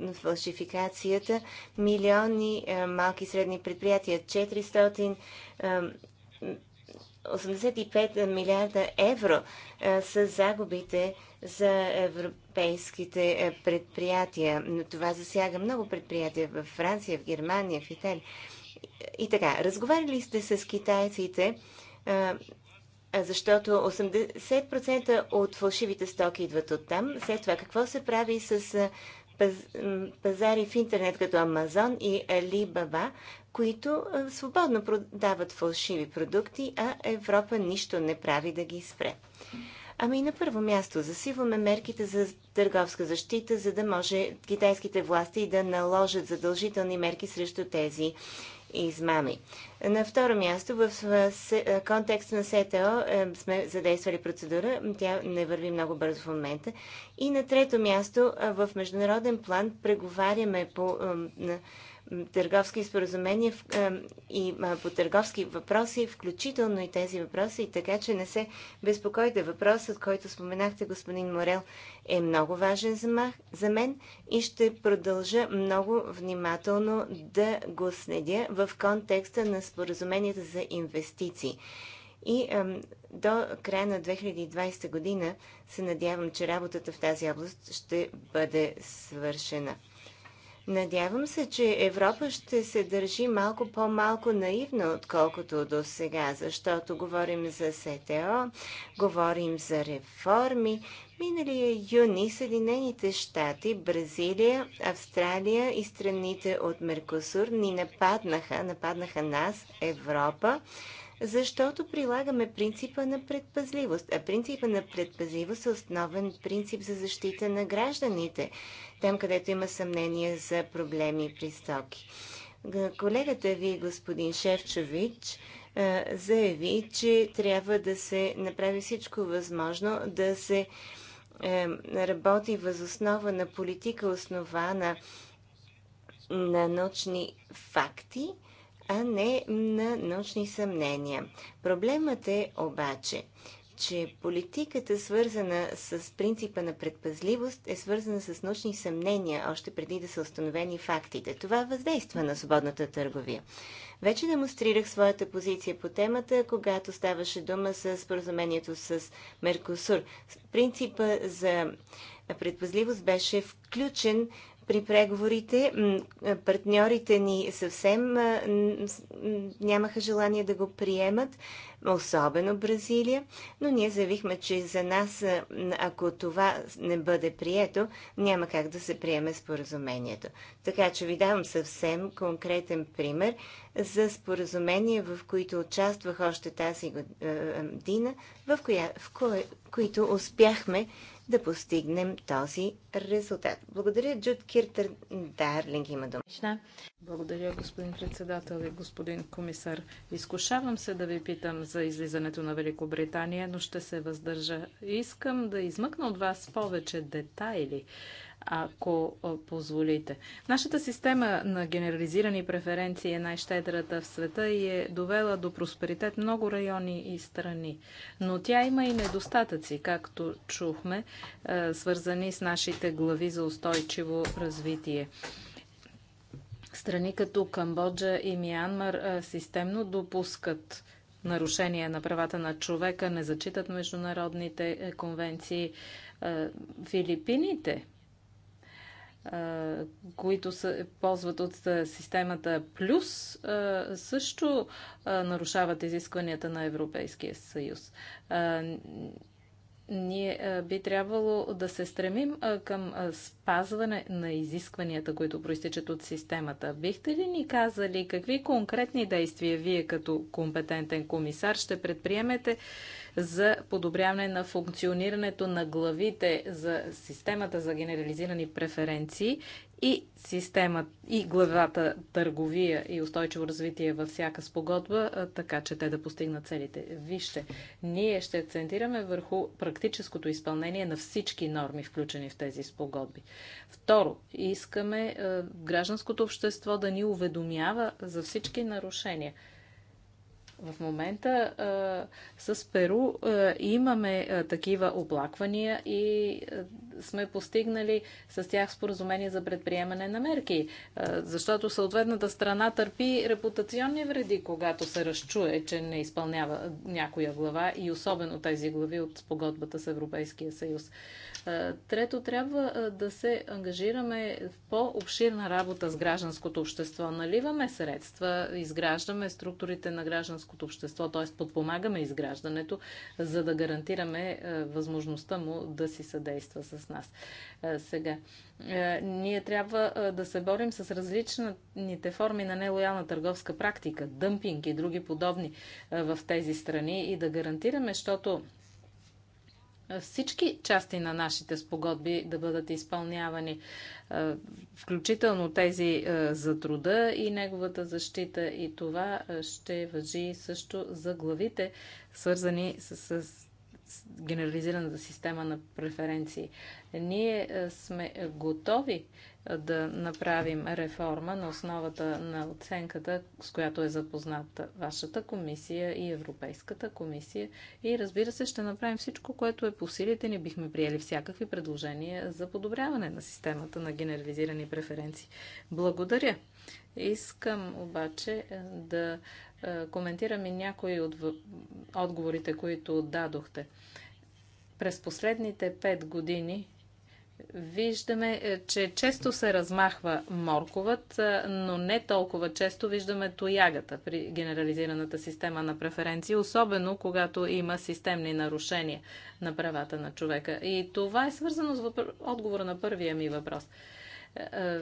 S1: на фалшификацията милиони е, малки и средни предприятия. 485 милиарда евро с са загубите за европейските предприятия. Но това засяга много предприятия в Франция, в Германия, в Италия. И така, разговаряли сте с китайците защото 80% от фалшивите стоки идват от там. След това какво се прави с пазари в интернет като Амазон и Alibaba, които свободно продават фалшиви продукти, а Европа нищо не прави да ги спре. Ами на първо място засиваме мерките за търговска защита, за да може китайските власти да наложат задължителни мерки срещу тези измами. На второ място, в контекста на СТО сме задействали процедура. Тя не върви много бързо в момента. И на трето място, в международен план преговаряме по търговски споразумения и по търговски въпроси, включително и тези въпроси, така че не се безпокойте. Въпросът, който споменахте, господин Морел, е много важен за, мах, за мен и ще продължа много внимателно да го следя в контекста на споразуменията за инвестиции. И ам, до края на 2020 година се надявам, че работата в тази област ще бъде свършена. Надявам се, че Европа ще се държи малко по-малко наивно, отколкото до сега, защото говорим за СТО, говорим за реформи. Миналия юни Съединените щати, Бразилия, Австралия и страните от Меркосур ни нападнаха, нападнаха нас, Европа, защото прилагаме принципа на предпазливост. А принципа на предпазливост е основен принцип за защита на гражданите, там където има съмнение за проблеми при стоки. Колегата ви, господин Шевчович, заяви, че трябва да се направи всичко възможно да се е, работи възоснова на политика, основана на научни факти – а не на научни съмнения. Проблемът е обаче, че политиката, свързана с принципа на предпазливост, е свързана с научни съмнения, още преди да са установени фактите. Това въздейства на свободната търговия. Вече демонстрирах своята позиция по темата, когато ставаше дума с споразумението с Меркосур. Принципа за предпазливост беше включен при преговорите. Партньорите ни съвсем нямаха желание да го приемат, особено Бразилия, но ние заявихме, че за нас, ако това не бъде прието, няма как да се приеме споразумението. Така че ви давам съвсем конкретен пример за споразумение, в които участвах още тази година, в, коя, в кое, които успяхме да постигнем този резултат. Благодаря, Джуд Киртер Дарлинг има дума. Благодаря, господин председател и господин комисар. Изкушавам се да ви
S2: питам за излизането на Великобритания, но ще се въздържа. Искам да измъкна от вас повече детайли ако позволите. Нашата система на генерализирани преференции е най-щедрата в света и е довела до просперитет много райони и страни. Но тя има и недостатъци, както чухме, свързани с нашите глави за устойчиво развитие. Страни като Камбоджа и Миянмар системно допускат нарушения на правата на човека, не зачитат международните е, конвенции. Филипините които се ползват от системата Плюс, също нарушават изискванията на Европейския съюз. Ние би трябвало да се стремим към спазване на изискванията, които проистичат от системата. Бихте ли ни казали какви конкретни действия вие като компетентен комисар ще предприемете? за подобряване на функционирането на главите за системата за генерализирани преференции и, система, и главата търговия и устойчиво развитие във всяка спогодба, така че те да постигнат целите. Вижте, ние ще акцентираме върху практическото изпълнение на всички норми, включени в тези спогодби. Второ, искаме гражданското общество да ни уведомява за всички нарушения – в момента с Перу имаме такива оплаквания и сме постигнали с тях споразумение за предприемане на мерки, защото съответната страна търпи репутационни вреди, когато се разчуе, че не изпълнява някоя глава и особено тези глави от спогодбата с Европейския съюз. Е, трето, трябва е, да се ангажираме в по-обширна работа с гражданското общество. Наливаме средства, изграждаме структурите на гражданското общество, т.е. подпомагаме изграждането, за да гарантираме е, възможността му да си съдейства с нас. Сега, ние трябва да се борим с различните форми на нелоялна търговска практика, дъмпинг и други подобни в тези страни и да гарантираме, защото всички части на нашите спогодби да бъдат изпълнявани, включително тези за труда и неговата защита. И това ще въжи също за главите, свързани с генерализираната система на преференции. Ние сме готови да направим реформа на основата на оценката, с която е запозната вашата комисия и Европейската комисия. И разбира се, ще направим всичко, което е по силите ни. Бихме приели всякакви предложения за подобряване на системата на генерализирани преференции. Благодаря. Искам обаче е, да е, коментирам и някои от отговорите, които дадохте. През последните пет години Виждаме, е, че често се размахва морковът, е, но не толкова често виждаме тоягата при генерализираната система на преференции, особено когато има системни нарушения на правата на човека. И това е свързано с отговора на първия ми въпрос. Е,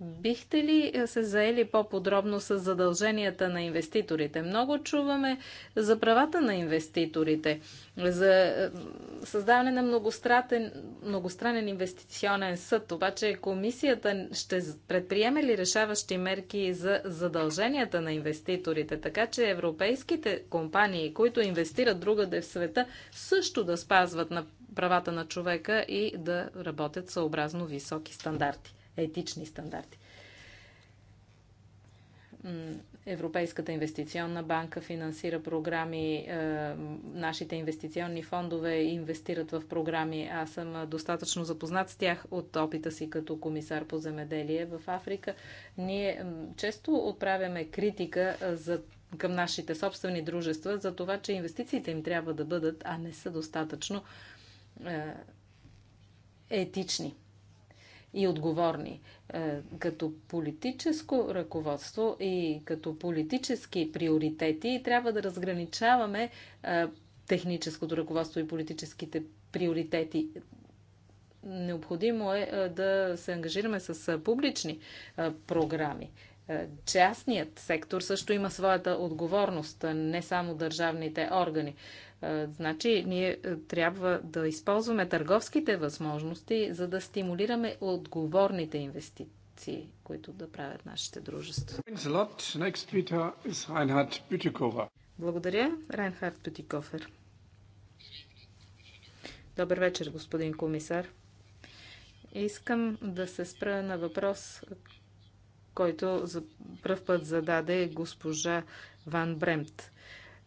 S2: Бихте ли е, се заели по-подробно с задълженията на инвеститорите? Много чуваме за правата на инвеститорите, за е, създаване на многостранен инвестиционен съд. Обаче комисията ще предприеме ли решаващи мерки за задълженията на инвеститорите, така че европейските компании, които инвестират другаде в света, също да спазват на правата на човека и да работят съобразно високи стандарти? етични стандарти. Европейската инвестиционна банка финансира програми, е, нашите инвестиционни фондове инвестират в програми. Аз съм е, достатъчно запознат с тях от опита си като комисар по земеделие в Африка. Ние често отправяме критика е, за към нашите собствени дружества за това, че инвестициите им трябва да бъдат, а не са достатъчно етични и отговорни. Е, като политическо ръководство и като политически приоритети трябва да разграничаваме е, техническото ръководство и политическите приоритети. Необходимо е, е да се ангажираме с публични програми. Частният сектор също има своята отговорност, не само държавните органи. Значи, ние трябва да използваме търговските възможности, за да стимулираме отговорните инвестиции, които да правят нашите дружества. Благодаря, Райнхард Бютикофер. Добър вечер, господин комисар. Искам да се спра на въпрос, който за пръв път зададе госпожа Ван Бремт.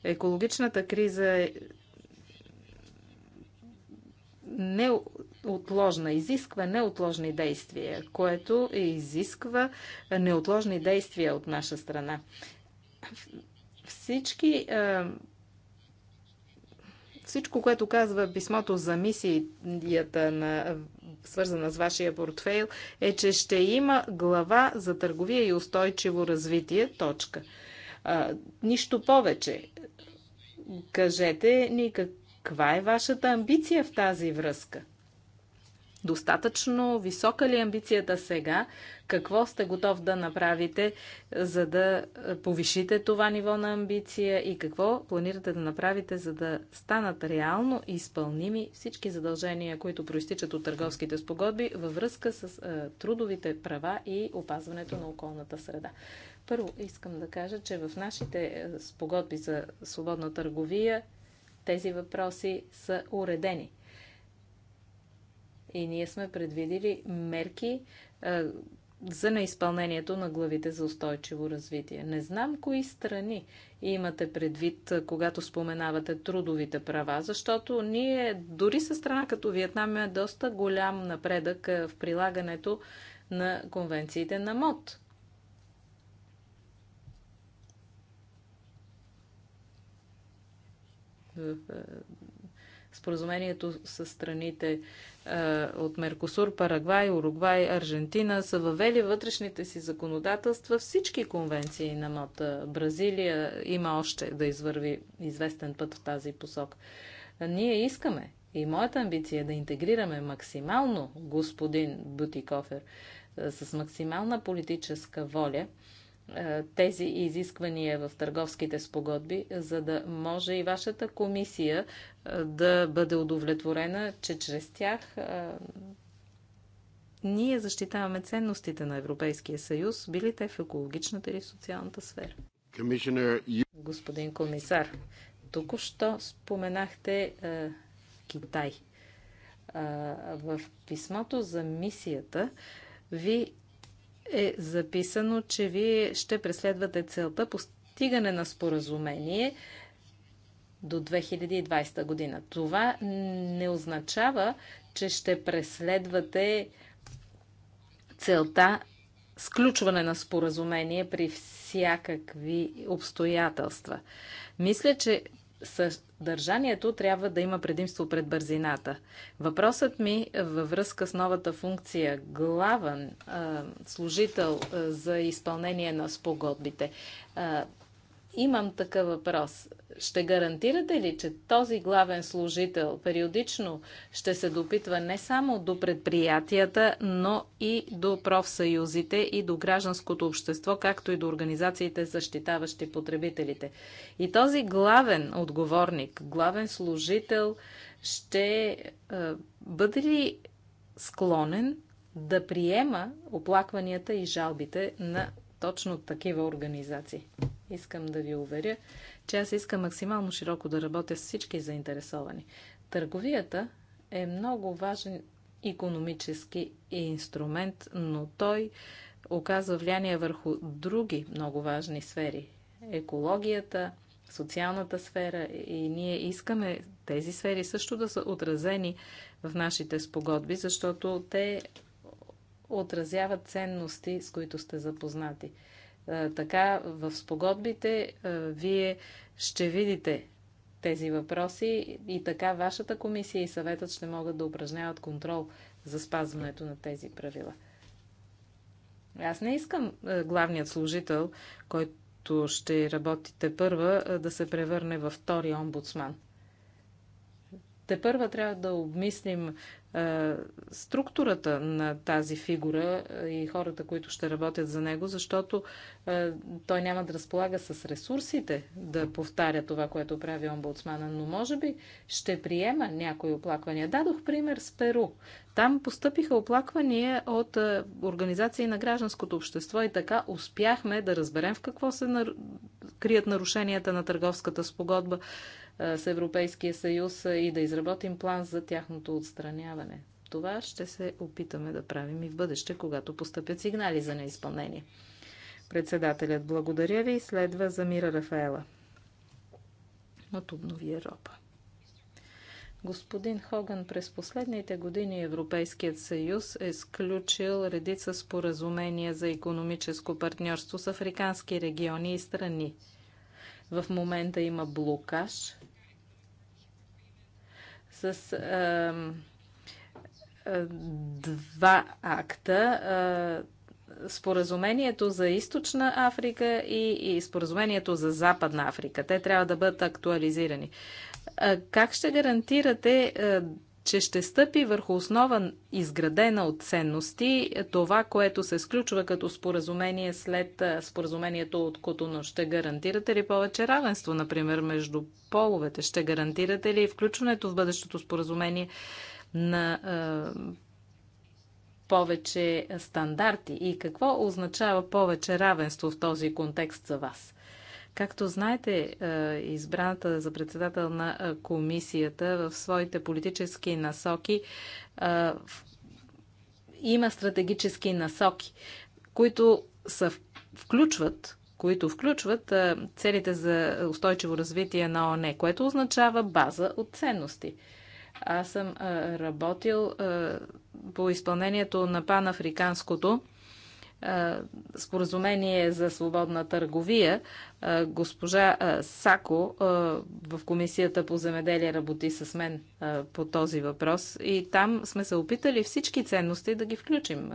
S2: Екологичната криза е неотложна, изисква неотложни действия, което изисква неотложни действия от наша страна. Всички всичко, което казва писмото за мисията, на, свързана с вашия портфейл, е, че ще има глава за търговия и устойчиво развитие. Точка. А, нищо повече. Кажете ни каква е вашата амбиция в тази връзка? Достатъчно висока ли е амбицията сега? Какво сте готов да направите, за да повишите това ниво на амбиция и какво планирате да направите, за да станат реално изпълними всички задължения, които проистичат от търговските спогодби във връзка с трудовите права и опазването на околната среда? Първо искам да кажа, че в нашите е, спогодби за свободна търговия тези въпроси са уредени. И ние сме предвидили мерки е, за неизпълнението на главите за устойчиво развитие. Не знам кои страни имате предвид, е, когато споменавате трудовите права, защото ние дори със страна като Виетнам е доста голям напредък в прилагането на конвенциите на МОД. Е, споразумението с страните е, от Меркосур, Парагвай, Уругвай, Аржентина са въвели вътрешните си законодателства всички конвенции на МОТ. Бразилия има още да извърви известен път в тази посок. Ние искаме и моята амбиция е да интегрираме максимално господин Бутикофер е, с максимална политическа воля – е, тези изисквания в търговските спогодби, за да може и вашата комисия е, да бъде удовлетворена, че чрез тях е, ние защитаваме ценностите на Европейския съюз, били те в екологичната или в социалната сфера. Господин комисар, току-що споменахте е, Китай. Е, в писмото за мисията ви е записано, че вие ще преследвате целта постигане на споразумение до 2020 година. Това не означава, че ще преследвате целта сключване на споразумение при всякакви обстоятелства. Мисля, че Държанието трябва да има предимство пред бързината. Въпросът ми във връзка с новата функция главен служител за изпълнение на спогодбите. Имам такъв въпрос. Ще гарантирате ли, че този главен служител периодично ще се допитва не само до предприятията, но и до профсъюзите и до гражданското общество, както и до организациите, защитаващи потребителите? И този главен отговорник, главен служител, ще е, бъде ли склонен да приема оплакванията и жалбите на точно такива организации. Искам да ви уверя, че аз искам максимално широко да работя с всички заинтересовани. Търговията е много важен економически инструмент, но той оказва влияние върху други много важни сфери. Екологията, социалната сфера и ние искаме тези сфери също да са отразени в нашите спогодби, защото те отразяват ценности, с които сте запознати. Е, така в спогодбите е, вие ще видите тези въпроси и така вашата комисия и съветът ще могат да упражняват контрол за спазването на тези правила. Аз не искам е, главният служител, който ще работите първа, да се превърне във втори омбудсман. Те първа трябва да обмислим е, структурата на тази фигура е, и хората, които ще работят за него, защото е, той няма да разполага с ресурсите да повтаря това, което прави омбудсмана, но може би ще приема някои оплаквания. Дадох пример с Перу. Там постъпиха оплаквания от организации на гражданското общество и така успяхме да разберем в какво се крият нарушенията на търговската спогодба с Европейския съюз и да изработим план за тяхното отстраняване. Това ще се опитаме да правим и в бъдеще, когато постъпят сигнали за неизпълнение. Председателят благодаря ви и следва за мира Рафаела от Обнови Европа. Господин Хоган, през последните години Европейският съюз е сключил редица споразумения за економическо партньорство с африкански региони и страни. В момента има блокаж с два акта споразумението за Източна Африка и, и споразумението за Западна Африка. Те трябва да бъдат актуализирани. Как ще гарантирате че ще стъпи върху основа изградена от ценности това, което се сключва като споразумение след споразумението от Котоно. Ще гарантирате ли повече равенство, например, между половете? Ще гарантирате ли включването в бъдещото споразумение на е, повече стандарти? И какво означава повече равенство в този контекст за вас? Както знаете, е, избраната за председател на е, комисията в своите политически насоки е, има стратегически насоки, които са, включват които включват целите за устойчиво развитие на ОНЕ, което означава база от ценности. Аз съм работил по изпълнението на панафриканското споразумение за свободна търговия. Госпожа Сако в Комисията по земеделие работи с мен по този въпрос и там сме се опитали всички ценности да ги включим.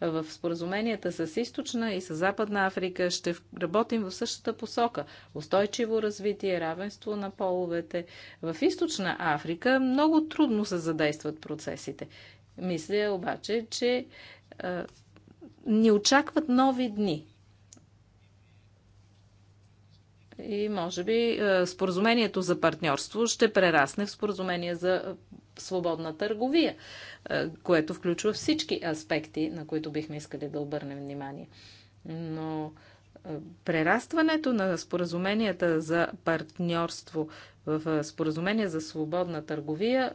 S2: В споразуменията с Източна и с Западна Африка ще работим в същата посока. Устойчиво развитие, равенство на половете. В Източна Африка много трудно се задействат процесите. Мисля обаче, че ни очакват нови дни. И може би е, споразумението за партньорство ще прерасне в споразумение за е, свободна търговия, е, което включва всички аспекти, на които бихме искали да обърнем внимание. Но прерастването на споразуменията за партньорство в споразумение за свободна търговия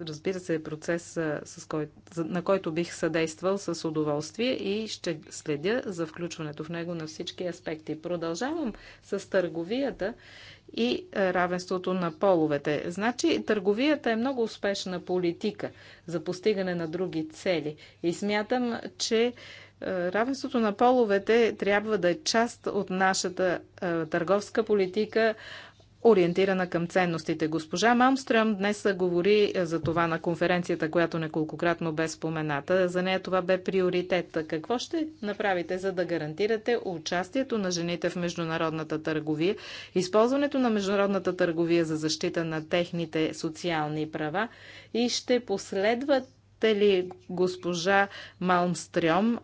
S2: разбира се, е процес, с кой, на който бих съдействал с удоволствие и ще следя за включването в него на всички аспекти. Продължавам с търговията и равенството на половете. Значи, търговията е много успешна политика за постигане на други цели. И смятам, че равенството на половете трябва да е част от нашата търговска политика ориентирана към ценностите. Госпожа Малмстръм днес говори е, за това на конференцията, която неколкократно бе спомената. За нея това бе приоритет. Какво ще направите, за да гарантирате участието на жените в международната търговия, използването на международната търговия за защита на техните социални права и ще последвате ли госпожа Малмстрём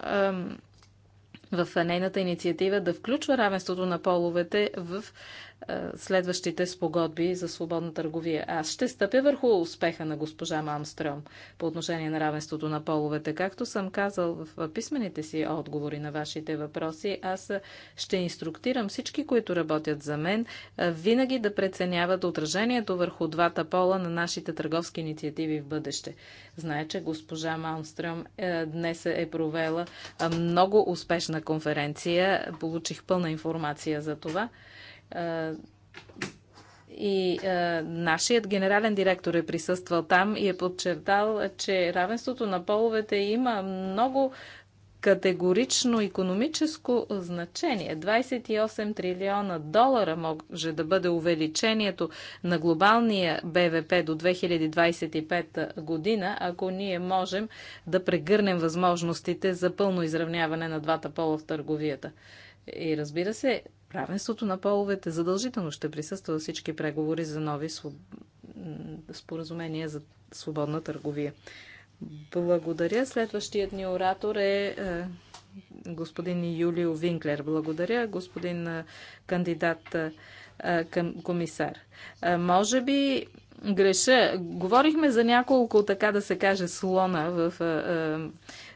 S2: в нейната инициатива да включва равенството на половете в е, следващите спогодби за свободна търговия. Аз ще стъпя върху успеха на госпожа Мамстрем по отношение на равенството на половете. Както съм казал в писмените си отговори на вашите въпроси, аз ще инструктирам всички, които работят за мен, е, винаги да преценяват отражението върху двата пола на нашите търговски инициативи в бъдеще. Знае, че госпожа Малмстрем е, днес е провела много успешна конференция. Получих пълна информация за това. Е, и е, нашият генерален директор е присъствал там и е подчертал, че равенството на половете има много категорично економическо значение. 28 трилиона долара може да бъде увеличението на глобалния БВП до 2025 година, ако ние можем да прегърнем възможностите за пълно изравняване на двата пола в търговията. И разбира се, Равенството на половете задължително ще присъства във всички преговори за нови своб... споразумения за свободна търговия. Благодаря. Следващият ни оратор е, е господин Юлио Винклер. Благодаря, господин е, кандидат е, към комисар. Може би греша. Говорихме за няколко, така да се каже, слона в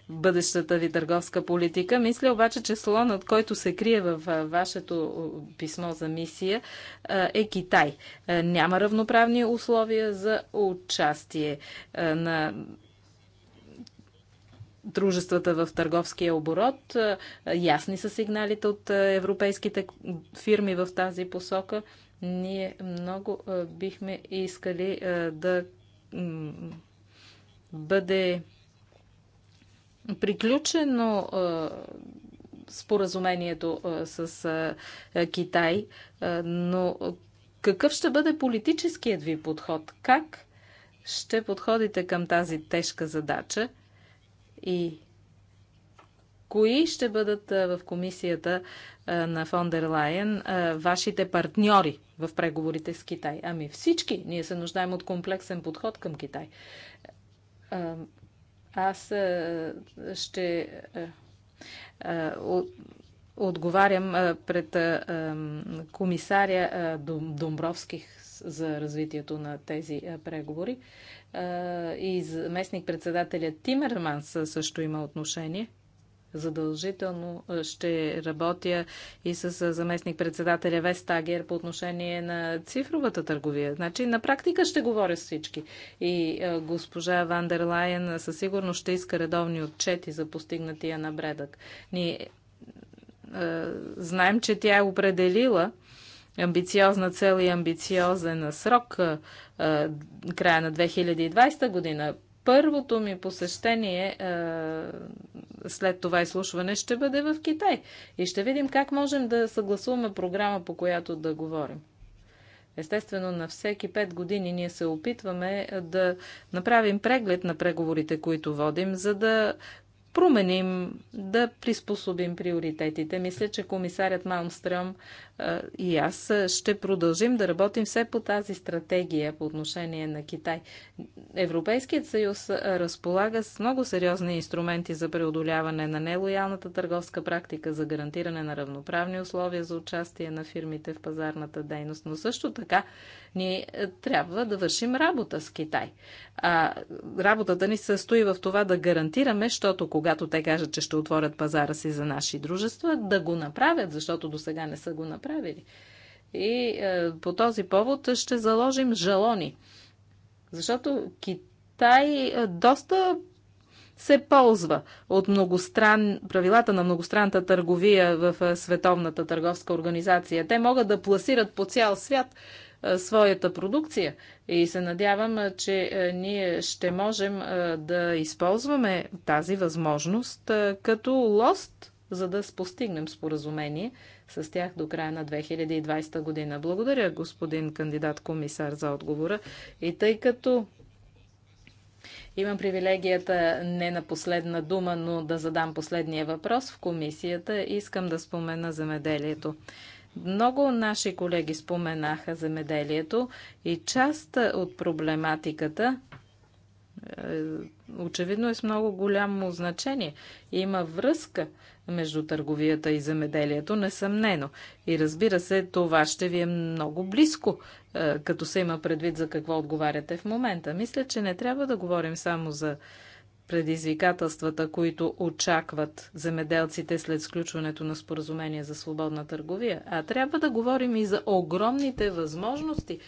S2: бъдещата ви търговска политика. Мисля обаче, че слонът, който се крие в вашето писмо за мисия, е Китай. Няма равноправни условия за участие на дружествата в търговския оборот. Ясни са сигналите от европейските фирми в тази посока. Ние много бихме искали да бъде приключено споразумението с Китай, но какъв ще бъде политическият ви подход? Как ще подходите към тази тежка задача? И кои ще бъдат в комисията на Фондер Лайен вашите партньори в преговорите с Китай? Ами всички. Ние се нуждаем от комплексен подход към Китай. Аз ще отговарям пред комисаря Домбровских за развитието на тези преговори. И заместник председателя Тимерманс също има отношение. Задължително ще работя и с заместник-председателя Вестагер по отношение на цифровата търговия. Значи, на практика ще говоря с всички. И госпожа Вандерлайен със сигурност ще иска редовни отчети за постигнатия набредък. Ние знаем, че тя е определила амбициозна цел и амбициозен срок края на 2020 година първото ми посещение е, след това изслушване ще бъде в Китай. И ще видим как можем да съгласуваме програма, по която да говорим. Естествено, на всеки 5 години ние се опитваме е, да направим преглед на преговорите, които водим, за да променим, да приспособим приоритетите. Мисля, че комисарят Малмстръм и аз ще продължим да работим все по тази стратегия по отношение на Китай. Европейският съюз разполага с много сериозни инструменти за преодоляване на нелоялната търговска практика, за гарантиране на равноправни условия за участие на фирмите в пазарната дейност, но също така ние трябва да вършим работа с Китай. А, работата ни състои в това да гарантираме, защото когато те кажат, че ще отворят пазара си за наши дружества, да го направят, защото до сега не са го направили направили. И е, по този повод ще заложим жалони. Защото Китай е, доста се ползва от многостран... правилата на многостранната търговия в е, Световната търговска организация. Те могат да пласират по цял свят е, своята продукция и се надявам, че ние ще можем да използваме тази възможност като лост, за да постигнем споразумение с тях до края на 2020 година. Благодаря, господин кандидат комисар, за отговора. И тъй като Имам привилегията не на последна дума, но да задам последния въпрос в комисията. Искам да спомена земеделието. Много наши колеги споменаха земеделието и част от проблематиката е, очевидно е с много голямо значение. Има връзка между търговията и земеделието, несъмнено. И разбира се, това ще ви е много близко, е, като се има предвид за какво отговаряте в момента. Мисля, че не трябва да говорим само за предизвикателствата, които очакват земеделците след сключването на споразумение за свободна търговия, а трябва да говорим и за огромните възможности,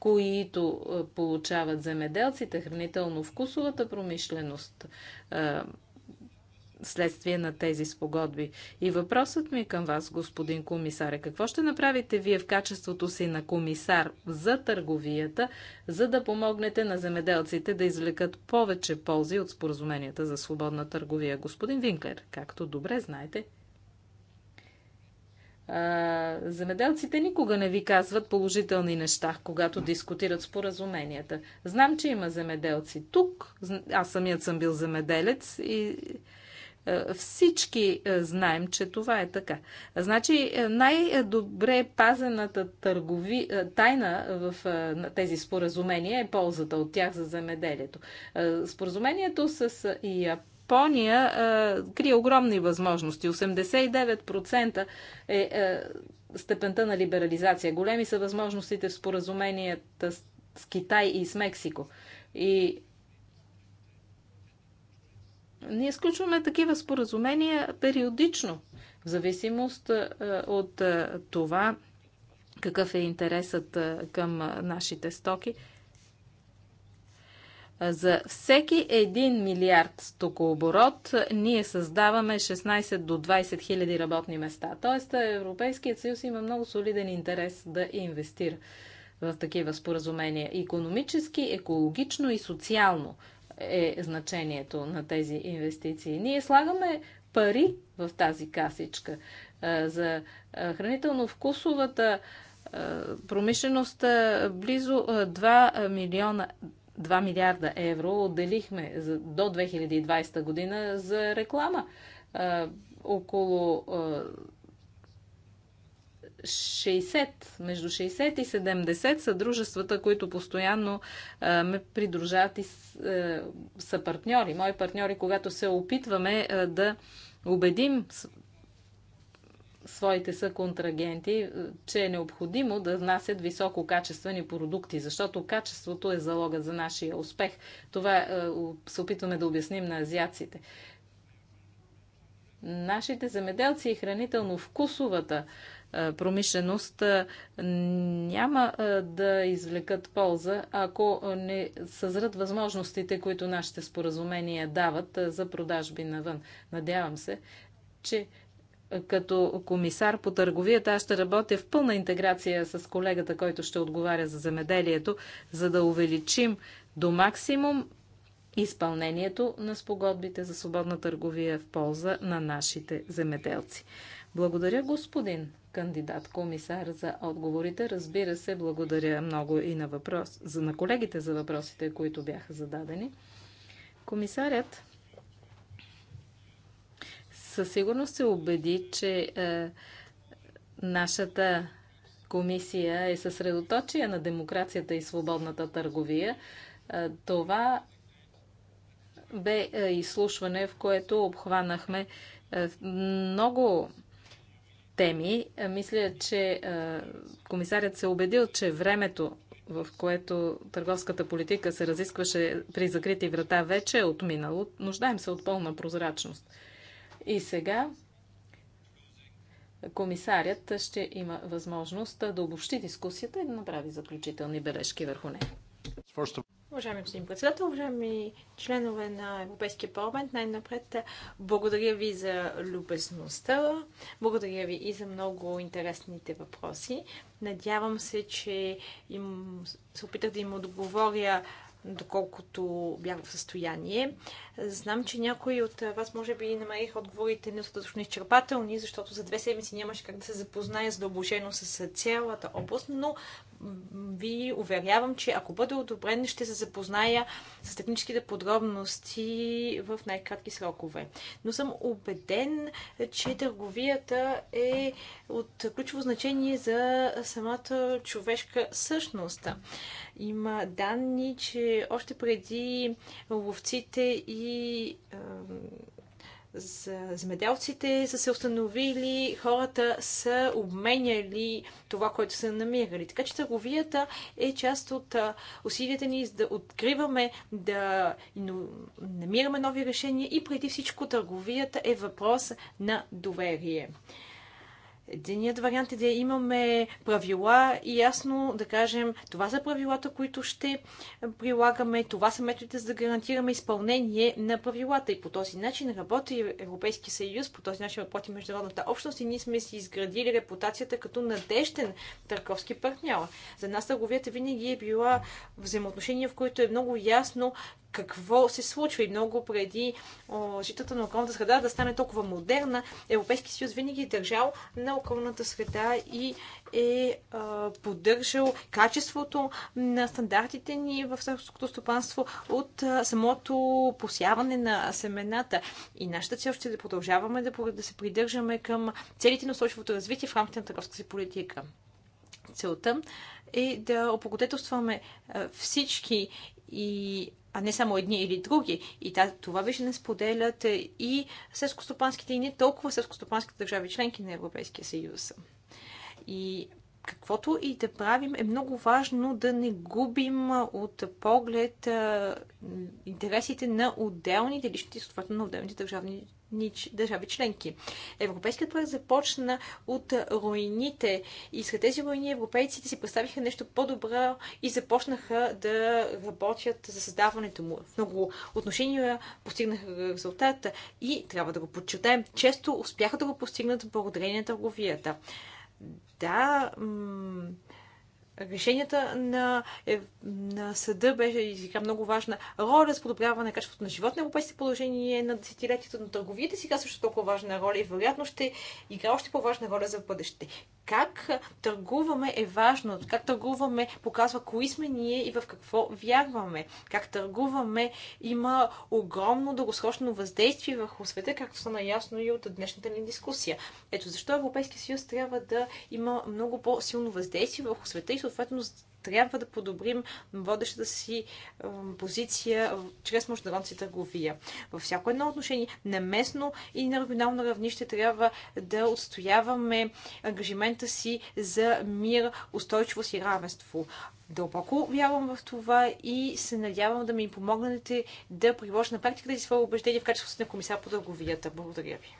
S2: които е, получават земеделците, хранително-вкусовата промишленост, е, следствие на тези спогодби. И въпросът ми е към вас, господин комисар, е какво ще направите вие в качеството си на комисар за търговията, за да помогнете на земеделците да извлекат повече ползи от споразуменията за свободна търговия? Господин Винклер, както добре знаете, а, земеделците никога не ви казват положителни неща, когато дискутират споразуменията. Знам, че има земеделци тук. Аз самият съм бил земеделец и е, всички е, знаем, че това е така. Значи е, най-добре пазената търгови... тайна в тези споразумения е ползата от тях за земеделието. Споразумението с Япония Япония крие огромни възможности. 89% е степента на либерализация. Големи са възможностите в споразуменията с, с Китай и с Мексико. И ние сключваме такива споразумения периодично, в зависимост от това какъв е интересът към нашите стоки. За всеки 1 милиард стокооборот ние създаваме 16 до 20 хиляди работни места. Тоест Европейският съюз има много солиден интерес да инвестира в такива споразумения. Економически, екологично и социално е значението на тези инвестиции. Ние слагаме пари в тази касичка за хранително-вкусовата промишленост близо 2 милиона 2 милиарда евро отделихме до 2020 година за реклама. Около 60, между 60 и 70 са дружествата, които постоянно а, ме придружават и а, са партньори, мои партньори, когато се опитваме а, да убедим своите съконтрагенти, че е необходимо да внасят висококачествени продукти, защото качеството е залога за нашия успех. Това се опитваме да обясним на азиаците. Нашите земеделци и хранително-вкусовата промишленост няма да извлекат полза, ако не съзрат възможностите, които нашите споразумения дават за продажби навън. Надявам се, че като комисар по търговията, аз ще работя в пълна интеграция с колегата, който ще отговаря за земеделието, за да увеличим до максимум изпълнението на спогодбите за свободна търговия в полза на нашите земеделци. Благодаря, господин кандидат комисар за отговорите. Разбира се, благодаря много и на, въпрос, за, на колегите за въпросите, които бяха зададени. Комисарят със сигурност се убеди, че е, нашата комисия е съсредоточие на демокрацията и свободната търговия. Е, това бе е, изслушване, в което обхванахме е, много теми. Е, мисля, че е, комисарят се е убедил, че времето, в което търговската политика се разискваше при закрити врата, вече е отминало. Нуждаем се от пълна прозрачност. И сега комисарят ще има възможност да обобщи дискусията и да направи заключителни бележки върху нея.
S3: Уважаеми господин председател, уважаеми членове на Европейския парламент, най-напред благодаря ви за любезността, благодаря ви и за много интересните въпроси. Надявам се, че им, се опитах да им отговоря доколкото бях в състояние. Знам, че някои от вас може би намерих отговорите недостатъчно изчерпателни, защото за две седмици нямаше как да се запозная задълбочено с цялата област, но ви уверявам, че ако бъде одобрен, ще се запозная с техническите подробности в най-кратки срокове. Но съм убеден, че търговията е от ключово значение за самата човешка същност. Има данни, че още преди ловците и за земеделците са се установили, хората са обменяли това, което са намирали. Така че търговията е част от усилията ни да откриваме, да намираме нови решения и преди всичко търговията е въпрос на доверие. Единият вариант е да имаме правила и ясно да кажем това са правилата, които ще прилагаме, това са методите за да гарантираме изпълнение на правилата. И по този начин работи Европейския съюз, по този начин работи международната общност и ние сме си изградили репутацията като надежден търговски партньор. За нас търговията винаги е била взаимоотношение, в което е много ясно какво се случва и много преди житата на околната среда да стане толкова модерна, Европейски съюз винаги е държал на околната среда и е поддържал качеството на стандартите ни в селското стопанство от самото посяване на семената. И нашата цел ще е да продължаваме да, да се придържаме към целите на устойчивото развитие в рамките на търговската си политика. Целта е да опогодетелстваме всички и а не само едни или други. И това беше не споделят е, и сърскостопанските и не толкова сърскостопанските държави, членки на Европейския съюз. И каквото и да правим, е много важно да не губим от поглед интересите на отделните личности, съответно на отделните държавни държави членки. Европейският проект започна от руините и след тези руини европейците си представиха нещо по-добро и започнаха да работят за създаването му. В много отношения постигнаха резултата и трябва да го подчертаем. Често успяха да го постигнат благодарение на търговията. Да, решенията на, е, на съда беше изигра много важна роля с подобряване на качеството на живот на европейските положение на десетилетието на търговията. Сега също толкова важна роля и вероятно ще игра още по-важна роля за бъдеще. Как търгуваме е важно. Как търгуваме показва кои сме ние и в какво вярваме. Как търгуваме има огромно дългосрочно въздействие върху света, както са наясно и от днешната ни дискусия. Ето защо Европейския съюз трябва да има много по-силно въздействие върху света и съответно трябва да подобрим водещата си позиция чрез международната си търговия. Във всяко едно отношение, на местно и на регионално равнище, трябва да отстояваме ангажимента си за мир, устойчивост и равенство. Дълбоко вярвам в това и се надявам да ми помогнете да приложа на практика тези свои убеждения в качеството си на комисар по търговията. Благодаря ви.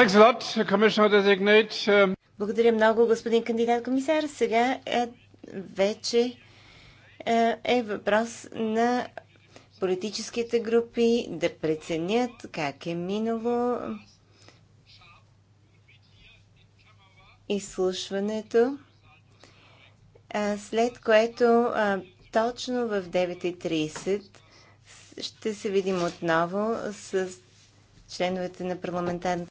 S1: Um, Благодаря много, господин кандидат комисар. Сега е, вече е, е въпрос на политическите групи да преценят как е минало изслушването, след което а, точно в 9.30 ще се видим отново с членовете на парламентарната